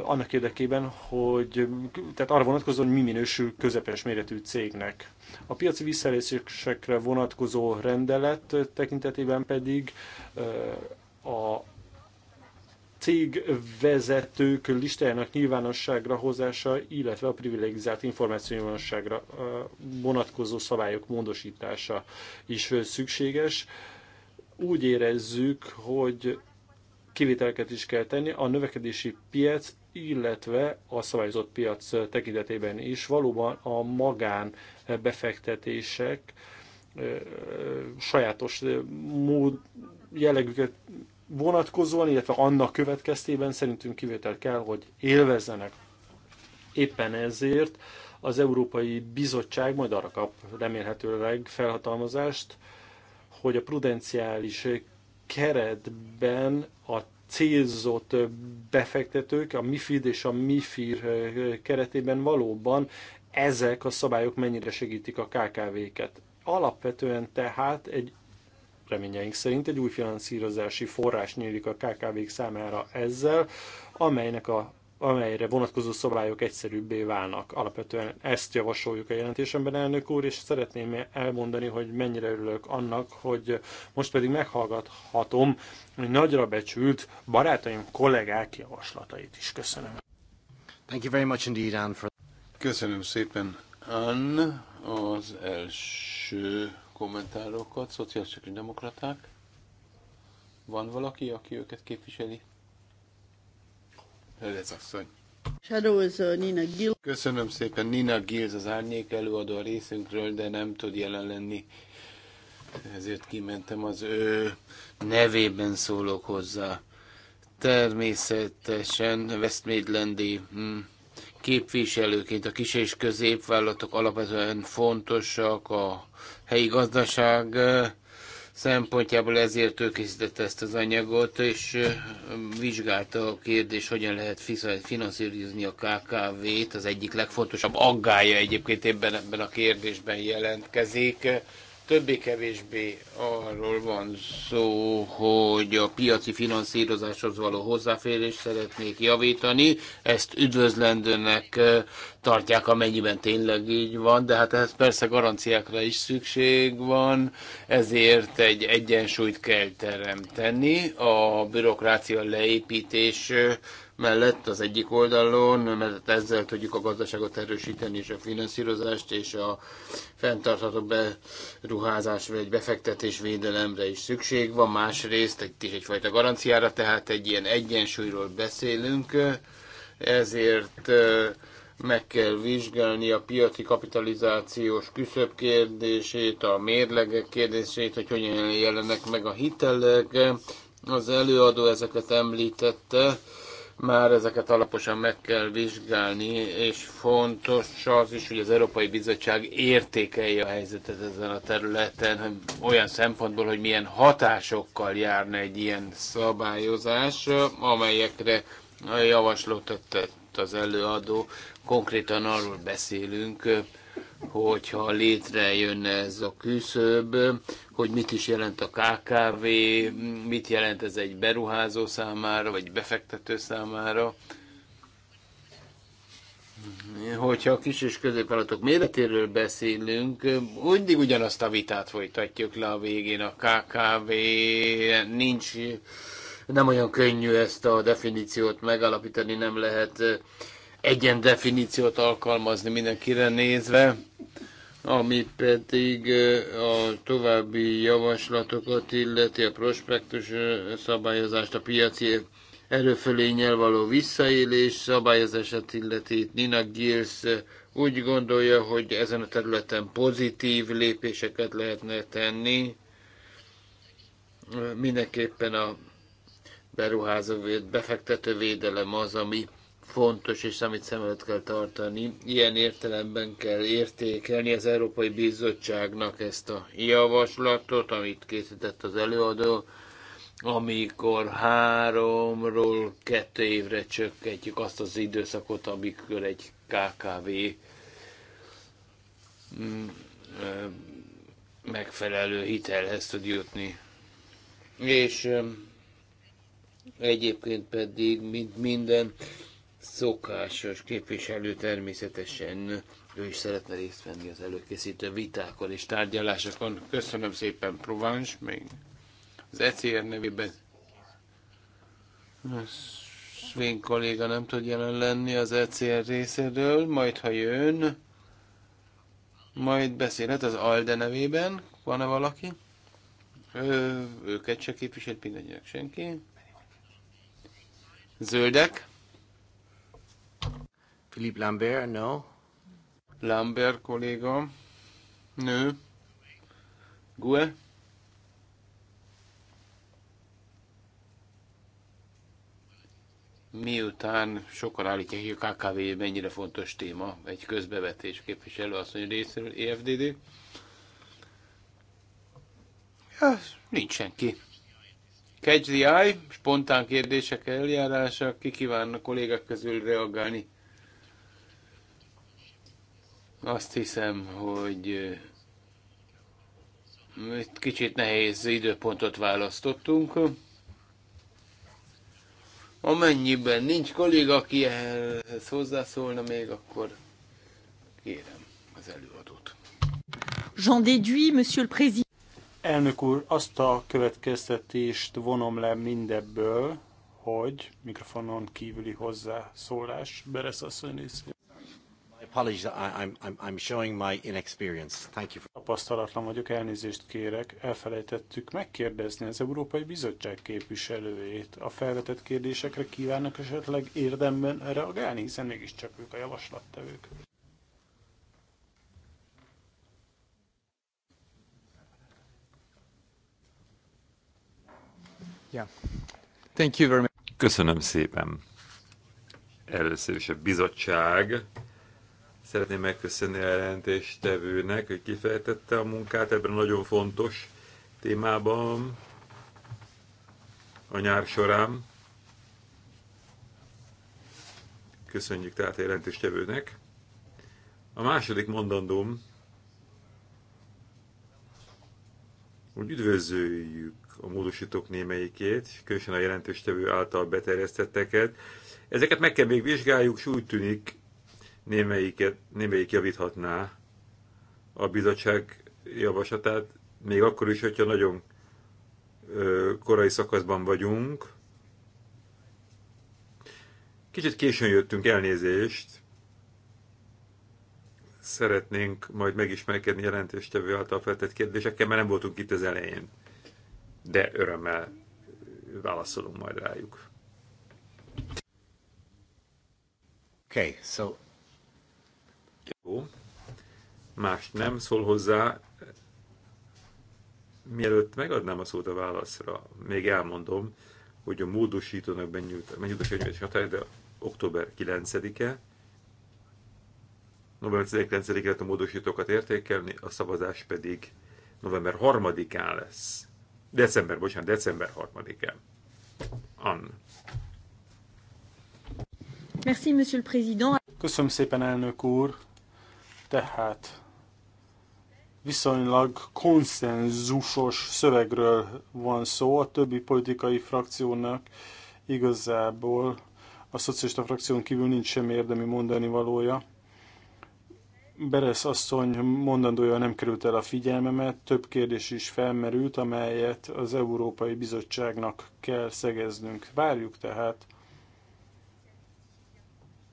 annak érdekében, hogy tehát arra vonatkozóan, hogy mi minősül közepes méretű cégnek. A piaci visszaelésekre vonatkozó rendelet tekintetében pedig a cégvezetők listájának nyilvánosságra hozása, illetve a privilegizált információnyilvánosságra vonatkozó szabályok módosítása is szükséges. Úgy érezzük, hogy kivételeket is kell tenni, a növekedési piac, illetve a szabályozott piac tekintetében is. Valóban a magán befektetések sajátos mód jellegüket vonatkozóan, illetve annak következtében szerintünk kivétel kell, hogy élvezzenek. Éppen ezért az Európai Bizottság majd arra kap remélhetőleg felhatalmazást, hogy a prudenciális keretben a célzott befektetők, a MIFID és a MIFIR keretében valóban ezek a szabályok mennyire segítik a KKV-ket. Alapvetően tehát egy reményeink szerint egy új finanszírozási forrás nyílik a KKV-k számára ezzel, amelynek a amelyre vonatkozó szabályok egyszerűbbé válnak. Alapvetően ezt javasoljuk a jelentésemben, elnök úr, és szeretném elmondani, hogy mennyire örülök annak, hogy most pedig meghallgathatom nagyra becsült barátaim, kollégák javaslatait is. Köszönöm. Thank you very much indeed, Anne, for... Köszönöm szépen, Anne, az első kommentárokat, szociális demokraták. Van valaki, aki őket képviseli? Ez asszony. Uh, Köszönöm szépen. Nina Gills az árnyék előadó a részünkről, de nem tud jelen lenni. Ezért kimentem az ő nevében szólok hozzá. Természetesen West Midlandi hm, képviselőként a kis és középvállalatok alapvetően fontosak a helyi gazdaság szempontjából ezért ő készítette ezt az anyagot, és vizsgálta a kérdés, hogyan lehet finanszírozni a KKV-t. Az egyik legfontosabb aggája egyébként ebben, ebben a kérdésben jelentkezik többé-kevésbé arról van szó, hogy a piaci finanszírozáshoz való hozzáférést szeretnék javítani. Ezt üdvözlendőnek tartják, amennyiben tényleg így van, de hát ez persze garanciákra is szükség van, ezért egy egyensúlyt kell teremteni a bürokrácia leépítés mellett az egyik oldalon, mert ezzel tudjuk a gazdaságot erősíteni, és a finanszírozást, és a fenntartható beruházásra, egy befektetés védelemre is szükség van, másrészt egy kis egyfajta garanciára, tehát egy ilyen egyensúlyról beszélünk, ezért meg kell vizsgálni a piaci kapitalizációs küszöb kérdését, a mérlegek kérdését, hogy hogyan jelennek meg a hitelek. Az előadó ezeket említette, már ezeket alaposan meg kell vizsgálni, és fontos az is, hogy az Európai Bizottság értékelje a helyzetet ezen a területen, olyan szempontból, hogy milyen hatásokkal járna egy ilyen szabályozás, amelyekre javaslatot tett az előadó. Konkrétan arról beszélünk, hogyha létrejön ez a küszöb, hogy mit is jelent a KKV, mit jelent ez egy beruházó számára, vagy befektető számára. Hogyha a kis és középvállalatok méretéről beszélünk, mindig ugyanazt a vitát folytatjuk le a végén. A KKV nincs, nem olyan könnyű ezt a definíciót megalapítani, nem lehet egyen definíciót alkalmazni mindenkire nézve, ami pedig a további javaslatokat illeti a prospektus szabályozást, a piaci erőfölényel való visszaélés szabályozását illeti. Nina Gills úgy gondolja, hogy ezen a területen pozitív lépéseket lehetne tenni. Mindenképpen a beruházó befektető védelem az, ami fontos, és amit szem előtt kell tartani. Ilyen értelemben kell értékelni az Európai Bizottságnak ezt a javaslatot, amit készített az előadó, amikor háromról kettő évre csökkentjük azt az időszakot, amikor egy KKV mm, megfelelő hitelhez tud jutni. És egyébként pedig, mint minden szokásos képviselő természetesen ő is szeretne részt venni az előkészítő vitákon és tárgyalásokon. Köszönöm szépen, Provence, még az ECR nevében. Svén kolléga nem tud jelen lenni az ECR részéről, majd ha jön, majd beszélhet az ALDE nevében. Van-e valaki? Ő, őket se képviselt mindegyek senki. Zöldek? Philippe Lambert, no? Lambert kolléga, nő, Gue. Miután sokan állítják, hogy a KKV mennyire fontos téma, egy közbevetés képviselő asszony részéről, EFDD. Ja, nincs senki. Catch the eye, spontán kérdések eljárása, ki kívánna kollégák közül reagálni? Azt hiszem, hogy itt kicsit nehéz időpontot választottunk. Amennyiben nincs kolléga, aki ehhez hozzászólna még, akkor kérem az előadót. Jean déduis, monsieur le président. Elnök úr, azt a következtetést vonom le mindebből, hogy mikrofonon kívüli hozzászólás, Beresz asszony részéről. Apologies, I'm, I'm, I'm showing my inexperience. Thank you. Tapasztalatlan vagyok, elnézést kérek. Elfelejtettük megkérdezni az Európai Bizottság képviselőjét. A felvetett kérdésekre kívánnak esetleg érdemben reagálni, hiszen mégiscsak ők a javaslattevők. Thank you very much. Köszönöm szépen. Először is a bizottság Szeretném megköszönni a jelentéstevőnek, hogy kifejtette a munkát ebben a nagyon fontos témában a nyár során. Köszönjük tehát a jelentéstevőnek. A második mondandóm, hogy üdvözöljük a módosítók némelyikét, különösen a jelentéstevő által beterjesztetteket. Ezeket meg kell még vizsgáljuk, és úgy tűnik, némelyiket, némelyik javíthatná a bizottság javaslatát, még akkor is, hogyha nagyon korai szakaszban vagyunk. Kicsit későn jöttünk, elnézést. Szeretnénk majd megismerkedni jelentéstevő által feltett kérdésekkel, mert nem voltunk itt az elején. De örömmel válaszolunk majd rájuk. Okay, so jó. Más nem szól hozzá. Mielőtt megadnám a szót a válaszra, még elmondom, hogy a módosítónak benyújt, benyújt a könyves hatály, de október 9-e, november 19-e lehet a módosítókat értékelni, a szavazás pedig november 3-án lesz. December, bocsánat, december 3-án. Ann. Merci, Monsieur le Président. Köszönöm szépen, elnök úr. Tehát viszonylag konszenzusos szövegről van szó. A többi politikai frakciónak igazából a szocialista frakción kívül nincs semmi érdemi mondani valója. Beresz asszony mondandója nem került el a figyelmemet, több kérdés is felmerült, amelyet az Európai Bizottságnak kell szegeznünk. Várjuk tehát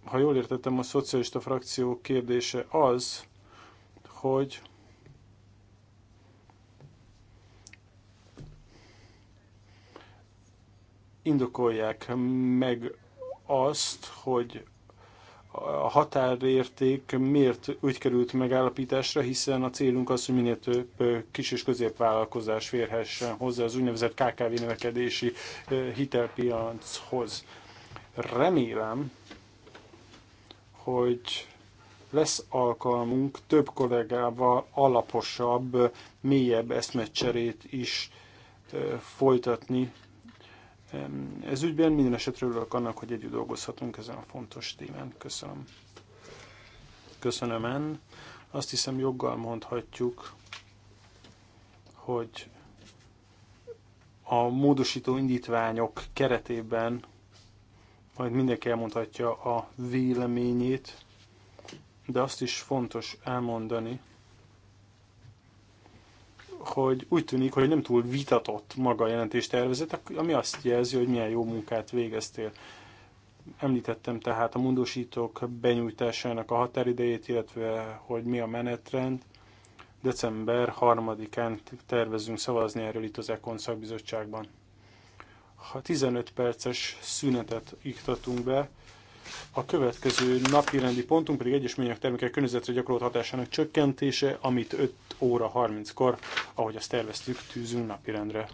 ha jól értettem, a szocialista frakció kérdése az, hogy indokolják meg azt, hogy a határérték miért úgy került megállapításra, hiszen a célunk az, hogy minél több kis és középvállalkozás férhessen hozzá az úgynevezett KKV növekedési hitelpiachoz. Remélem, hogy lesz alkalmunk több kollégával alaposabb, mélyebb eszmecserét is folytatni. Ez ügyben minden esetre örülök annak, hogy együtt dolgozhatunk ezen a fontos témán. Köszönöm. Köszönöm, en. Azt hiszem joggal mondhatjuk, hogy a módosító indítványok keretében majd mindenki elmondhatja a véleményét, de azt is fontos elmondani, hogy úgy tűnik, hogy nem túl vitatott maga a jelentéstervezet, ami azt jelzi, hogy milyen jó munkát végeztél. Említettem tehát a mondósítók benyújtásának a határidejét, illetve hogy mi a menetrend. December 3-án tervezünk szavazni erről itt az Ekon szakbizottságban ha 15 perces szünetet iktatunk be, a következő napi rendi pontunk pedig egyes műanyag termékek környezetre gyakorolt hatásának csökkentése, amit 5 óra 30-kor, ahogy azt terveztük, tűzünk napirendre.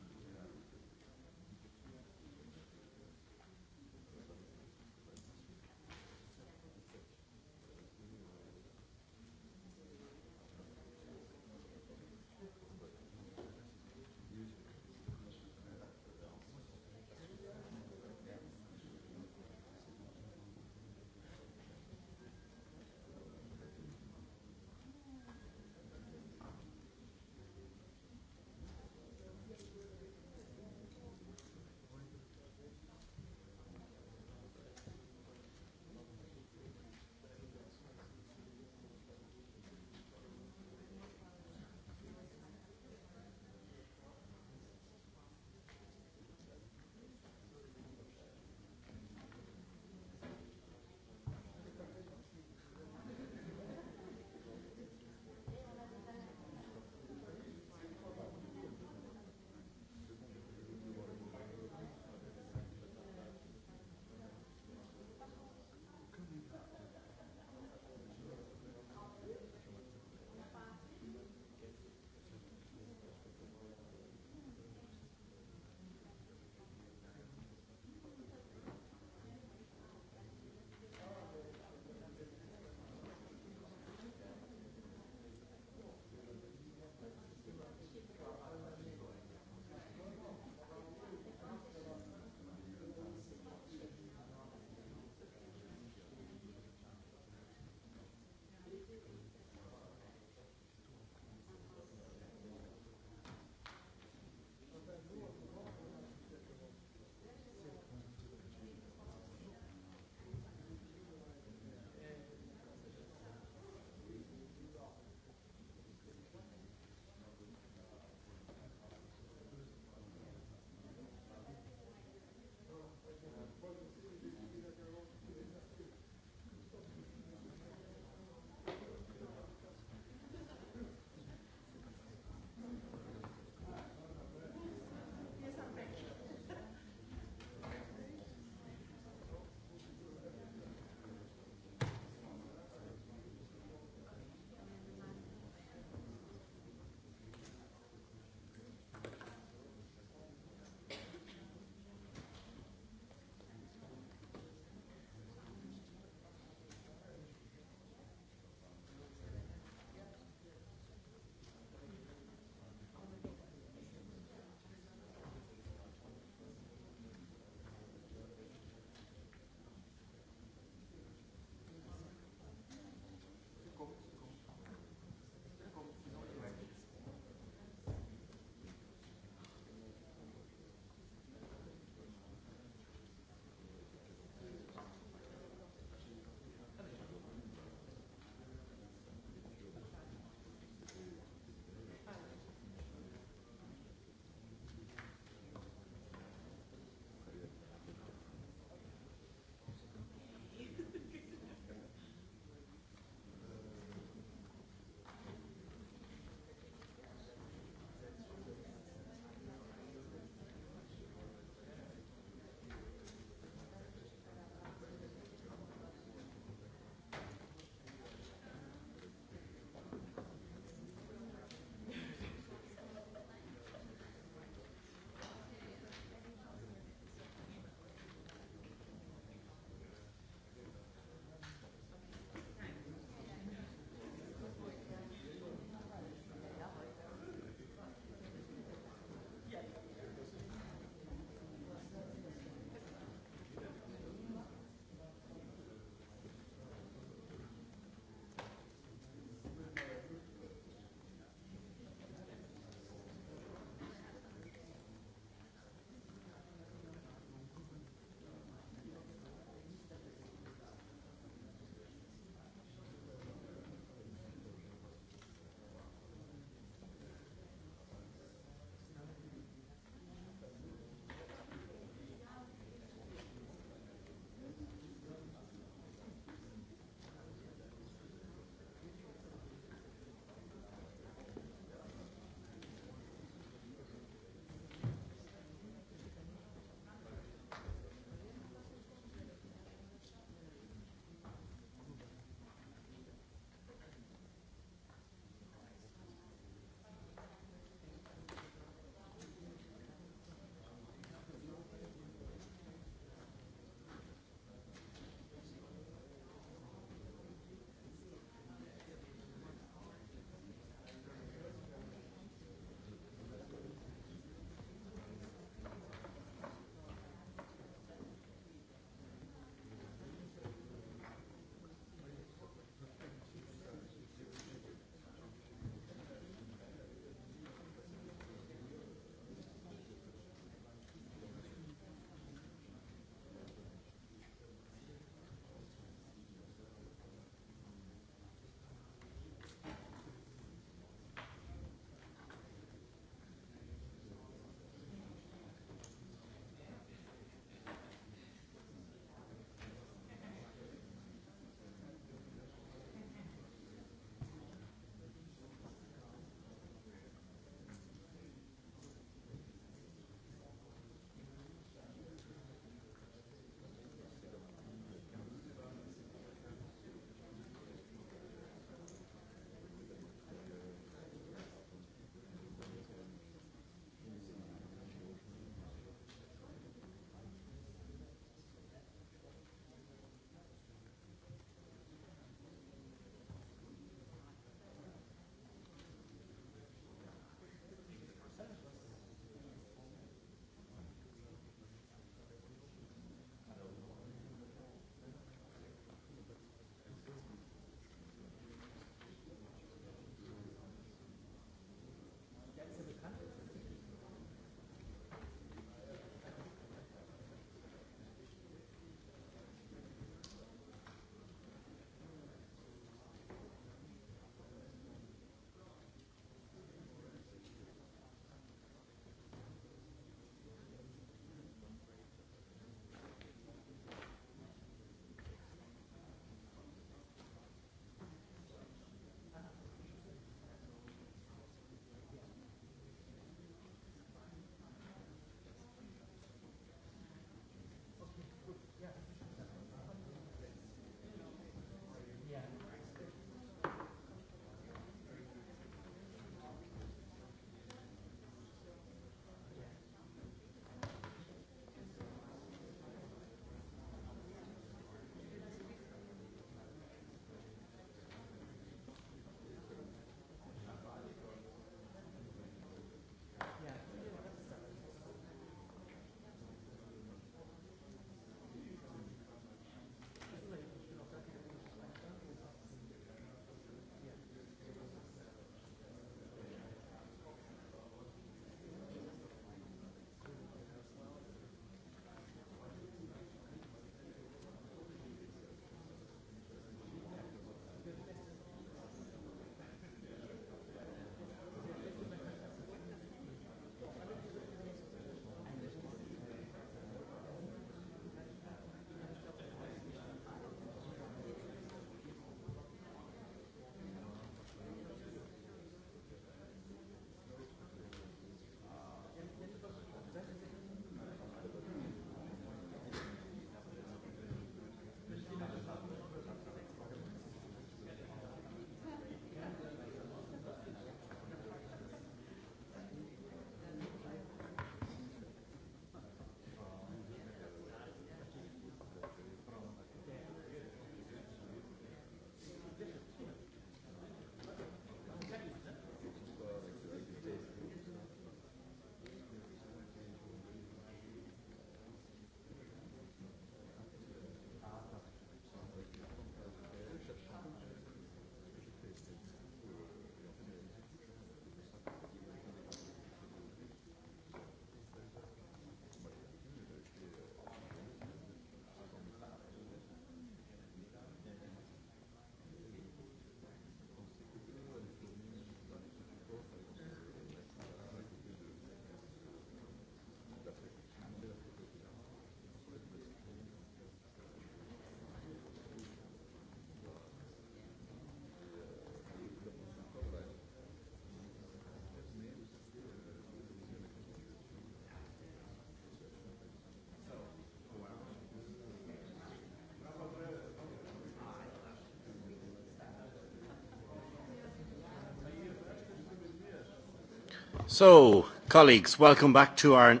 So, colleagues, welcome back to our...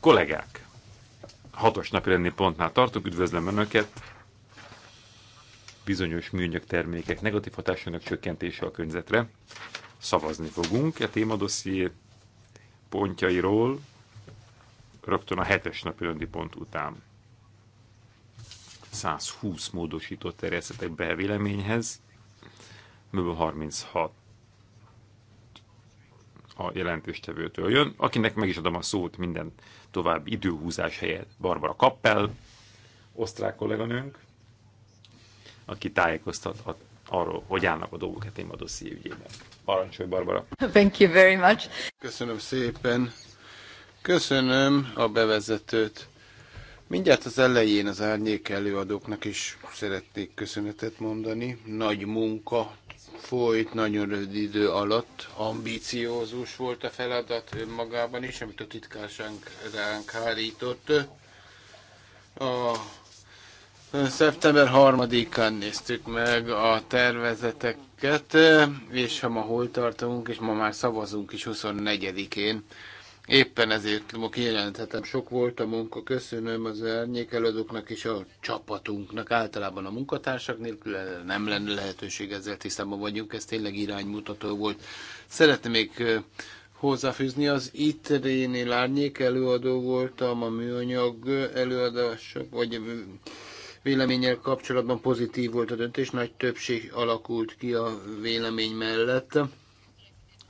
Kollégák, hatos napi rendi pontnál tartok, üdvözlöm Önöket. Bizonyos műanyag termékek negatív hatásának csökkentése a környezetre. Szavazni fogunk e témadosszié pontjairól rögtön a hetes napi rendi pont után. 120 módosított terjesztetek be a véleményhez, 36 a jelentéstevőtől jön, akinek meg is adom a szót minden tovább időhúzás helyett. Barbara Kappel, osztrák kolléganőnk, aki tájékoztat a, arról, hogy állnak a dolgok a témadosszié ügyében. Parancsolj, Barbara! Thank you very much! Köszönöm szépen! Köszönöm a bevezetőt! Mindjárt az elején az árnyék előadóknak is szeretnék köszönetet mondani. Nagy munka folyt nagyon rövid idő alatt. Ambíciózus volt a feladat önmagában is, amit a titkárság ránk hárított. A szeptember 3-án néztük meg a tervezeteket, és ha ma hol tartunk, és ma már szavazunk is 24-én, Éppen ezért kijelenthetem, sok volt a munka, köszönöm az elnyékelődőknek és a csapatunknak, általában a munkatársak nélkül nem lenne lehetőség, ezzel tisztában vagyunk, ez tényleg iránymutató volt. Szeretném még hozzáfűzni, az itt Réni Lárnyék előadó voltam a műanyag előadások, vagy véleményel kapcsolatban pozitív volt a döntés, nagy többség alakult ki a vélemény mellett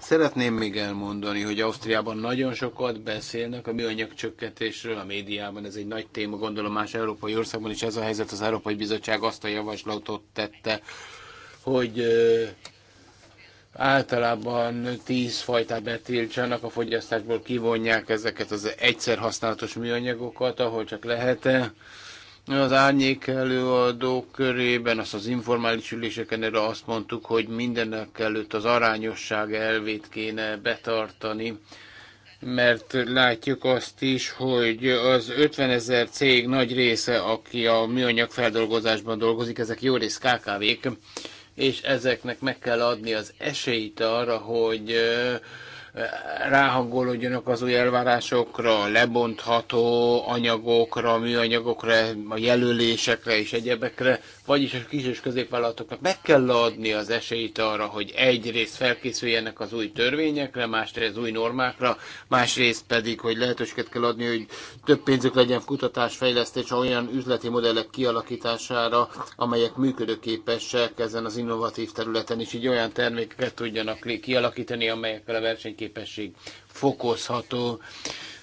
Szeretném még elmondani, hogy Ausztriában nagyon sokat beszélnek a műanyag csökkentésről, a médiában ez egy nagy téma, gondolom más európai országban is ez a helyzet. Az Európai Bizottság azt a javaslatot tette, hogy általában tíz fajtát betiltsanak, a fogyasztásból kivonják ezeket az egyszer használatos műanyagokat, ahol csak lehet. Az árnyék előadók körében, azt az informális üléseken erre azt mondtuk, hogy mindenek előtt az arányosság elvét kéne betartani, mert látjuk azt is, hogy az 50 ezer cég nagy része, aki a műanyag feldolgozásban dolgozik, ezek jó rész KKV-k, és ezeknek meg kell adni az esélyt arra, hogy ráhangolódjanak az új elvárásokra, lebontható anyagokra, műanyagokra, a jelölésekre és egyebekre, vagyis a kis és középvállalatoknak meg kell adni az esélyt arra, hogy egyrészt felkészüljenek az új törvényekre, másrészt az új normákra, másrészt pedig, hogy lehetőséget kell adni, hogy több pénzük legyen kutatás, fejlesztés, olyan üzleti modellek kialakítására, amelyek működőképesek ezen az innovatív területen, és így olyan termékeket tudjanak kialakítani, amelyekkel a versenyképesség fokozható.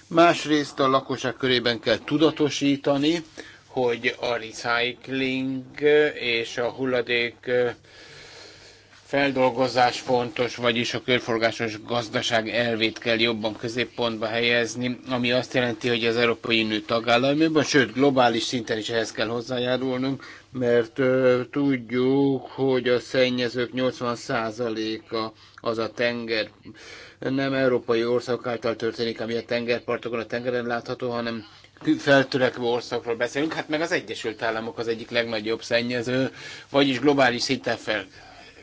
Másrészt a lakosság körében kell tudatosítani, hogy a recycling és a hulladék feldolgozás fontos, vagyis a körforgásos gazdaság elvét kell jobban középpontba helyezni, ami azt jelenti, hogy az Európai Unió tagállamában, sőt globális szinten is ehhez kell hozzájárulnunk, mert ö, tudjuk, hogy a szennyezők 80%-a az a tenger, nem európai országok által történik, ami a tengerpartokon, a tengeren látható, hanem feltörekvő országról beszélünk, hát meg az Egyesült Államok az egyik legnagyobb szennyező, vagyis globális szinten fel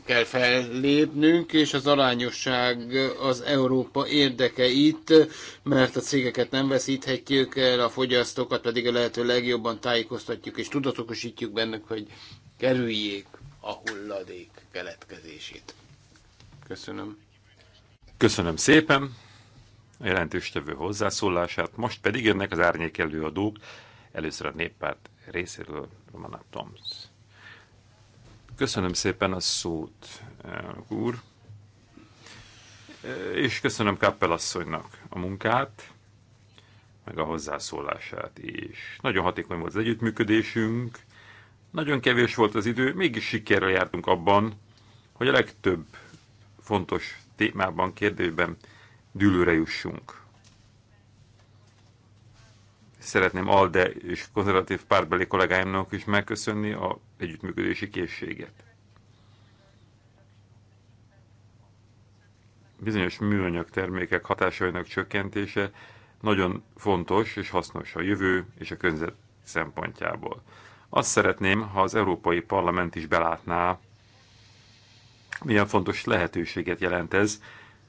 kell fellépnünk, és az arányosság az Európa érdeke itt, mert a cégeket nem veszíthetjük el, a fogyasztókat pedig a lehető legjobban tájékoztatjuk és tudatokosítjuk bennük, hogy kerüljék a hulladék keletkezését. Köszönöm. Köszönöm szépen a tevő hozzászólását, most pedig jönnek az árnyék előadók, először a néppárt részéről Romana Toms. Köszönöm szépen a szót, elnök úr, és köszönöm asszonynak a munkát, meg a hozzászólását is. Nagyon hatékony volt az együttműködésünk, nagyon kevés volt az idő, mégis sikerrel jártunk abban, hogy a legtöbb fontos témában, kérdőben dűlőre jussunk. Szeretném Alde és konzervatív pártbeli kollégáimnak is megköszönni a együttműködési készséget. Bizonyos műanyag termékek hatásainak csökkentése nagyon fontos és hasznos a jövő és a környezet szempontjából. Azt szeretném, ha az Európai Parlament is belátná, milyen fontos lehetőséget jelent ez,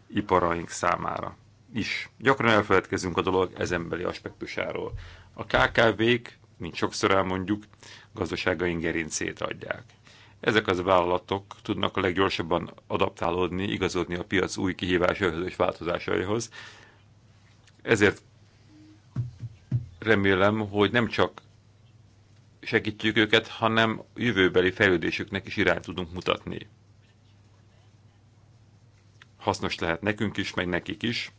iparaink számára is. Gyakran elfeledkezünk a dolog ezenbeli aspektusáról. A KKV-k, mint sokszor elmondjuk, gazdaságaink gerincét adják. Ezek az vállalatok tudnak a leggyorsabban adaptálódni, igazodni a piac új kihívásaihoz és változásaihoz. Ezért remélem, hogy nem csak segítjük őket, hanem jövőbeli fejlődésüknek is irányt tudunk mutatni hasznos lehet nekünk is, meg nekik is.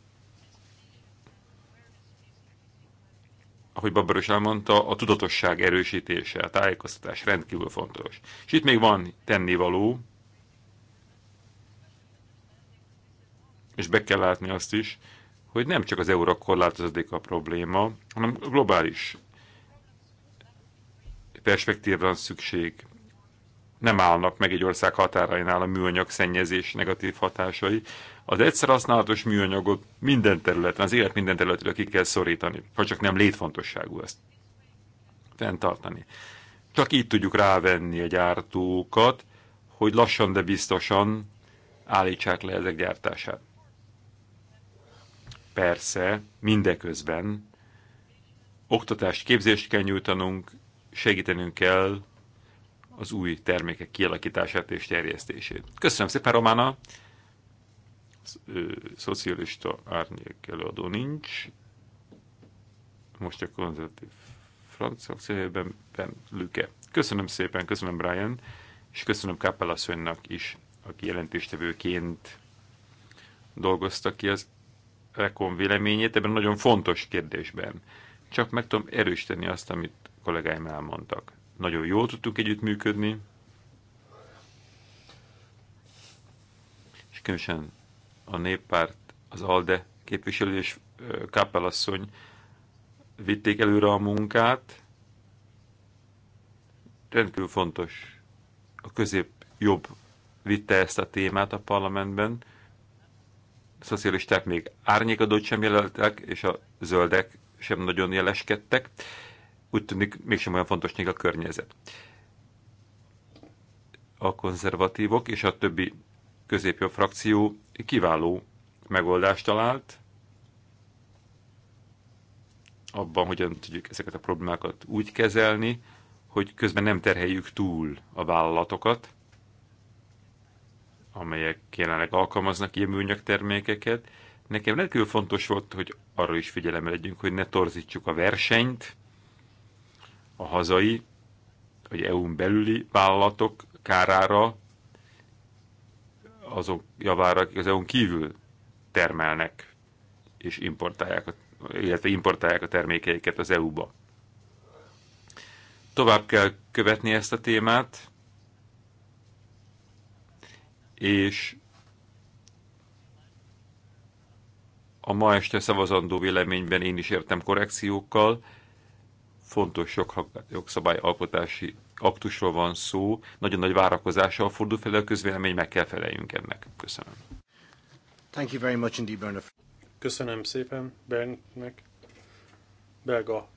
Ahogy Babaros elmondta, a tudatosság erősítése, a tájékoztatás rendkívül fontos. És itt még van tennivaló, és be kell látni azt is, hogy nem csak az euró korlátozódik a probléma, hanem globális perspektívra van szükség nem állnak meg egy ország határainál a műanyag szennyezés negatív hatásai. Az egyszer használatos műanyagot minden területen, az élet minden területről ki kell szorítani, ha csak nem létfontosságú ezt fenntartani. Csak így tudjuk rávenni a gyártókat, hogy lassan, de biztosan állítsák le ezek gyártását. Persze, mindeközben oktatást, képzést kell nyújtanunk, segítenünk kell az új termékek kialakítását és terjesztését. Köszönöm szépen, Romána! Szocialista árnyék előadó nincs. Most a konzervatív franciák van Lüke. Köszönöm szépen, köszönöm Brian, és köszönöm Kappelasszonynak is, aki jelentéstevőként dolgozta ki az Rekon véleményét ebben nagyon fontos kérdésben. Csak meg tudom erősíteni azt, amit kollégáim elmondtak. Nagyon jól tudtuk együttműködni, és különösen a néppárt, az ALDE képviselő és Kappelasszony vitték előre a munkát. Rendkívül fontos. A közép-jobb vitte ezt a témát a parlamentben. A szocialisták még árnyékadót sem jelöltek, és a zöldek sem nagyon jeleskedtek úgy tűnik mégsem olyan fontos még a környezet. A konzervatívok és a többi középjobb frakció kiváló megoldást talált abban, hogyan tudjuk ezeket a problémákat úgy kezelni, hogy közben nem terheljük túl a vállalatokat, amelyek jelenleg alkalmaznak ilyen műanyag termékeket. Nekem rendkívül fontos volt, hogy arról is figyelemmel legyünk, hogy ne torzítsuk a versenyt, a hazai, vagy EU-n belüli vállalatok kárára, azok javára, akik az EU-n kívül termelnek és importálják, illetve importálják a termékeiket az EU-ba. Tovább kell követni ezt a témát, és a ma este szavazandó véleményben én is értem korrekciókkal, fontos sok jogszabályalkotási aktusról van szó, nagyon nagy várakozással fordul fel a közvélemény, meg kell feleljünk ennek. Köszönöm. Thank you very much indeed, Bernard. Köszönöm szépen Bernnek, belga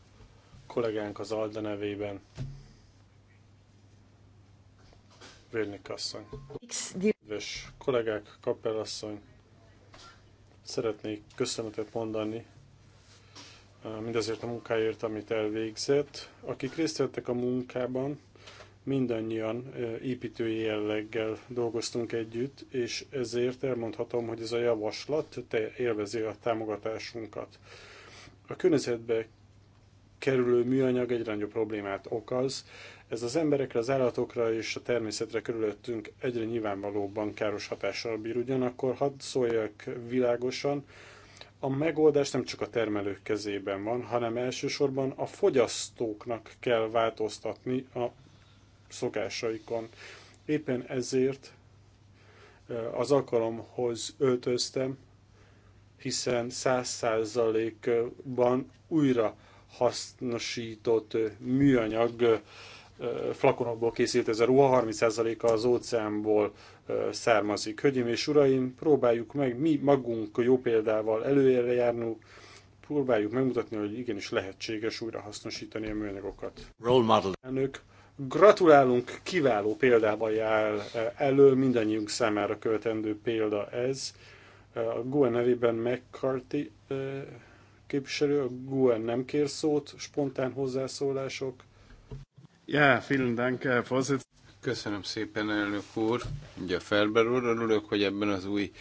kollégánk az Alda nevében. Vérnik asszony. Kedves kollégák, kapelasszony, szeretnék köszönetet mondani mindazért a munkáért, amit elvégzett. Akik részt vettek a munkában, mindannyian építő jelleggel dolgoztunk együtt, és ezért elmondhatom, hogy ez a javaslat te élvezi a támogatásunkat. A környezetbe kerülő műanyag egyre nagyobb problémát okoz, ez az emberekre, az állatokra és a természetre körülöttünk egyre nyilvánvalóban káros hatással bír. Ugyanakkor hadd szóljak világosan, a megoldás nem csak a termelők kezében van, hanem elsősorban a fogyasztóknak kell változtatni a szokásaikon. Éppen ezért az alkalomhoz öltöztem, hiszen száz százalékban újra hasznosított műanyag flakonokból készült ez a ruha, 30%-a az óceánból származik. Hölgyeim és uraim, próbáljuk meg mi magunk jó példával előre járni, próbáljuk megmutatni, hogy igenis lehetséges újra hasznosítani a műanyagokat. Role model. Elnök, gratulálunk, kiváló példával jár elő, mindannyiunk számára követendő példa ez. A GUE nevében McCarthy képviselő, a GUE nem kér szót, spontán hozzászólások. Ja, vielen Dank, Herr Köszönöm szépen, elnök úr. Ugye Ferber úr, örülök, hogy ebben az új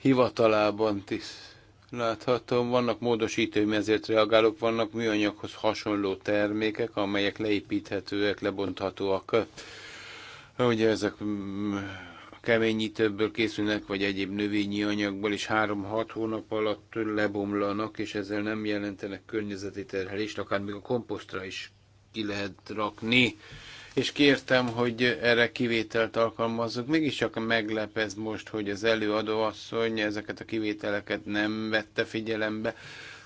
hivatalában tisz. láthatom. Vannak módosítóim, ezért reagálok. Vannak műanyaghoz hasonló termékek, amelyek leépíthetőek, lebonthatóak. Ugye ezek mm, keményítőből készülnek, vagy egyéb növényi anyagból, és 3-6 hónap alatt lebomlanak, és ezzel nem jelentenek környezeti terhelést, akár még a komposztra is ki lehet rakni, és kértem, hogy erre kivételt alkalmazzuk. Mégiscsak meglep ez most, hogy az előadó asszony ezeket a kivételeket nem vette figyelembe.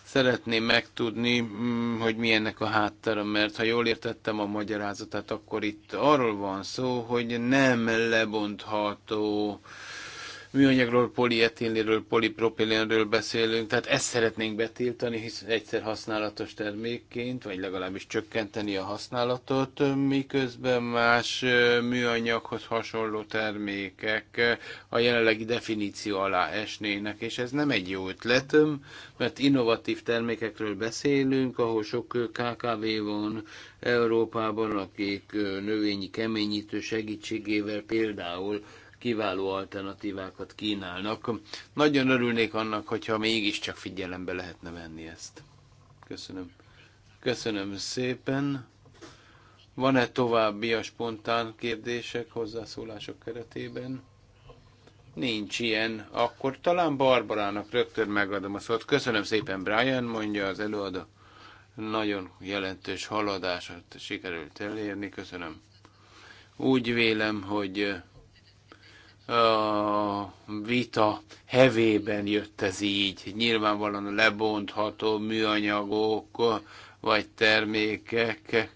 Szeretném megtudni, mm, hogy milyennek a háttere, mert ha jól értettem a magyarázatát, akkor itt arról van szó, hogy nem lebontható műanyagról, polietinéről, polipropilénről beszélünk, tehát ezt szeretnénk betiltani, hisz egyszer használatos termékként, vagy legalábbis csökkenteni a használatot, miközben más műanyaghoz hasonló termékek a jelenlegi definíció alá esnének, és ez nem egy jó ötlet, mert innovatív termékekről beszélünk, ahol sok KKV van Európában, akik növényi keményítő segítségével például kiváló alternatívákat kínálnak. Nagyon örülnék annak, hogyha mégiscsak figyelembe lehetne venni ezt. Köszönöm. Köszönöm szépen. Van-e további a spontán kérdések hozzászólások keretében? Nincs ilyen. Akkor talán Barbarának rögtön megadom a szót. Köszönöm szépen, Brian, mondja az előadó. Nagyon jelentős haladásat sikerült elérni. Köszönöm. Úgy vélem, hogy a vita hevében jött ez így. Nyilvánvalóan lebontható műanyagok vagy termékek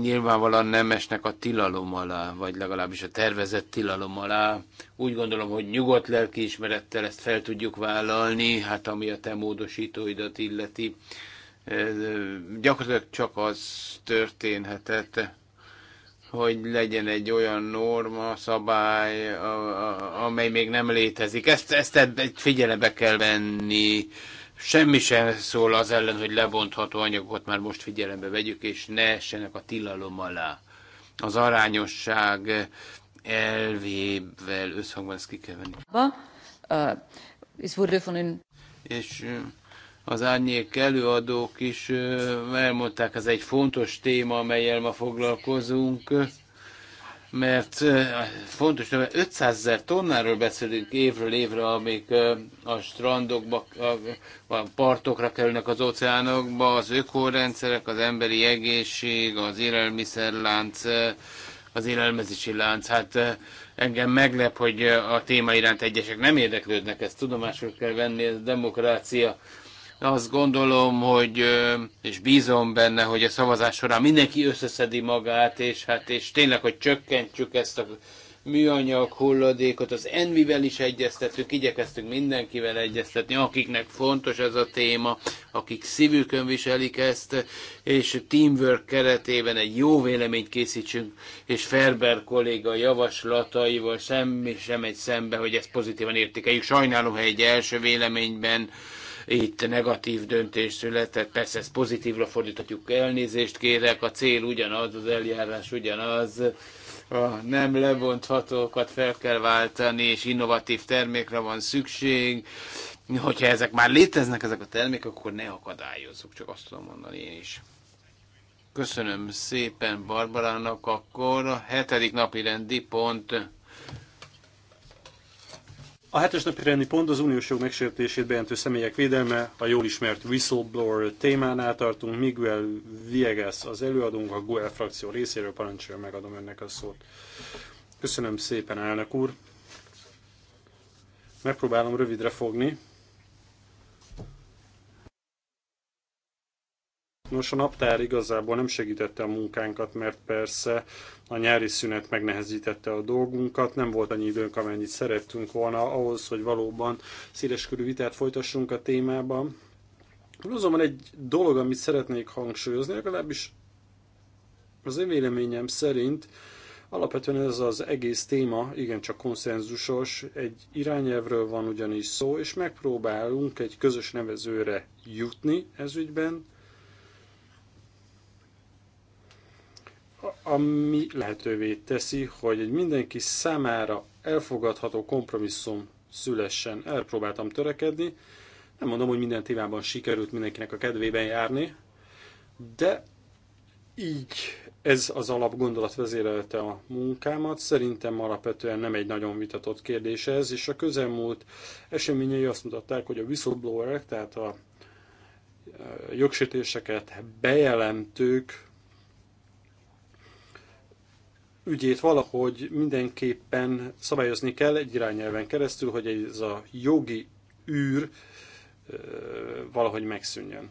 nyilvánvalóan nem esnek a tilalom alá, vagy legalábbis a tervezett tilalom alá. Úgy gondolom, hogy nyugodt lelkiismerettel ezt fel tudjuk vállalni, hát ami a te módosítóidat illeti. Gyakorlatilag csak az történhetett, hogy legyen egy olyan norma, szabály, amely még nem létezik. Ezt, ezt figyelembe kell venni. Semmi sem szól az ellen, hogy lebontható anyagokat már most figyelembe vegyük, és ne essenek a tilalom alá. Az arányosság elvével összhangban ezt ki kell venni. Ba, uh, es wurde von den... És az árnyék előadók is elmondták, ez egy fontos téma, amelyel ma foglalkozunk, mert fontos, mert 500 ezer tonnáról beszélünk évről évre, amik a strandokba, a partokra kerülnek az óceánokba, az ökorendszerek, az emberi egészség, az élelmiszerlánc, az élelmezési lánc. Hát engem meglep, hogy a téma iránt egyesek nem érdeklődnek, ezt tudomásul kell venni, ez demokrácia. Azt gondolom, hogy, és bízom benne, hogy a szavazás során mindenki összeszedi magát, és hát és tényleg, hogy csökkentjük ezt a műanyag hulladékot, az envivel is egyeztetünk, igyekeztünk mindenkivel egyeztetni, akiknek fontos ez a téma, akik szívükön viselik ezt, és teamwork keretében egy jó véleményt készítsünk, és Ferber kolléga javaslataival semmi sem egy szembe, hogy ezt pozitívan értékeljük. Sajnálom, ha egy első véleményben itt negatív döntés született, persze ezt pozitívra fordíthatjuk, elnézést kérek, a cél ugyanaz, az eljárás ugyanaz, a nem lebonthatókat fel kell váltani, és innovatív termékre van szükség, hogyha ezek már léteznek, ezek a termékek, akkor ne akadályozzuk, csak azt tudom mondani én is. Köszönöm szépen Barbarának, akkor a hetedik napi rendi pont a hetes napirendi pont az uniós jog megsértését bejelentő személyek védelme, a jól ismert whistleblower témánál tartunk. Miguel Viegas az előadónk, a GUE frakció részéről parancsolja, megadom önnek a szót. Köszönöm szépen, elnök úr. Megpróbálom rövidre fogni. Nos, a naptár igazából nem segítette a munkánkat, mert persze a nyári szünet megnehezítette a dolgunkat, nem volt annyi időnk, amennyit szerettünk volna ahhoz, hogy valóban széleskörű vitát folytassunk a témában. Azonban egy dolog, amit szeretnék hangsúlyozni, legalábbis az én véleményem szerint alapvetően ez az egész téma igencsak konszenzusos, egy irányelvről van ugyanis szó, és megpróbálunk egy közös nevezőre jutni ez ügyben, ami lehetővé teszi, hogy egy mindenki számára elfogadható kompromisszum szülessen. Elpróbáltam törekedni, nem mondom, hogy minden témában sikerült mindenkinek a kedvében járni, de így ez az alapgondolat vezérelte a munkámat. Szerintem alapvetően nem egy nagyon vitatott kérdés ez, és a közelmúlt eseményei azt mutatták, hogy a whistleblowerek, tehát a e, jogsértéseket bejelentők ügyét valahogy mindenképpen szabályozni kell egy irányelven keresztül, hogy ez a jogi űr valahogy megszűnjön.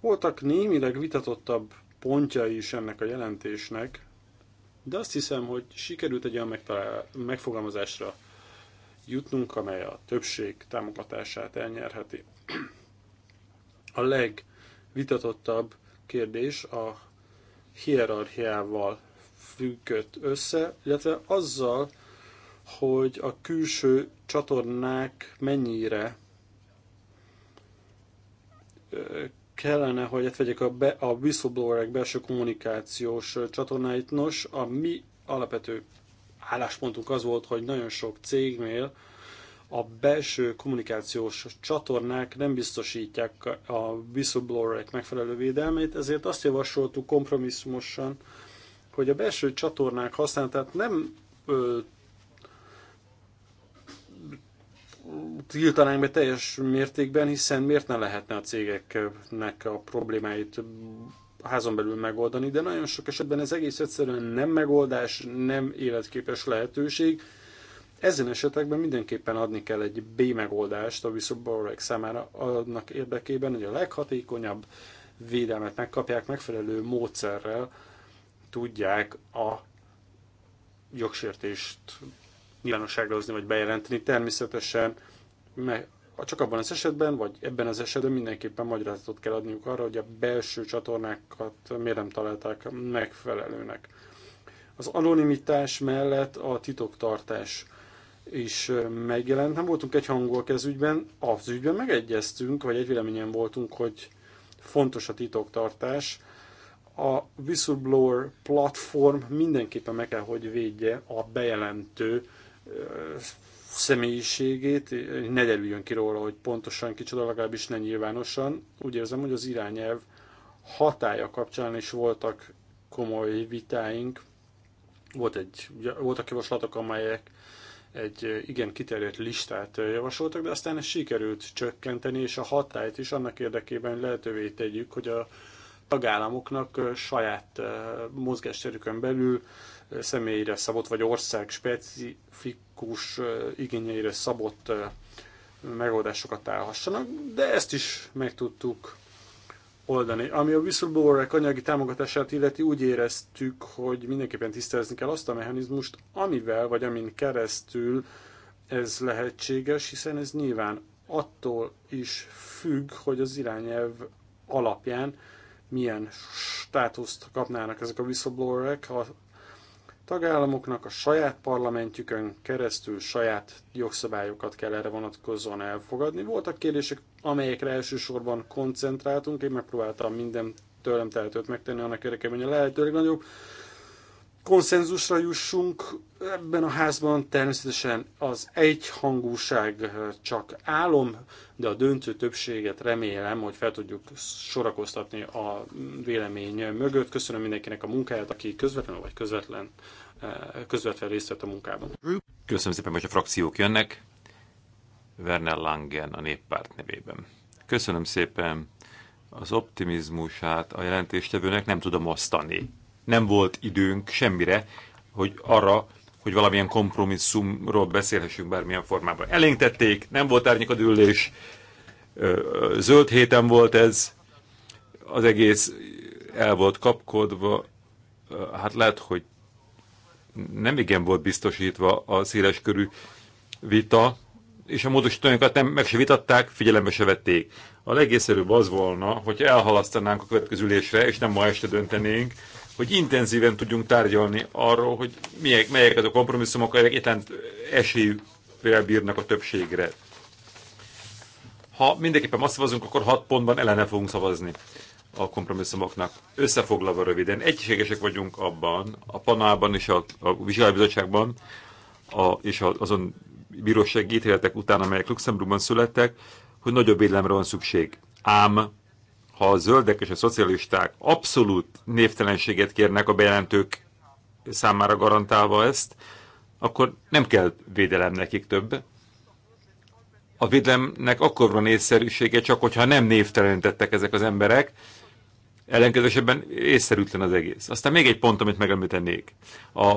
Voltak némileg vitatottabb pontjai is ennek a jelentésnek, de azt hiszem, hogy sikerült egy olyan megfogalmazásra jutnunk, amely a többség támogatását elnyerheti. A legvitatottabb kérdés a hierarchiával függött össze, illetve azzal, hogy a külső csatornák mennyire kellene, hogy hát vegyek a, be, a whistleblowerek belső kommunikációs csatornáit. Nos, a mi alapvető álláspontunk az volt, hogy nagyon sok cégnél a belső kommunikációs csatornák nem biztosítják a whistleblowerek megfelelő védelmét, ezért azt javasoltuk kompromisszumosan, hogy a belső csatornák használatát nem ö, tiltanánk be teljes mértékben, hiszen miért ne lehetne a cégeknek a problémáit házon belül megoldani, de nagyon sok esetben ez egész egyszerűen nem megoldás, nem életképes lehetőség. Ezen esetekben mindenképpen adni kell egy B megoldást a whistleblowerek számára annak érdekében, hogy a leghatékonyabb védelmet megkapják megfelelő módszerrel, tudják a jogsértést nyilvánosságra hozni vagy bejelenteni. Természetesen meg csak abban az esetben, vagy ebben az esetben mindenképpen magyarázatot kell adniuk arra, hogy a belső csatornákat miért nem találták megfelelőnek. Az anonimitás mellett a titoktartás is megjelent. Nem voltunk egy hangúak ez ügyben, az ügyben megegyeztünk, vagy egy véleményen voltunk, hogy fontos a titoktartás, a whistleblower platform mindenképpen meg kell, hogy védje a bejelentő személyiségét, ne derüljön ki róla, hogy pontosan kicsoda, legalábbis ne nyilvánosan. Úgy érzem, hogy az irányelv hatája kapcsán is voltak komoly vitáink. Volt egy, voltak javaslatok, amelyek egy igen kiterjedt listát javasoltak, de aztán ez sikerült csökkenteni, és a hatályt is annak érdekében lehetővé tegyük, hogy a tagállamoknak saját mozgásterükön belül személyre szabott vagy ország specifikus igényeire szabott megoldásokat állhassanak, de ezt is meg tudtuk oldani. Ami a whistleblowerek anyagi támogatását illeti, úgy éreztük, hogy mindenképpen tisztázni kell azt a mechanizmust, amivel vagy amin keresztül ez lehetséges, hiszen ez nyilván attól is függ, hogy az irányelv alapján milyen státuszt kapnának ezek a whistleblowerek, a tagállamoknak a saját parlamentjükön keresztül saját jogszabályokat kell erre vonatkozóan elfogadni. Voltak kérdések, amelyekre elsősorban koncentráltunk, én megpróbáltam minden tőlem tehetőt megtenni annak érdekében, hogy a lehető legnagyobb konszenzusra jussunk ebben a házban, természetesen az egyhangúság csak álom, de a döntő többséget remélem, hogy fel tudjuk sorakoztatni a vélemény mögött. Köszönöm mindenkinek a munkáját, aki közvetlenül vagy közvetlen, eh, közvetlen részt vett a munkában. Köszönöm szépen, hogy a frakciók jönnek. Werner Langen a néppárt nevében. Köszönöm szépen az optimizmusát a jelentéstevőnek nem tudom osztani nem volt időnk semmire, hogy arra, hogy valamilyen kompromisszumról beszélhessünk bármilyen formában. Elénk tették, nem volt ülés, zöld héten volt ez, az egész el volt kapkodva, hát lehet, hogy nem igen volt biztosítva a széleskörű vita, és a módosítóinkat nem, meg se vitatták, figyelembe se vették. A legészszerűbb az volna, hogy elhalasztanánk a következő ülésre, és nem ma este döntenénk, hogy intenzíven tudjunk tárgyalni arról, hogy melyek, melyek a kompromisszumok, amelyek éppen esélyvel bírnak a többségre. Ha mindenképpen azt szavazunk, akkor hat pontban ellene fogunk szavazni a kompromisszumoknak. Összefoglalva röviden, egységesek vagyunk abban, a panában és a, a vizsgálóbizottságban, a, és a, azon bírósági ítéletek után, amelyek Luxemburgban születtek, hogy nagyobb védelemre van szükség. Ám ha a zöldek és a szocialisták abszolút névtelenséget kérnek a bejelentők számára garantálva ezt, akkor nem kell védelem nekik több. A védelemnek akkor van észszerűsége, csak hogyha nem névtelenítettek ezek az emberek, ellenkezősebben észszerűtlen az egész. Aztán még egy pont, amit megemlítenék. A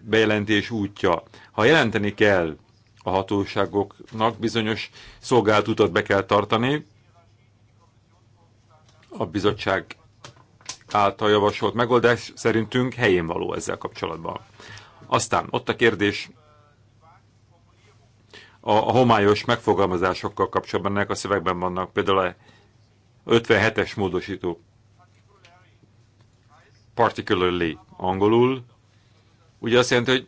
bejelentés útja. Ha jelenteni kell a hatóságoknak, bizonyos szolgáltatót be kell tartani, a bizottság által javasolt megoldás szerintünk helyén való ezzel kapcsolatban. Aztán ott a kérdés a, a homályos megfogalmazásokkal kapcsolatban, ennek a szövegben vannak például a 57-es módosító particularly angolul, ugye azt jelenti, hogy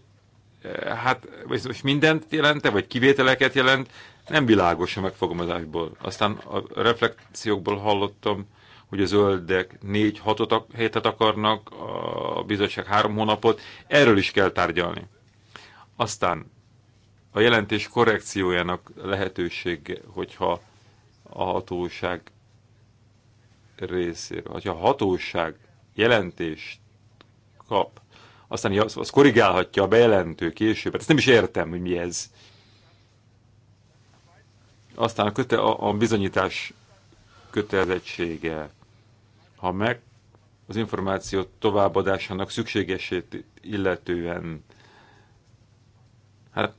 eh, hát most mindent jelente, vagy kivételeket jelent, nem világos a megfogalmazásból. Aztán a reflexiókból hallottam, hogy a zöldek négy hatot hétet akarnak, a bizottság három hónapot, erről is kell tárgyalni. Aztán a jelentés korrekciójának lehetősége, hogyha a hatóság részéről, hogyha a hatóság jelentést kap, aztán az, az korrigálhatja a bejelentő később. Ezt nem is értem, hogy mi ez. Aztán a, köte, a, a bizonyítás kötelezettsége ha meg az információ továbbadásának szükségesét illetően hát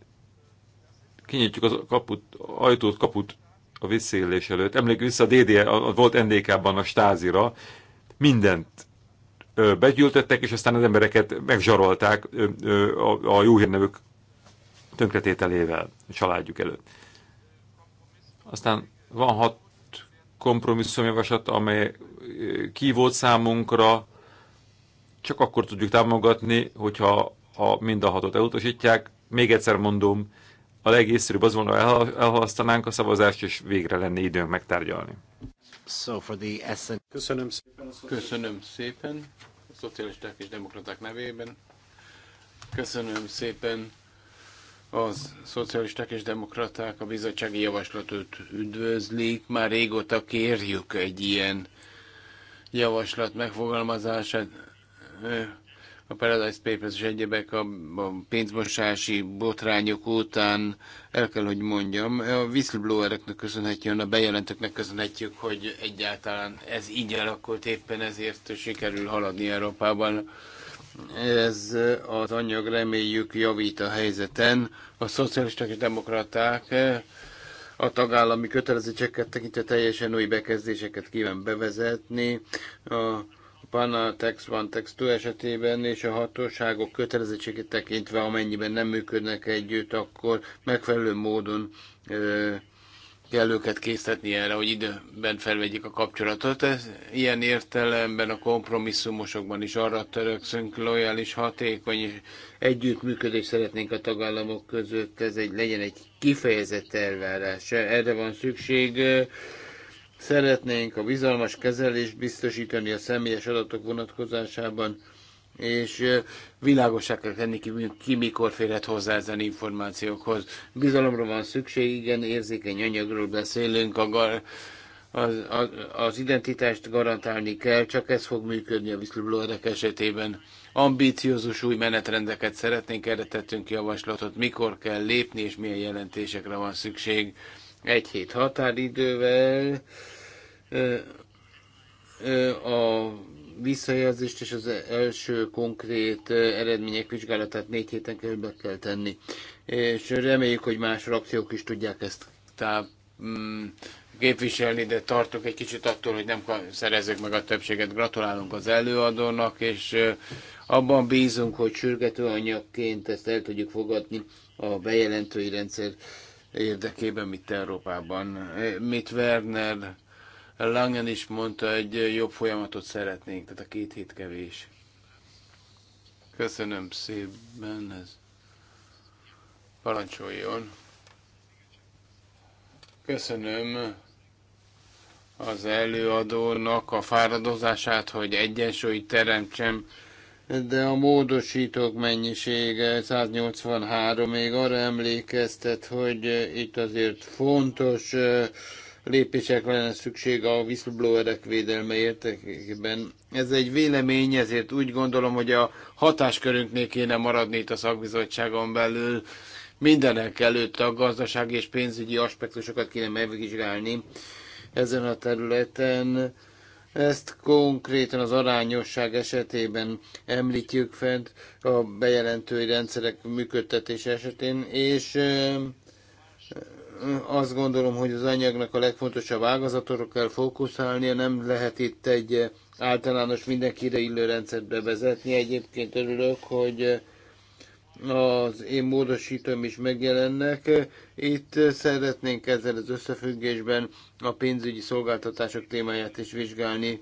kinyitjuk az kaput, ajtót, kaput a visszaélés előtt. Emlék vissza a DDR, e, a, volt NDK-ban a stázira, mindent ö, begyűltöttek, és aztán az embereket megzsarolták ö, ö, a, a jó hírnevük tönkretételével a családjuk előtt. Aztán van hat kompromisszumjavaslat, amely kívót számunkra, csak akkor tudjuk támogatni, hogyha ha mind a hatot elutasítják. Még egyszer mondom, a legészszerűbb az volna, elhalasztanánk a szavazást, és végre lenne időnk megtárgyalni. So for the Köszönöm szépen. Köszönöm szépen. A szocialisták és demokraták nevében. Köszönöm szépen a szocialisták és demokraták a bizottsági javaslatot üdvözlik. Már régóta kérjük egy ilyen javaslat megfogalmazását, a Paradise Papers és egyebek a, a pénzmosási botrányok után el kell, hogy mondjam, a whistleblowereknek köszönhetjük, a bejelentőknek köszönhetjük, hogy egyáltalán ez így alakult, éppen ezért sikerül haladni Európában. Ez az anyag reméljük javít a helyzeten. A szocialisták és demokraták a tagállami kötelezettségeket tekintve teljesen új bekezdéseket kíván bevezetni. A Panel Tax one Tax two esetében és a hatóságok kötelezettségét tekintve, amennyiben nem működnek együtt, akkor megfelelő módon ö, kell őket készíteni erre, hogy időben felvegyék a kapcsolatot. Ez, ilyen értelemben a kompromisszumosokban is arra törökszünk, lojális, hatékony és együttműködést szeretnénk a tagállamok között. Ez egy legyen egy kifejezett elvárás. Erre van szükség. Szeretnénk a bizalmas kezelést biztosítani a személyes adatok vonatkozásában, és világosá kell tenni ki, ki mikor férhet hozzá ezen információkhoz. Bizalomra van szükség, igen, érzékeny anyagról beszélünk, a gar- az, az, az identitást garantálni kell, csak ez fog működni a whistleblowerek esetében ambíciózus új menetrendeket szeretnénk, erre tettünk javaslatot, mikor kell lépni és milyen jelentésekre van szükség egy hét határidővel. A visszajelzést és az első konkrét eredmények vizsgálatát négy héten be kell tenni. És reméljük, hogy más frakciók is tudják ezt tá- mm, képviselni, de tartok egy kicsit attól, hogy nem szerezzük meg a többséget. Gratulálunk az előadónak, és abban bízunk, hogy sürgető anyagként ezt el tudjuk fogadni a bejelentői rendszer érdekében mint Európában. Eh, mit Werner Langen is mondta, egy jobb folyamatot szeretnénk, tehát a két hét kevés. Köszönöm szépen, ez parancsoljon. Köszönöm az előadónak a fáradozását, hogy egyensúlyt teremtsem de a módosítók mennyisége 183 még arra emlékeztet, hogy eh, itt azért fontos eh, lépések lenne szükség a whistleblowerek védelme értekében. Ez egy vélemény, ezért úgy gondolom, hogy a hatáskörünknél kéne maradni itt a szakbizottságon belül. Mindenek előtt a gazdasági és pénzügyi aspektusokat kéne megvizsgálni ezen a területen ezt konkrétan az arányosság esetében említjük fel a bejelentői rendszerek működtetése esetén, és azt gondolom, hogy az anyagnak a legfontosabb ágazatokra kell fókuszálnia, nem lehet itt egy általános mindenkire illő rendszert bevezetni. Egyébként örülök, hogy az én módosítom is megjelennek. Itt szeretnénk ezzel az összefüggésben a pénzügyi szolgáltatások témáját is vizsgálni.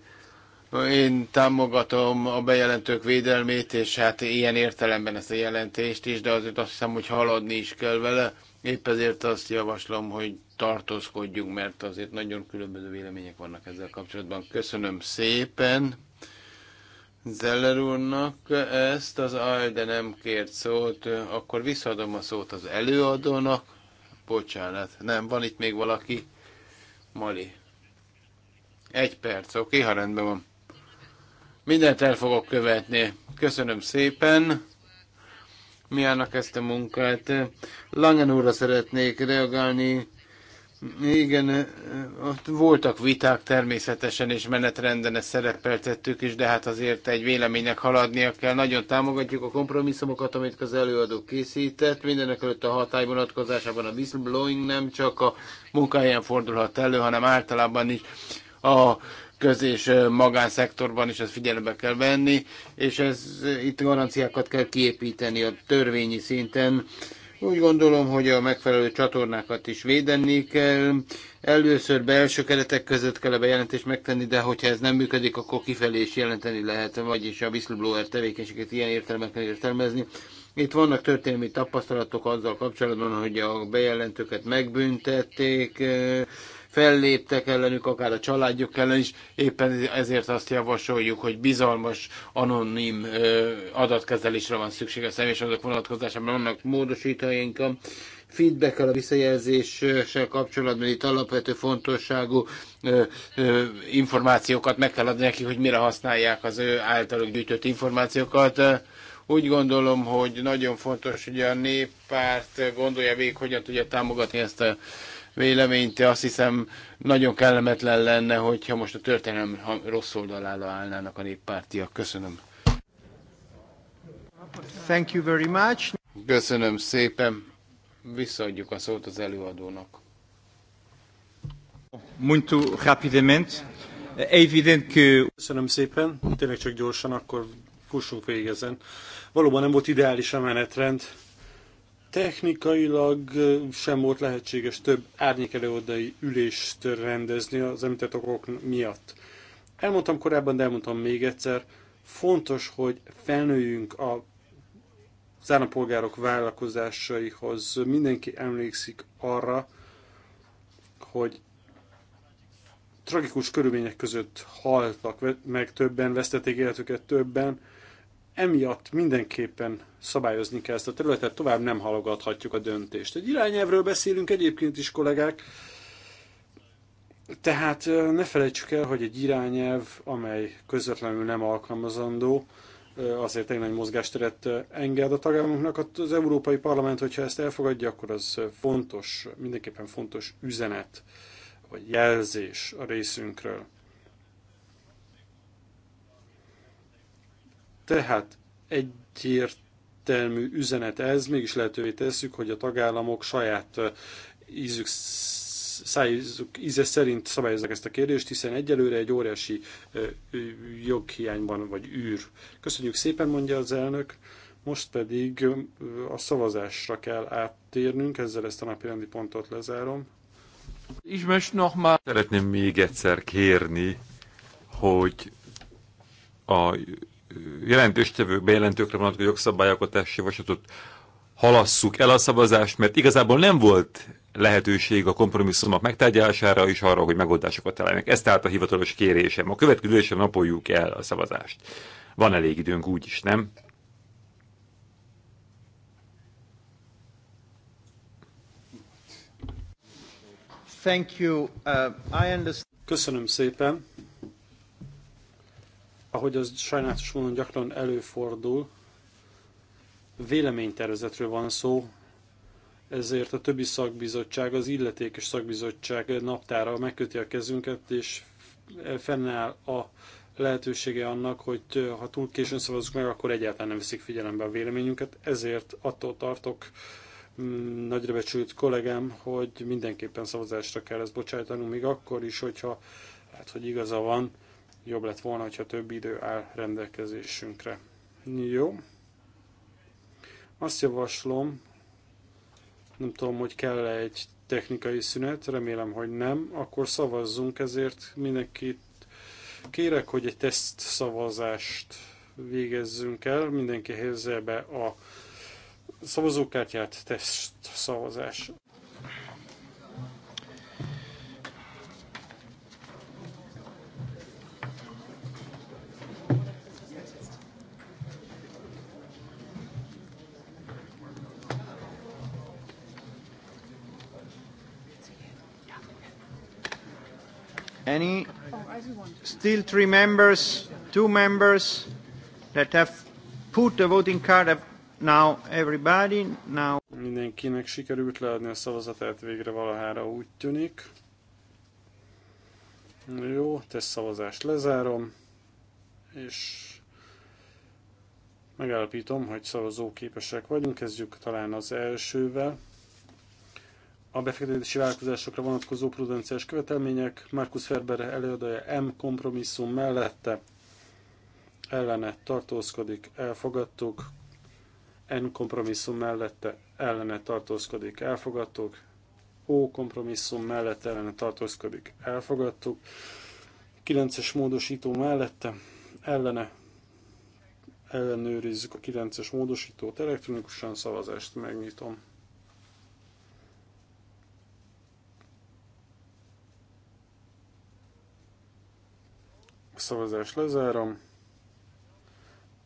Én támogatom a bejelentők védelmét, és hát ilyen értelemben ezt a jelentést is, de azért azt hiszem, hogy haladni is kell vele. Épp ezért azt javaslom, hogy tartózkodjunk, mert azért nagyon különböző vélemények vannak ezzel kapcsolatban. Köszönöm szépen! Zeller úrnak ezt az de nem kért szót, akkor visszaadom a szót az előadónak. Bocsánat, nem, van itt még valaki. Mali. Egy perc, oké, ha rendben van. Mindent el fogok követni. Köszönöm szépen. Miának ezt a munkát. Langen úrra szeretnék reagálni. Igen, ott voltak viták természetesen, és menetrenden ezt szerepeltettük is, de hát azért egy véleménynek haladnia kell. Nagyon támogatjuk a kompromisszumokat, amit az előadó készített. Mindenek előtt a hatály vonatkozásában a whistleblowing nem csak a munkáján fordulhat elő, hanem általában is a köz- és magánszektorban is ezt figyelembe kell venni, és ez, itt garanciákat kell kiépíteni a törvényi szinten úgy gondolom, hogy a megfelelő csatornákat is védeni kell. Először belső keretek között kell a bejelentést megtenni, de hogyha ez nem működik, akkor kifelé is jelenteni lehet, vagyis a whistleblower tevékenységet ilyen értelemben kell értelmezni. Itt vannak történelmi tapasztalatok azzal kapcsolatban, hogy a bejelentőket megbüntették, felléptek ellenük, akár a családjuk ellen is. Éppen ezért azt javasoljuk, hogy bizalmas, anonim adatkezelésre van szükség a személyes adatok vonatkozásában. Annak módosítaink a feedback-el a visszajelzéssel kapcsolatban itt alapvető fontosságú ö, ö, információkat meg kell adni neki, hogy mire használják az ő általuk gyűjtött információkat. Úgy gondolom, hogy nagyon fontos, hogy a néppárt gondolja végig, hogyan tudja támogatni ezt a véleményt, azt hiszem nagyon kellemetlen lenne, hogyha most a történelem rossz oldalára állnának a néppártiak. Köszönöm. Thank you very much. Köszönöm szépen. Visszaadjuk a szót az előadónak. Muito rapidamente. É evidente que... Köszönöm szépen. Tényleg csak gyorsan, akkor fussunk végig ezen. Valóban nem volt ideális a menetrend Technikailag sem volt lehetséges több árnyékelőadai ülést rendezni az említett okok miatt. Elmondtam korábban, de elmondtam még egyszer, fontos, hogy felnőjünk a az állampolgárok vállalkozásaihoz. Mindenki emlékszik arra, hogy tragikus körülmények között haltak meg többen, vesztették életüket többen, emiatt mindenképpen szabályozni kell ezt a területet, tovább nem halogathatjuk a döntést. Egy irányelvről beszélünk egyébként is, kollégák, tehát ne felejtsük el, hogy egy irányelv, amely közvetlenül nem alkalmazandó, azért egy nagy mozgásteret enged a tagállamoknak. Az Európai Parlament, hogyha ezt elfogadja, akkor az fontos, mindenképpen fontos üzenet vagy jelzés a részünkről. Tehát egyértelmű üzenet ez, mégis lehetővé tesszük, hogy a tagállamok saját ízük szájuk íze szerint szabályozzák ezt a kérdést, hiszen egyelőre egy óriási joghiányban vagy űr. Köszönjük szépen, mondja az elnök. Most pedig a szavazásra kell áttérnünk, ezzel ezt a napi rendi pontot lezárom. Szeretném még egyszer kérni, hogy a jelentéstevők, bejelentőkre vonatkozó jogszabályalkotási javaslatot halasszuk el a szavazást, mert igazából nem volt lehetőség a kompromisszumok megtárgyalására és arra, hogy megoldásokat találjanak. Ez tehát a hivatalos kérésem. A következő ülésen napoljuk el a szavazást. Van elég időnk úgy is, nem? Thank you. Uh, I understand. Köszönöm szépen ahogy az sajnálatos módon gyakran előfordul, véleménytervezetről van szó, ezért a többi szakbizottság, az illetékes szakbizottság naptára megköti a kezünket, és fennáll a lehetősége annak, hogy ha túl későn szavazunk meg, akkor egyáltalán nem veszik figyelembe a véleményünket. Ezért attól tartok, mm, nagyra becsült kollégám, hogy mindenképpen szavazásra kell ezt bocsájtanunk, még akkor is, hogyha hát, hogy igaza van, jobb lett volna, ha több idő áll rendelkezésünkre. Jó. Azt javaslom, nem tudom, hogy kell -e egy technikai szünet, remélem, hogy nem, akkor szavazzunk, ezért mindenkit kérek, hogy egy teszt szavazást végezzünk el, mindenki helyezze be a szavazókártyát, teszt szavazás. Any? Still three members, two members that have put the voting card have now everybody, now... Mindenkinek sikerült leadni a szavazatát végre valahára úgy tűnik. Jó, tesz szavazást lezárom, és megállapítom, hogy szavazóképesek vagyunk. Kezdjük talán az elsővel a befektetési vállalkozásokra vonatkozó prudenciás követelmények. Markus Ferber előadója M kompromisszum mellette ellene tartózkodik, elfogadtuk. N kompromisszum mellette ellene tartózkodik, elfogadtuk. O kompromisszum mellette ellene tartózkodik, elfogadtuk. 9-es módosító mellette ellene ellenőrizzük a 9-es módosítót elektronikusan, szavazást megnyitom. szavazást lezárom.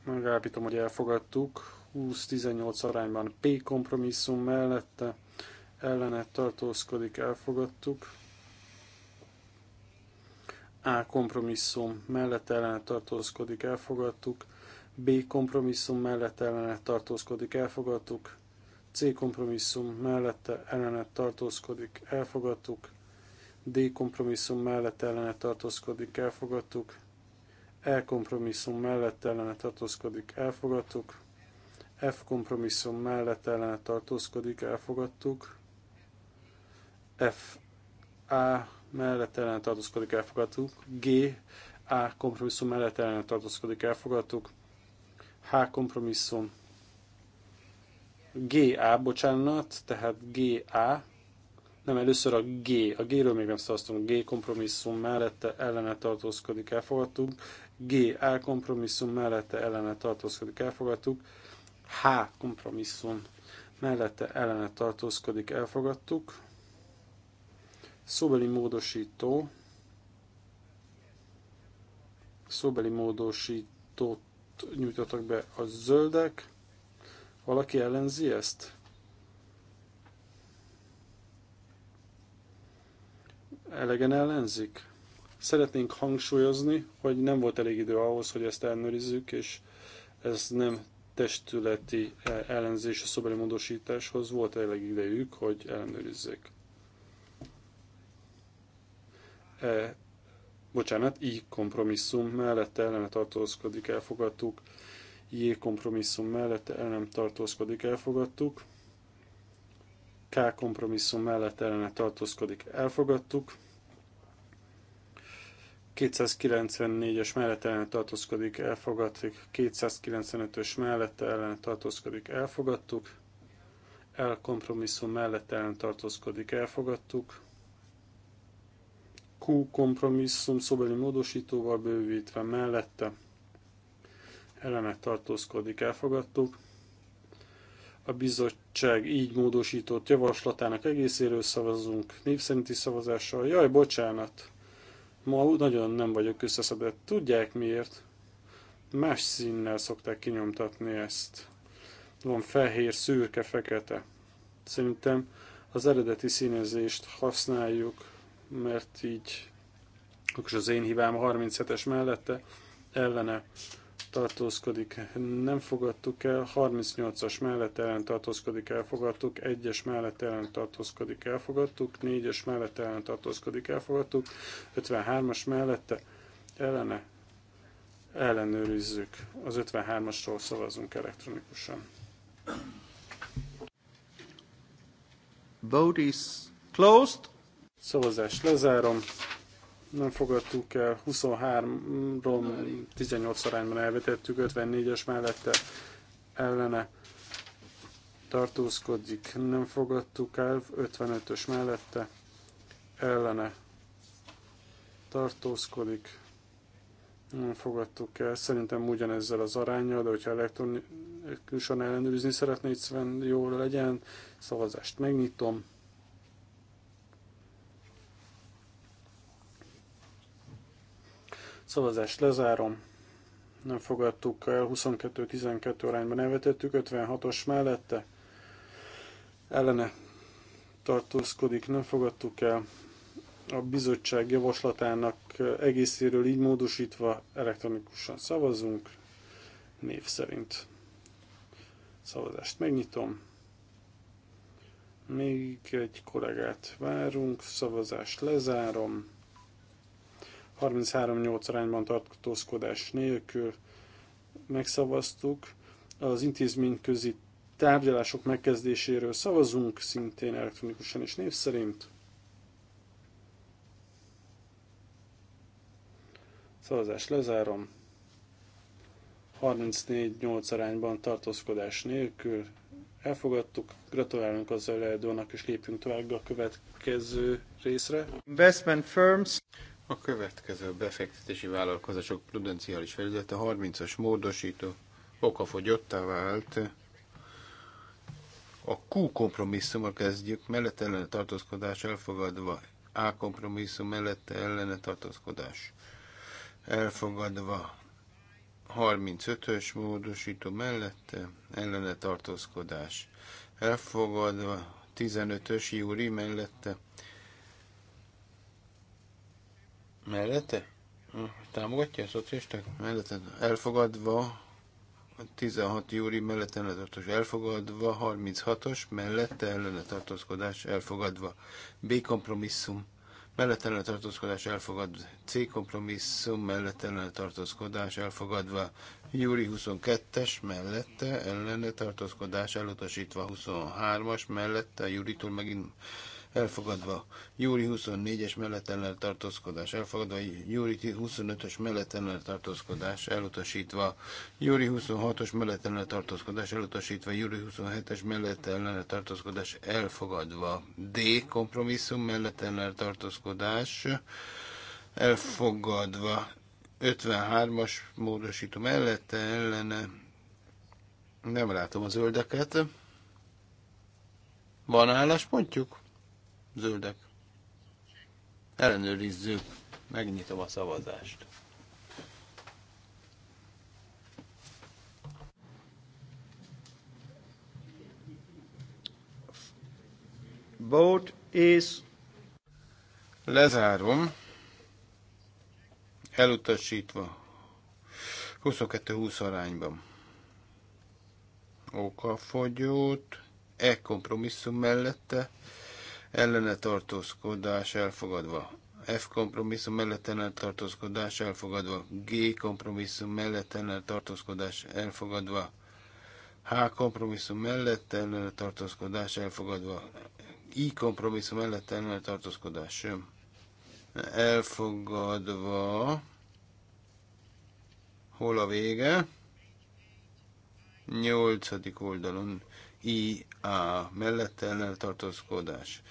Megállapítom, hogy elfogadtuk. 20-18 arányban P kompromisszum mellette ellene tartózkodik, elfogadtuk. A kompromisszum mellett ellene tartózkodik, elfogadtuk. B kompromisszum mellett ellene tartózkodik, elfogadtuk. C kompromisszum mellette ellene tartózkodik, elfogadtuk. D kompromisszum mellett ellene tartózkodik, elfogadtuk. E kompromisszum mellett ellene tartózkodik, elfogadtuk. F kompromisszum mellett ellene tartózkodik, elfogadtuk. F A mellett ellene tartózkodik, elfogadtuk. G A kompromisszum mellett ellene tartózkodik, elfogadtuk. H kompromisszum GA, bocsánat, tehát GA nem, először a G. A G-ről még nem szavaztunk. G kompromisszum mellette ellene tartózkodik, elfogadtuk. G. A kompromisszum mellette ellene tartózkodik, elfogadtuk. H kompromisszum mellette ellene tartózkodik, elfogadtuk. Szóbeli módosító. Szóbeli módosítót nyújtottak be a zöldek. Valaki ellenzi ezt? elegen ellenzik. Szeretnénk hangsúlyozni, hogy nem volt elég idő ahhoz, hogy ezt ellenőrizzük, és ez nem testületi eh, ellenzés a szobeli módosításhoz, volt elég idejük, hogy ellenőrizzék. E, bocsánat, I kompromisszum mellette ellene tartózkodik, elfogadtuk. J kompromisszum mellette nem tartózkodik, elfogadtuk. K kompromisszum mellett ellene tartózkodik, elfogadtuk. 294-es mellette ellen tartózkodik, elfogadtuk. 295-ös mellette ellen tartózkodik, elfogadtuk. Elkompromisszum mellette ellen tartózkodik, elfogadtuk. Q kompromisszum szobeli módosítóval bővítve mellette ellene tartózkodik, elfogadtuk. A bizottság így módosított javaslatának egészéről szavazunk név szerinti szavazással. Jaj, bocsánat! Ma nagyon nem vagyok összeszedett. Tudják miért? Más színnel szokták kinyomtatni ezt. Van fehér, szürke, fekete. Szerintem az eredeti színezést használjuk, mert így akkor az én hibám 37-es mellette ellene tartózkodik, nem fogadtuk el, 38-as mellett ellen tartózkodik, elfogadtuk, 1-es mellett ellen tartózkodik, elfogadtuk, 4-es mellett ellen tartózkodik, elfogadtuk, 53-as mellette ellene ellenőrizzük. Az 53-asról szavazunk elektronikusan. Vote is closed. Szavazást lezárom nem fogadtuk el, 23-ról 18 arányban elvetettük, 54-es mellette ellene tartózkodik, nem fogadtuk el, 55-ös mellette ellene tartózkodik, nem fogadtuk el, szerintem ugyanezzel az arányjal, de hogyha elektronikusan ellenőrizni szeretné, jó legyen, szavazást megnyitom. Szavazást lezárom. Nem fogadtuk el, 22-12 arányban elvetettük, 56-os mellette. Ellene tartózkodik, nem fogadtuk el. A bizottság javaslatának egészéről így módosítva elektronikusan szavazunk, név szerint. Szavazást megnyitom. Még egy kollégát várunk, szavazást lezárom. 33-8 arányban tartózkodás nélkül megszavaztuk. Az intézményközi tárgyalások megkezdéséről szavazunk, szintén elektronikusan és név szerint. Szavazást lezárom. 34-8 arányban tartózkodás nélkül elfogadtuk. Gratulálunk az előadónak, és lépjünk tovább a következő részre. Investment firms. A következő befektetési vállalkozások prudenciális a 30-as módosító okafogyottá vált. A Q kompromisszummal kezdjük, mellett ellene tartózkodás elfogadva, A kompromisszum mellett ellene tartózkodás elfogadva, 35-ös módosító mellette ellene tartózkodás elfogadva, 15-ös júri mellette mellette támogatja a szocialisták? Mellette elfogadva, 16 júri mellette ellenetartozás elfogadva, 36-os mellette ellenetartozkodás elfogadva. B kompromisszum mellette ellenetartozkodás elfogadva. C kompromisszum mellette ellenetartozkodás elfogadva. Júri 22-es mellette ellenetartozkodás elutasítva. 23-as mellette a Júritól megint elfogadva. Júli 24-es mellett ellen tartózkodás elfogadva. Júli 25-ös mellett ellen tartózkodás elutasítva. Júli 26-os mellett ellen tartózkodás elutasítva. Júli 27-es mellett ellen tartózkodás elfogadva. D. Kompromisszum mellett ellen tartózkodás elfogadva. 53-as módosító mellette ellene nem látom a zöldeket. Van álláspontjuk? Zöldek. Ellenőrizzük. Megnyitom a szavazást. Vote is... Lezárom. Elutasítva. 22-20 arányban. Okafogyót. E kompromisszum mellette ellene tartózkodás elfogadva. F kompromisszum mellett ellen tartózkodás elfogadva. G kompromisszum mellett ellen tartózkodás elfogadva. H kompromisszum mellett ellen tartózkodás elfogadva. I kompromisszum mellett ellen tartózkodás elfogadva. Hol a vége? Nyolcadik oldalon IA mellette ellene tartózkodás.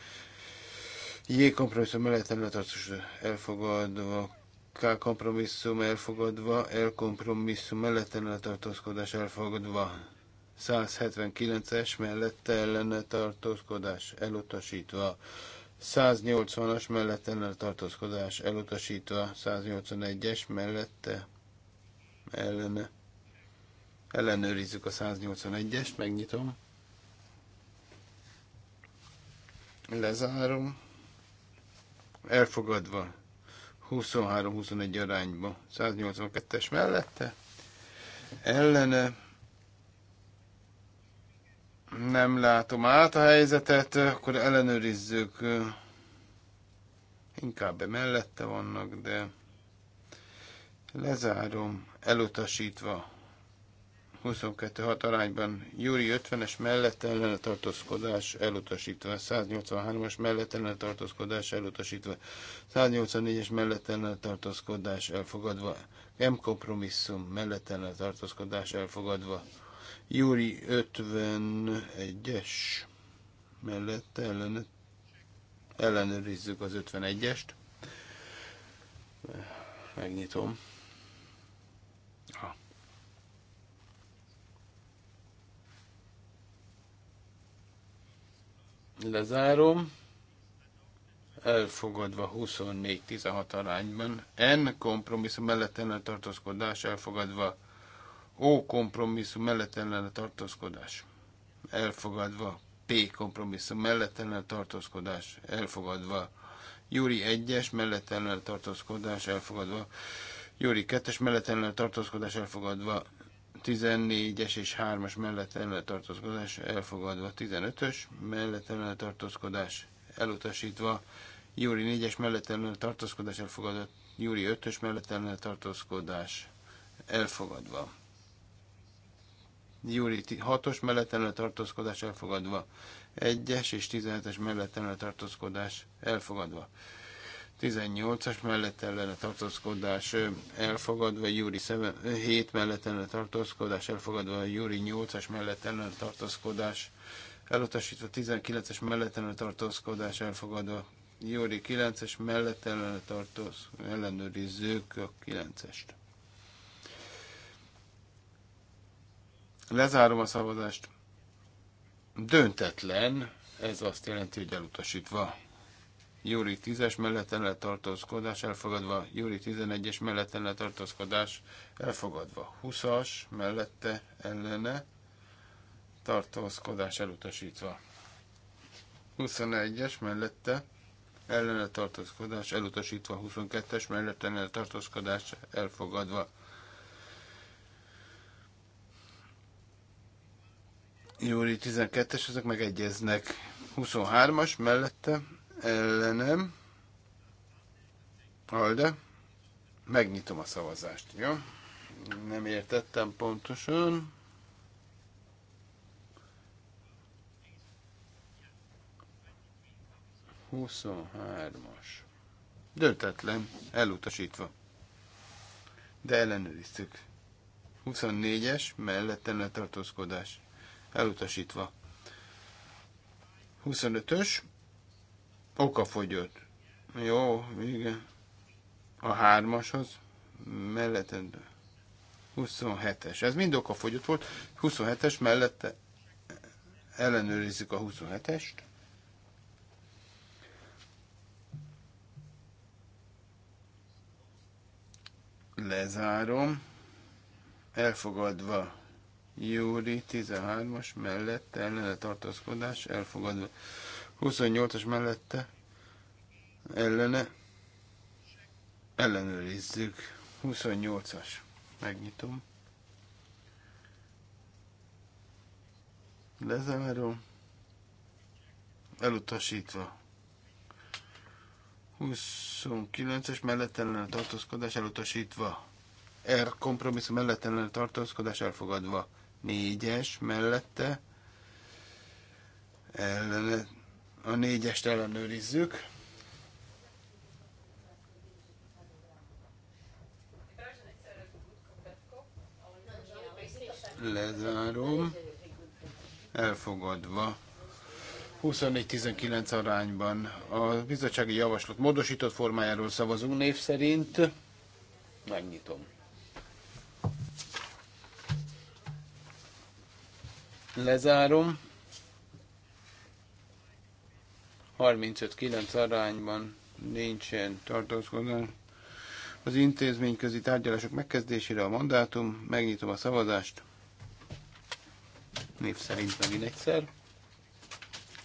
J kompromisszum mellett ellentartózkodás elfogadva. K kompromisszum elfogadva. L kompromisszum mellett ellentartózkodás elfogadva. 179-es mellette ellene tartózkodás elutasítva. 180-as mellett ellene tartózkodás elutasítva, 181-es mellette ellene. Ellenőrizzük a 181-est, megnyitom. Lezárom. Elfogadva. 23-21 arányba. 182-es mellette. Ellene. Nem látom át a helyzetet, akkor ellenőrizzük. Inkább mellette vannak, de lezárom, elutasítva 22-6 arányban Júri 50-es mellett ellene tartózkodás elutasítva, 183-as mellett ellene tartózkodás elutasítva, 184-es mellett ellene tartózkodás elfogadva, M kompromisszum mellett ellene tartózkodás elfogadva, Júri 51-es mellett ellene, ellenőrizzük az 51-est. Megnyitom. Ah. Lezárom. Elfogadva 24-16 arányban. N kompromisszum mellett ellen tartózkodás. Elfogadva O kompromisszum mellett ellen tartózkodás. Elfogadva P kompromisszum mellett ellen tartózkodás. Elfogadva Júri 1-es mellett ellen tartózkodás. Elfogadva Júri 2-es mellett ellen tartózkodás elfogadva, 14-es és 3-as mellett ellentartózkodás elfogadva, 15-ös mellett ellentartózkodás elutasítva, Júri 4-es mellett ellentartózkodás elfogadva, Júri 5-ös mellett ellentartózkodás elfogadva. Júri 6-os mellett tartózkodás elfogadva. 1-es és 17-es mellett tartózkodás elfogadva. 18-as mellett ellene tartózkodás elfogadva, Júri 7 mellett ellene tartózkodás elfogadva, Júri 8-as mellett ellene tartózkodás elutasítva, 19-es mellett ellene tartózkodás elfogadva, Júri 9-es mellett ellene tartóz, ellenőrizzük a 9-est. Lezárom a szavazást. Döntetlen, ez azt jelenti, hogy elutasítva júli 10-es mellettelen tartózkodás elfogadva, júli 11-es mellettelen tartózkodás elfogadva, 20-as mellette ellene tartózkodás elutasítva, 21-es mellette ellene tartózkodás elutasítva, 22-es mellette ellene tartózkodás elfogadva. júli 12-es, ezek megegyeznek. 23-as mellette ellenem. Alde, megnyitom a szavazást, jó? Nem értettem pontosan. Huszonhármas. Döntetlen, elutasítva. De ellenőriztük. 24-es, mellettem letartózkodás. Elutasítva. 25-ös, okafogyott. Jó, igen. A hármashoz melletted 27-es. Ez mind okafogyott volt. 27-es mellette ellenőrizzük a 27-est. Lezárom. Elfogadva Júri 13-as mellett ellene tartózkodás elfogadva. 28-as mellette ellene ellenőrizzük. 28-as. Megnyitom. Lezárom. Elutasítva. 29-es mellett ellen tartózkodás elutasítva. R kompromisszum mellett ellen tartózkodás elfogadva. 4-es mellette ellene a négyest ellenőrizzük. Lezárom. Elfogadva. 24-19 arányban a bizottsági javaslat módosított formájáról szavazunk név szerint. Megnyitom. Lezárom. 35-9 arányban nincsen tartózkodás. Az intézményközi tárgyalások megkezdésére a mandátum, megnyitom a szavazást, név szerint megint egyszer,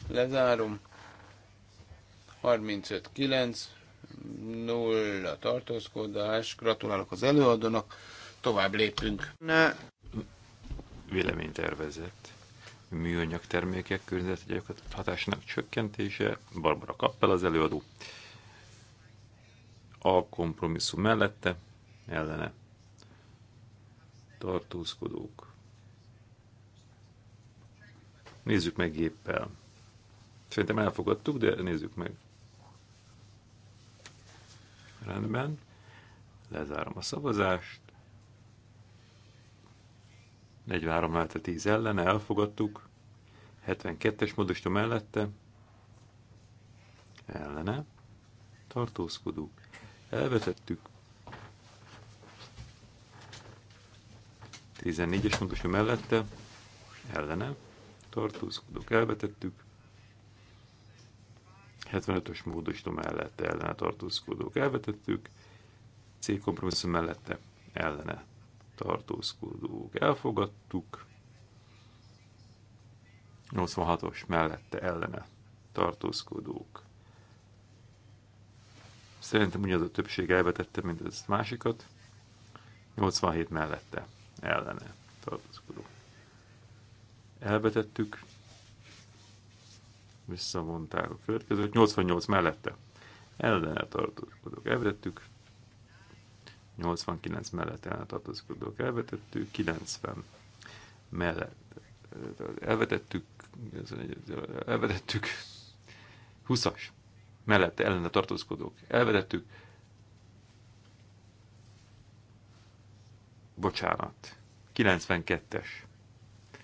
lezárom, 35-9, nulla tartózkodás, gratulálok az előadónak, tovább lépünk. Ne. Véleménytervezet műanyag termékek környezeti hatásának csökkentése, Barbara Kappel az előadó, a kompromisszum mellette, ellene tartózkodók. Nézzük meg géppel. Szerintem elfogadtuk, de nézzük meg. Rendben. Lezárom a szavazást. 43 a 10 ellen, elfogadtuk. 72-es módosító mellette, ellene, tartózkodunk. Elvetettük. 14-es módosító mellette, ellene, tartózkodunk. Elvetettük. 75-ös módosító mellette ellene tartózkodók elvetettük, C kompromisszum mellette ellene tartózkodók elfogadtuk. 86-os mellette ellene tartózkodók. Szerintem ugyanaz a többség elvetette, mint ezt másikat. 87 mellette ellene tartózkodók. Elvetettük, visszavonták a következőt, 88 mellette ellene tartózkodók. Elvetettük, 89 mellett eltartózkodók elvetettük, 90 mellett elvetettük, elvetettük, 20-as mellette ellene tartózkodók elvetettük, bocsánat, 92-es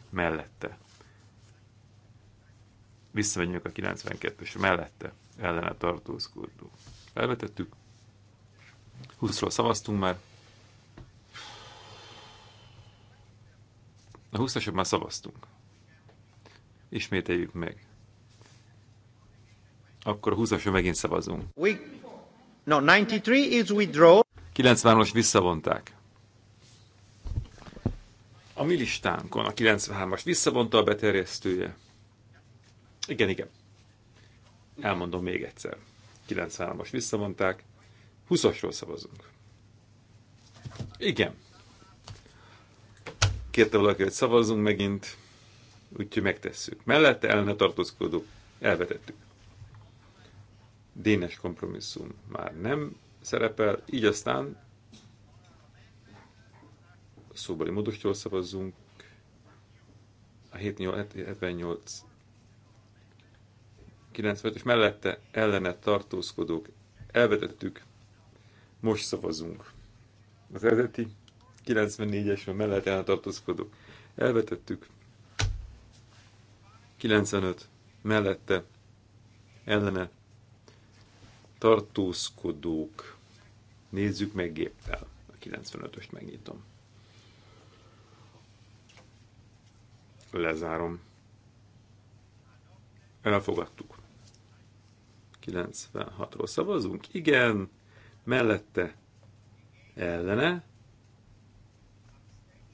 mellette. Visszamegyünk a 92-es mellette ellene tartózkodó. Elvetettük 20-ról szavaztunk már. A 20 már szavaztunk. Ismételjük meg. Akkor a 20-asra megint szavazunk. We... No, 93 is 93 os visszavonták. A mi listánkon a 93-as visszavonta a beterjesztője. Igen, igen. Elmondom még egyszer. 93-as visszavonták, 20-asról szavazunk. Igen. Kérte valaki, hogy szavazzunk megint, úgyhogy megtesszük. Mellette ellene tartózkodó, elvetettük. Dénes kompromisszum már nem szerepel, így aztán szóbeli módostól szavazzunk, a 78 95 és mellette ellene tartózkodók elvetettük most szavazunk. Az eredeti 94-es, mert mellett eltartózkodok. Elvetettük. 95. Mellette. Ellene. Tartózkodók. Nézzük meg géppel. A 95-öst megnyitom. Lezárom. Elfogadtuk. 96-ról szavazunk. Igen mellette ellene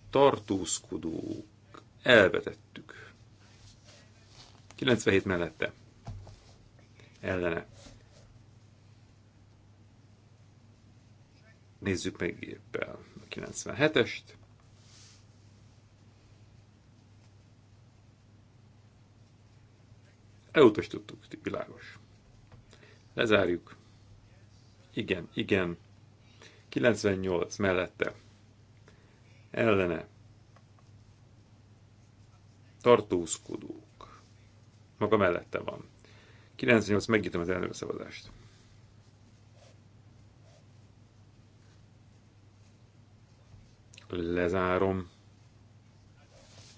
tartózkodók elvetettük. 97 mellette ellene. Nézzük meg éppen a 97-est. Elutasítottuk, világos. Lezárjuk. Igen, igen. 98 mellette. Ellene. Tartózkodók. Maga mellette van. 98 megnyitom az előszavazást. Lezárom.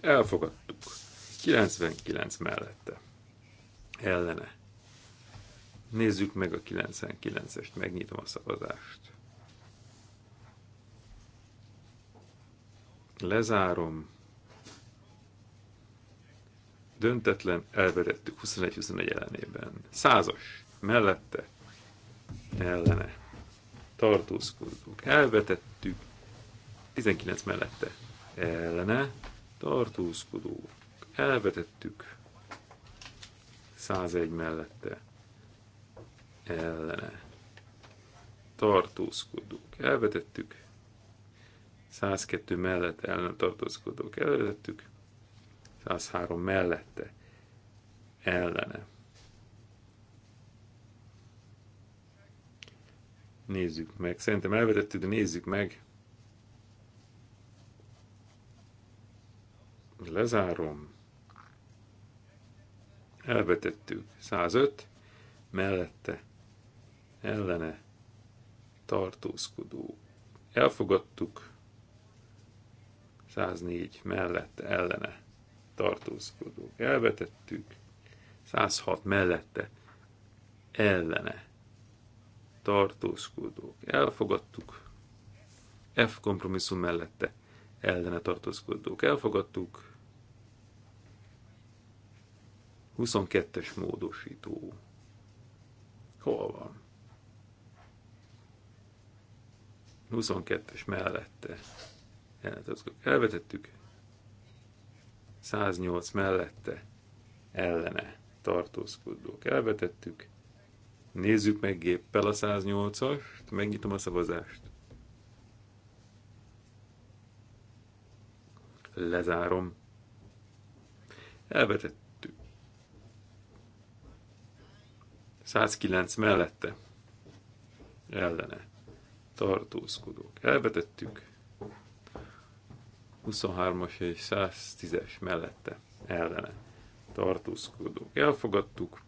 Elfogadtuk. 99 mellette. Ellene Nézzük meg a 99-est, megnyitom a szavazást. Lezárom. Döntetlen, elvedettük 21-21 ellenében. Százas, mellette, ellene. Tartózkodunk, elvetettük, 19 mellette, ellene, tartózkodók, elvetettük, 101 mellette, ellene tartózkodók elvetettük, 102 mellett ellen tartózkodók elvetettük, 103 mellette ellene. Nézzük meg. Szerintem elvetettük, de nézzük meg. Lezárom. Elvetettük. 105 mellette ellene tartózkodó. Elfogadtuk 104 mellett ellene tartózkodók. Elvetettük 106 mellette ellene tartózkodók. Elfogadtuk F kompromisszum mellette ellene tartózkodók. Elfogadtuk 22-es módosító. Hol van? 22-es mellette Elvetettük. 108 mellette ellene tartózkodók. Elvetettük. Nézzük meg géppel a 108-ast, megnyitom a szavazást. Lezárom. Elvetettük. 109 mellette. Ellene tartózkodók. Elvetettük 23-as és 110-es mellette ellene tartózkodók. Elfogadtuk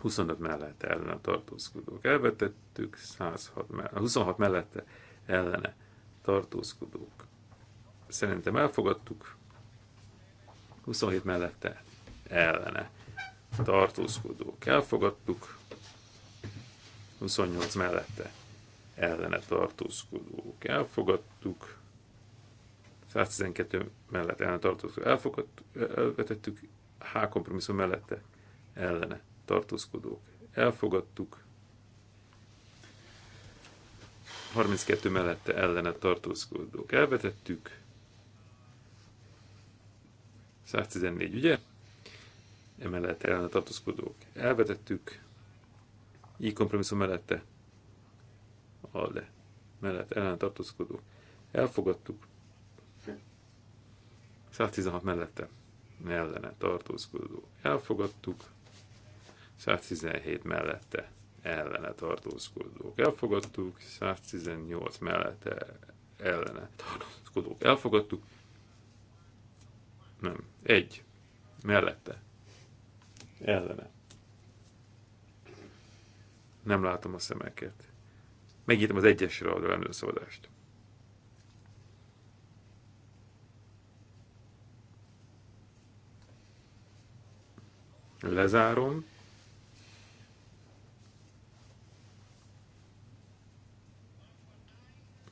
25 mellette ellene tartózkodók. Elvetettük 106 mellette, 26 mellette ellene tartózkodók. Szerintem elfogadtuk 27 mellette ellene tartózkodók. Elfogadtuk 28 mellette ellene tartózkodók elfogadtuk, 112 mellett ellene tartózkodók elfogadtuk, elvetettük, H kompromisszum mellette ellene tartózkodók elfogadtuk, 32 mellette ellene tartózkodók elvetettük, 114 ugye? Emellett ellene tartózkodók elvetettük, így kompromisszum mellette alde mellett ellentartózkodók. Elfogadtuk. 116 mellette ellene tartózkodó. Elfogadtuk. 117 mellette ellene tartózkodók. Elfogadtuk. 118 mellette ellene tartózkodók. Elfogadtuk. Nem. Egy. Mellette. Ellene. Nem látom a szemeket. Megnyitom az egyesre adó előszavazást. Lezárom.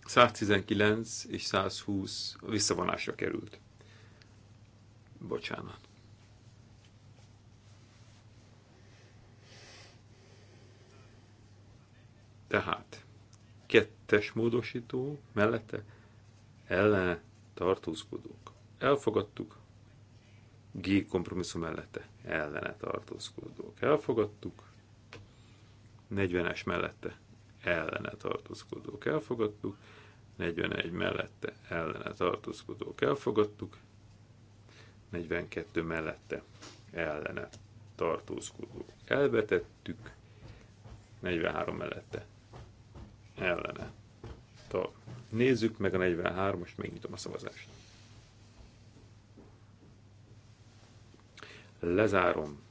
...119 és 120 visszavonásra került. Bocsánat. Tehát Kettes módosító mellette ellene tartózkodók. Elfogadtuk. G kompromisszum mellette ellene tartózkodók. Elfogadtuk. 40-es mellette ellene tartózkodók. Elfogadtuk. 41 mellette ellene tartózkodók. Elfogadtuk. 42 mellette ellene tartózkodók. Elvetettük. 43 mellette ellene. Ta, nézzük meg a 43 most megnyitom a szavazást. Lezárom.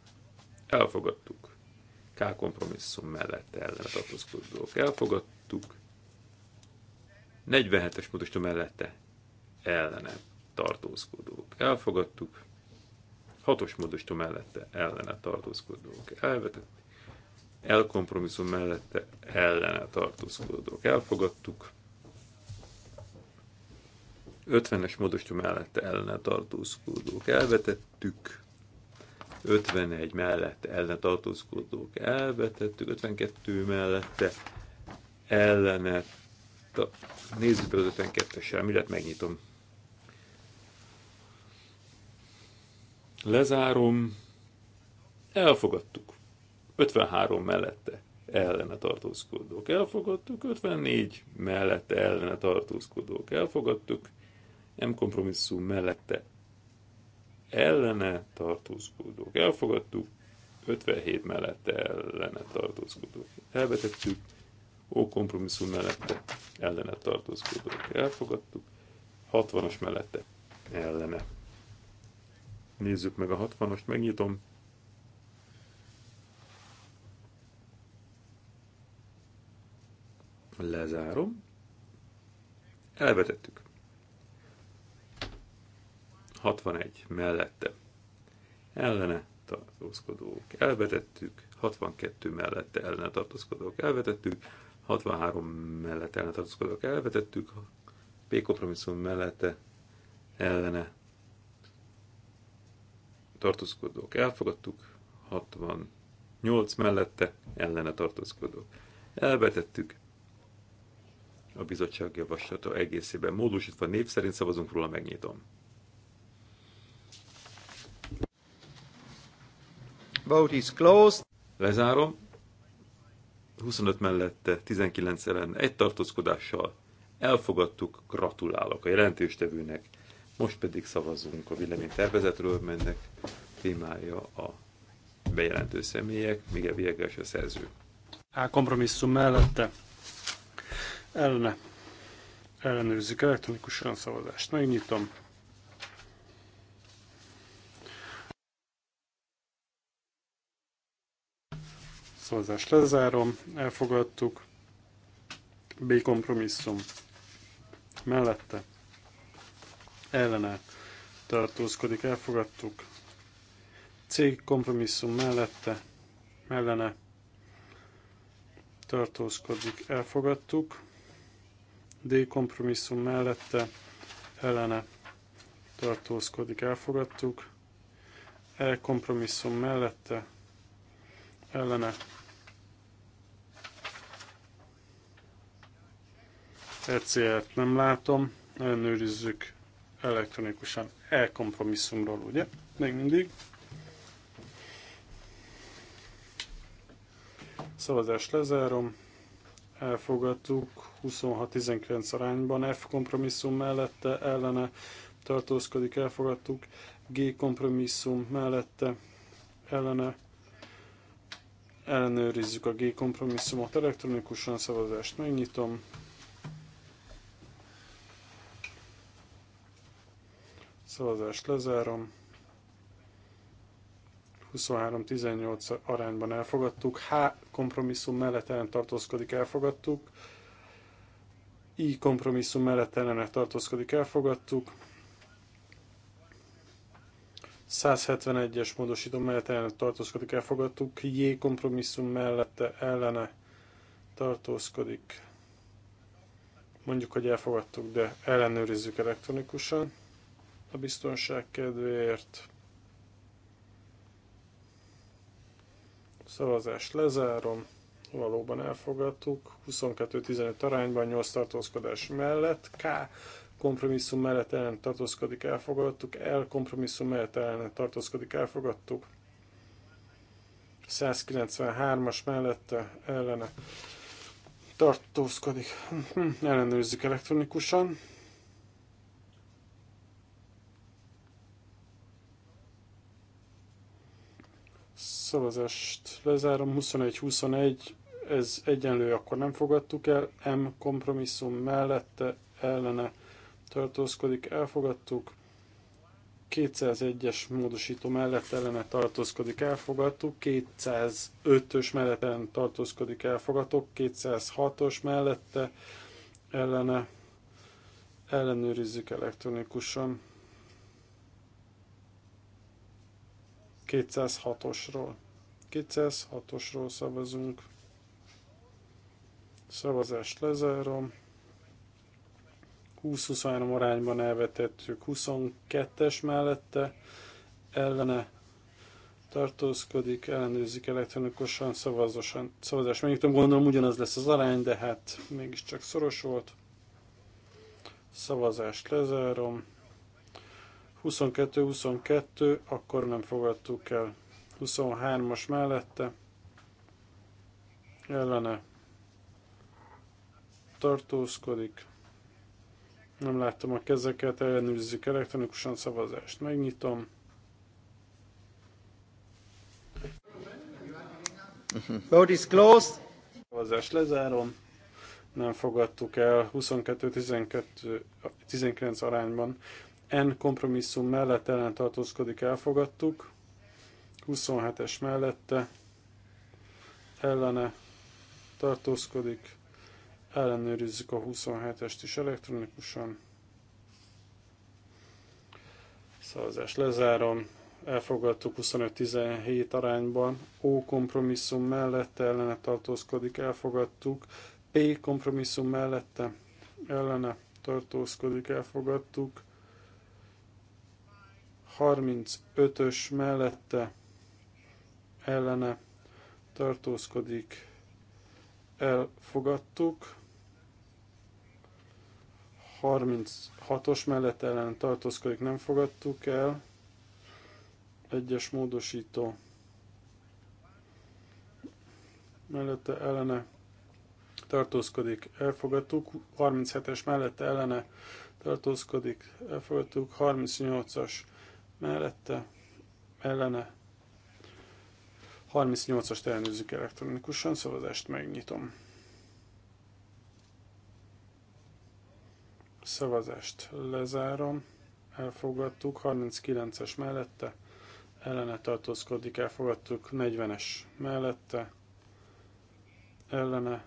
Elfogadtuk. K kompromisszum mellett ellene tartózkodók. Elfogadtuk. 47-es módosító mellette ellene tartózkodók. Elfogadtuk. 6-os módosító mellette ellene tartózkodók. Elvetett elkompromisszum mellette ellene tartózkodók elfogadtuk, 50-es módosító mellette ellene tartózkodók elvetettük, 51 mellette ellene tartózkodók elvetettük, 52 mellette ellene ta- nézzük be az 52-essel, mi lett, megnyitom. Lezárom, elfogadtuk. 53 mellette ellene tartózkodók elfogadtuk, 54 mellette ellene tartózkodók elfogadtuk, nem kompromisszum mellette ellene tartózkodók elfogadtuk, 57 mellette ellene tartózkodók elvetettük, ó kompromisszum mellette ellene tartózkodók elfogadtuk, 60-as mellette ellene. Nézzük meg a 60-ast, megnyitom. Lezárom. Elvetettük. 61 mellette. Ellene tartózkodók. Elvetettük. 62 mellette ellene tartózkodók. Elvetettük. 63 mellett ellene tartózkodók. Elvetettük. P kompromisszum mellette ellene tartózkodók. Elfogadtuk. 68 mellette ellene tartózkodók. Elvetettük a bizottság javaslata egészében. Módosítva név szerint szavazunk róla, megnyitom. Vote is closed. Lezárom. 25 mellette, 19 ellen, egy tartózkodással elfogadtuk, gratulálok a jelentéstevőnek. Most pedig szavazunk a tervezetről mennek témája a bejelentő személyek, Miguel Viegas a szerző. A kompromisszum mellette ellene ellenőrzik elektronikusan a szavazást. Megnyitom. Szavazást lezárom, elfogadtuk. B kompromisszum mellette ellene tartózkodik, elfogadtuk. C kompromisszum mellette ellene tartózkodik, elfogadtuk. D kompromisszum mellette ellene tartózkodik, elfogadtuk. E kompromisszum mellette ellene ECR-t nem látom, ellenőrizzük elektronikusan e kompromisszumról, ugye? Még mindig. Szavazást lezárom elfogadtuk 26-19 arányban, F kompromisszum mellette ellene tartózkodik, elfogadtuk, G kompromisszum mellette ellene ellenőrizzük a G kompromisszumot elektronikusan, szavazást megnyitom. Szavazást lezárom. 23-18 arányban elfogadtuk, H kompromisszum mellett ellen tartózkodik, elfogadtuk, I kompromisszum mellett ellen tartózkodik, elfogadtuk, 171-es módosító mellett ellene tartózkodik, elfogadtuk, J kompromisszum mellette ellene tartózkodik, mondjuk, hogy elfogadtuk, de ellenőrizzük elektronikusan a biztonság kedvéért. Szavazást lezárom. Valóban elfogadtuk. 22-15 arányban 8 tartózkodás mellett. K kompromisszum mellett ellen tartózkodik, elfogadtuk. L kompromisszum mellett ellen tartózkodik, elfogadtuk. 193-as mellette ellene tartózkodik. Hm, hm, ellenőrizzük elektronikusan. Szavazást lezárom. 21-21, ez egyenlő, akkor nem fogadtuk el. M kompromisszum mellette, ellene tartózkodik, elfogadtuk. 201-es módosító mellett ellene tartózkodik, elfogadtuk, 205-ös mellett ellen tartózkodik, elfogadtuk, 206-os mellette ellene ellenőrizzük elektronikusan. 206-osról. 206-osról szavazunk. Szavazást lezárom. 20-23 arányban elvetettük 22-es mellette, ellene tartózkodik, ellenőrzik elektronikusan, szavazosan, szavazás. Megnyitom, gondolom ugyanaz lesz az arány, de hát mégiscsak szoros volt. Szavazást lezárom. 22-22, akkor nem fogadtuk el. 23-as mellette, ellene tartózkodik. Nem láttam a kezeket, ellenőrizzük elektronikusan szavazást. Megnyitom. Vote is closed. Szavazást lezárom. Nem fogadtuk el 22-19 arányban. N kompromisszum mellett ellen tartózkodik, elfogadtuk. 27-es mellette ellene tartózkodik, ellenőrizzük a 27-est is elektronikusan. Szavazás lezárom, elfogadtuk 25-17 arányban, O kompromisszum mellette ellene tartózkodik, elfogadtuk, P kompromisszum mellette ellene tartózkodik, elfogadtuk, 35-ös mellette ellene tartózkodik, elfogadtuk. 36-os mellett ellen tartózkodik, nem fogadtuk el. Egyes módosító mellette ellene tartózkodik, elfogadtuk. 37-es mellette ellene tartózkodik, elfogadtuk. 38-as mellette, ellene. 38-ast ellenőrzzük elektronikusan, szavazást megnyitom. Szavazást lezárom, elfogadtuk, 39-es mellette, ellene tartózkodik, elfogadtuk, 40-es mellette, ellene.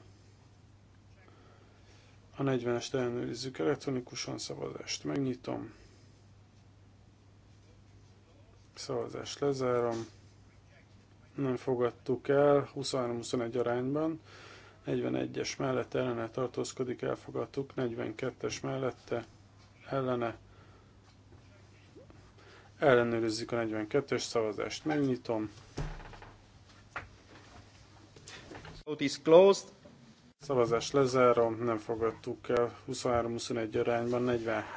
A 40-est ellenőrizzük elektronikusan, szavazást megnyitom. Szavazást lezárom. Nem fogadtuk el, 23-21 arányban. 41-es mellette ellene tartózkodik, elfogadtuk. 42-es mellette ellene ellenőrizzük a 42-es szavazást. Megnyitom. Vote is closed. Szavazás lezárom, nem fogadtuk el 23-21 arányban,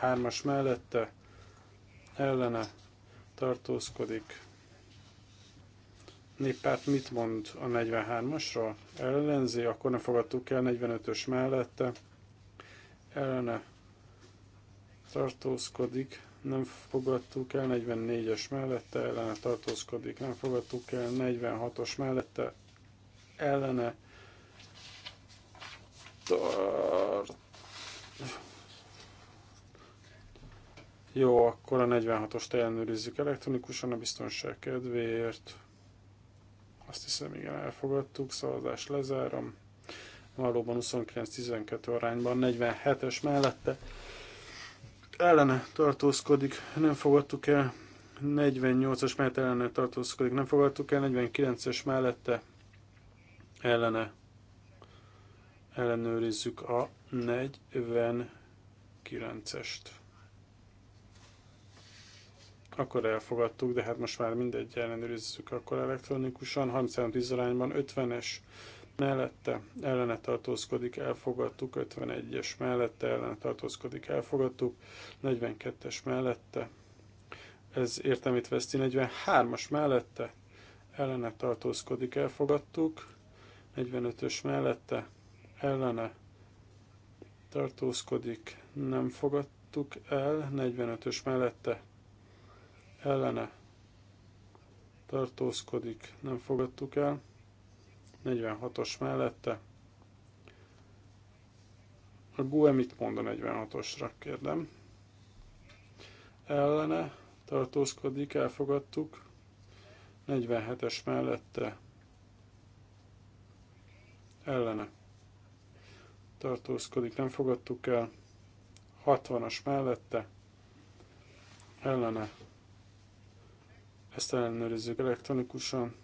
43-as mellette, ellene tartózkodik. Néppárt mit mond a 43-asra? Ellenzi, akkor nem fogadtuk el 45-ös mellette. Ellene tartózkodik, nem fogadtuk el 44-es mellette, ellene tartózkodik, nem fogadtuk el 46-os mellette, ellene tartózkodik. Jó, akkor a 46-ost ellenőrizzük elektronikusan a biztonság kedvéért. Azt hiszem, igen, elfogadtuk, szavazást lezárom. Valóban 29-12 arányban, 47-es mellette. Ellene tartózkodik, nem fogadtuk el. 48-as mellett ellene tartózkodik, nem fogadtuk el. 49-es mellette ellene ellenőrizzük a 49-est akkor elfogadtuk, de hát most már mindegy, ellenőrizzük akkor elektronikusan. 33-10 arányban 50-es mellette ellene tartózkodik, elfogadtuk, 51-es mellette ellene tartózkodik, elfogadtuk, 42-es mellette, ez értelmét veszti, 43-as mellette ellene tartózkodik, elfogadtuk, 45-ös mellette ellene tartózkodik, nem fogadtuk el, 45-ös mellette ellene tartózkodik, nem fogadtuk el. 46-os mellette. A GUE mit mond a 46-osra, kérdem. Ellene tartózkodik, elfogadtuk. 47-es mellette. Ellene tartózkodik, nem fogadtuk el. 60-as mellette. Ellene ezt ellenőrizzük elektronikusan.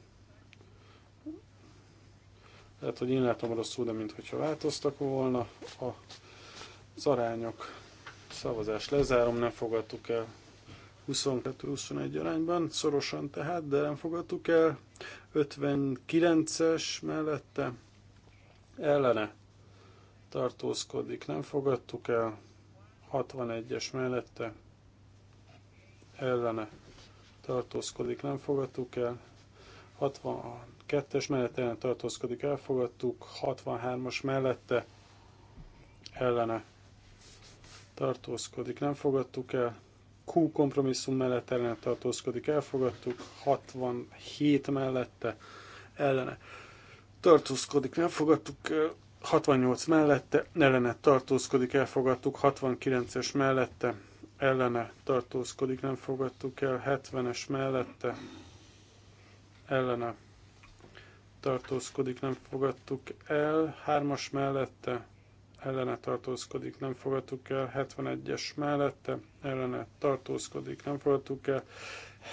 Lehet, hogy én látom rosszul, de mintha változtak volna a, az arányok. Szavazás lezárom, nem fogadtuk el 22-21 arányban, szorosan tehát, de nem fogadtuk el. 59-es mellette ellene tartózkodik, nem fogadtuk el. 61-es mellette ellene tartózkodik, nem fogadtuk el. 62-es mellett ellen tartózkodik, elfogadtuk. 63-as mellette ellene tartózkodik, nem fogadtuk el. Q kompromisszum mellett ellen tartózkodik, elfogadtuk. 67 mellette ellene tartózkodik, nem fogadtuk el. 68 mellette, ellene tartózkodik, elfogadtuk, 69-es mellette, ellene tartózkodik, nem fogadtuk el, 70-es mellette ellene tartózkodik, nem fogadtuk el, 3-as mellette ellene tartózkodik, nem fogadtuk el, 71-es mellette ellene tartózkodik, nem fogadtuk el,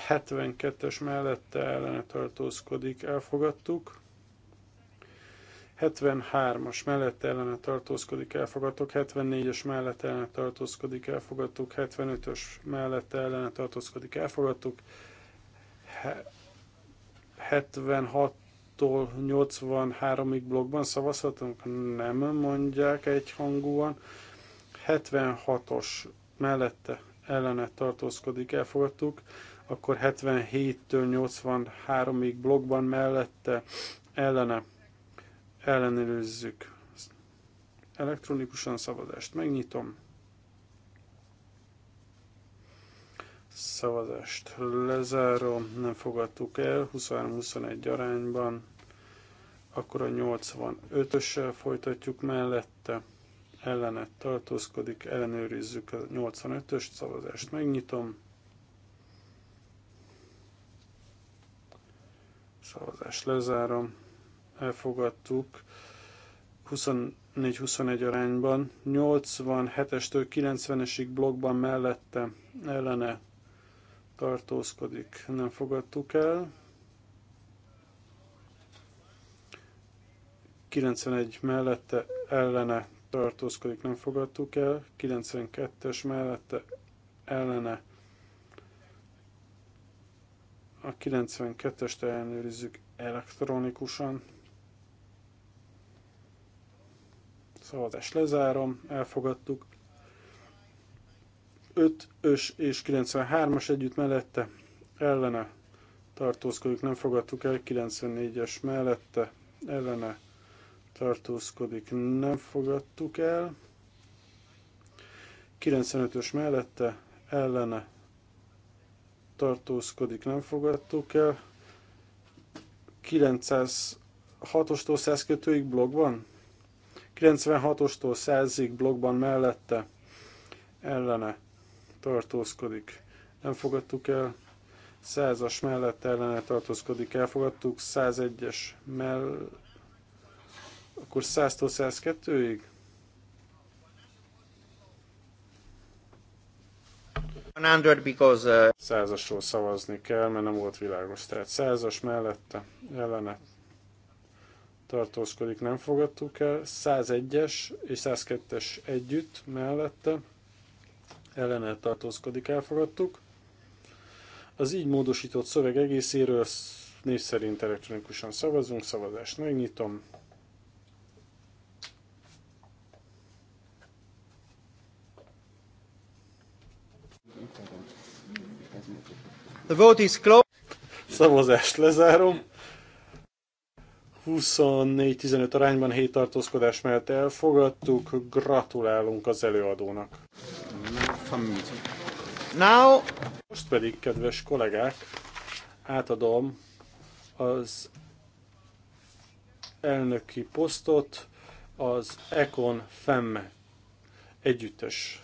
72-es mellette ellene tartózkodik, elfogadtuk, 73-as mellett ellene tartózkodik, elfogadtuk, 74-es mellett ellene tartózkodik, elfogadtuk, 75-ös mellett ellene tartózkodik, elfogadtuk, 76-tól 83-ig blogban szavazhatunk, nem mondják egyhangúan, 76-os mellette ellene tartózkodik, elfogadtuk, akkor 77-től 83-ig blogban mellette ellene ellenőrizzük. Elektronikusan szavazást megnyitom. Szavazást lezárom, nem fogadtuk el, 23-21 arányban. Akkor a 85-össel folytatjuk mellette, ellenet tartózkodik, ellenőrizzük a 85-öst, szavazást megnyitom. Szavazást lezárom elfogadtuk 24-21 arányban, 87-estől 90-esig blokkban mellette ellene tartózkodik, nem fogadtuk el. 91 mellette ellene tartózkodik, nem fogadtuk el. 92-es mellette ellene a 92-est ellenőrizzük elektronikusan. Szavazást lezárom, elfogadtuk. 5-ös és 93-as együtt mellette ellene tartózkodik, nem fogadtuk el, 94-es mellette ellene tartózkodik, nem fogadtuk el. 95-ös mellette ellene tartózkodik, nem fogadtuk el. 906-ostól 102-ig blogban 96-ostól 100-ig blogban mellette ellene tartózkodik. Nem fogadtuk el. 100-as mellett ellene tartózkodik. Elfogadtuk. 101-es mell... Akkor 100-tól 102-ig? Uh, Százasról szavazni kell, mert nem volt világos. Tehát százas mellette ellene tartózkodik, nem fogadtuk el. 101-es és 102-es együtt mellette ellene tartózkodik, elfogadtuk. Az így módosított szöveg egészéről név szerint elektronikusan szavazunk, szavazást megnyitom. The vote is closed. Szavazást lezárom. 24-15 arányban 7 tartózkodás mellett elfogadtuk. Gratulálunk az előadónak. Now. Most pedig, kedves kollégák, átadom az elnöki posztot az Econ Femme együttes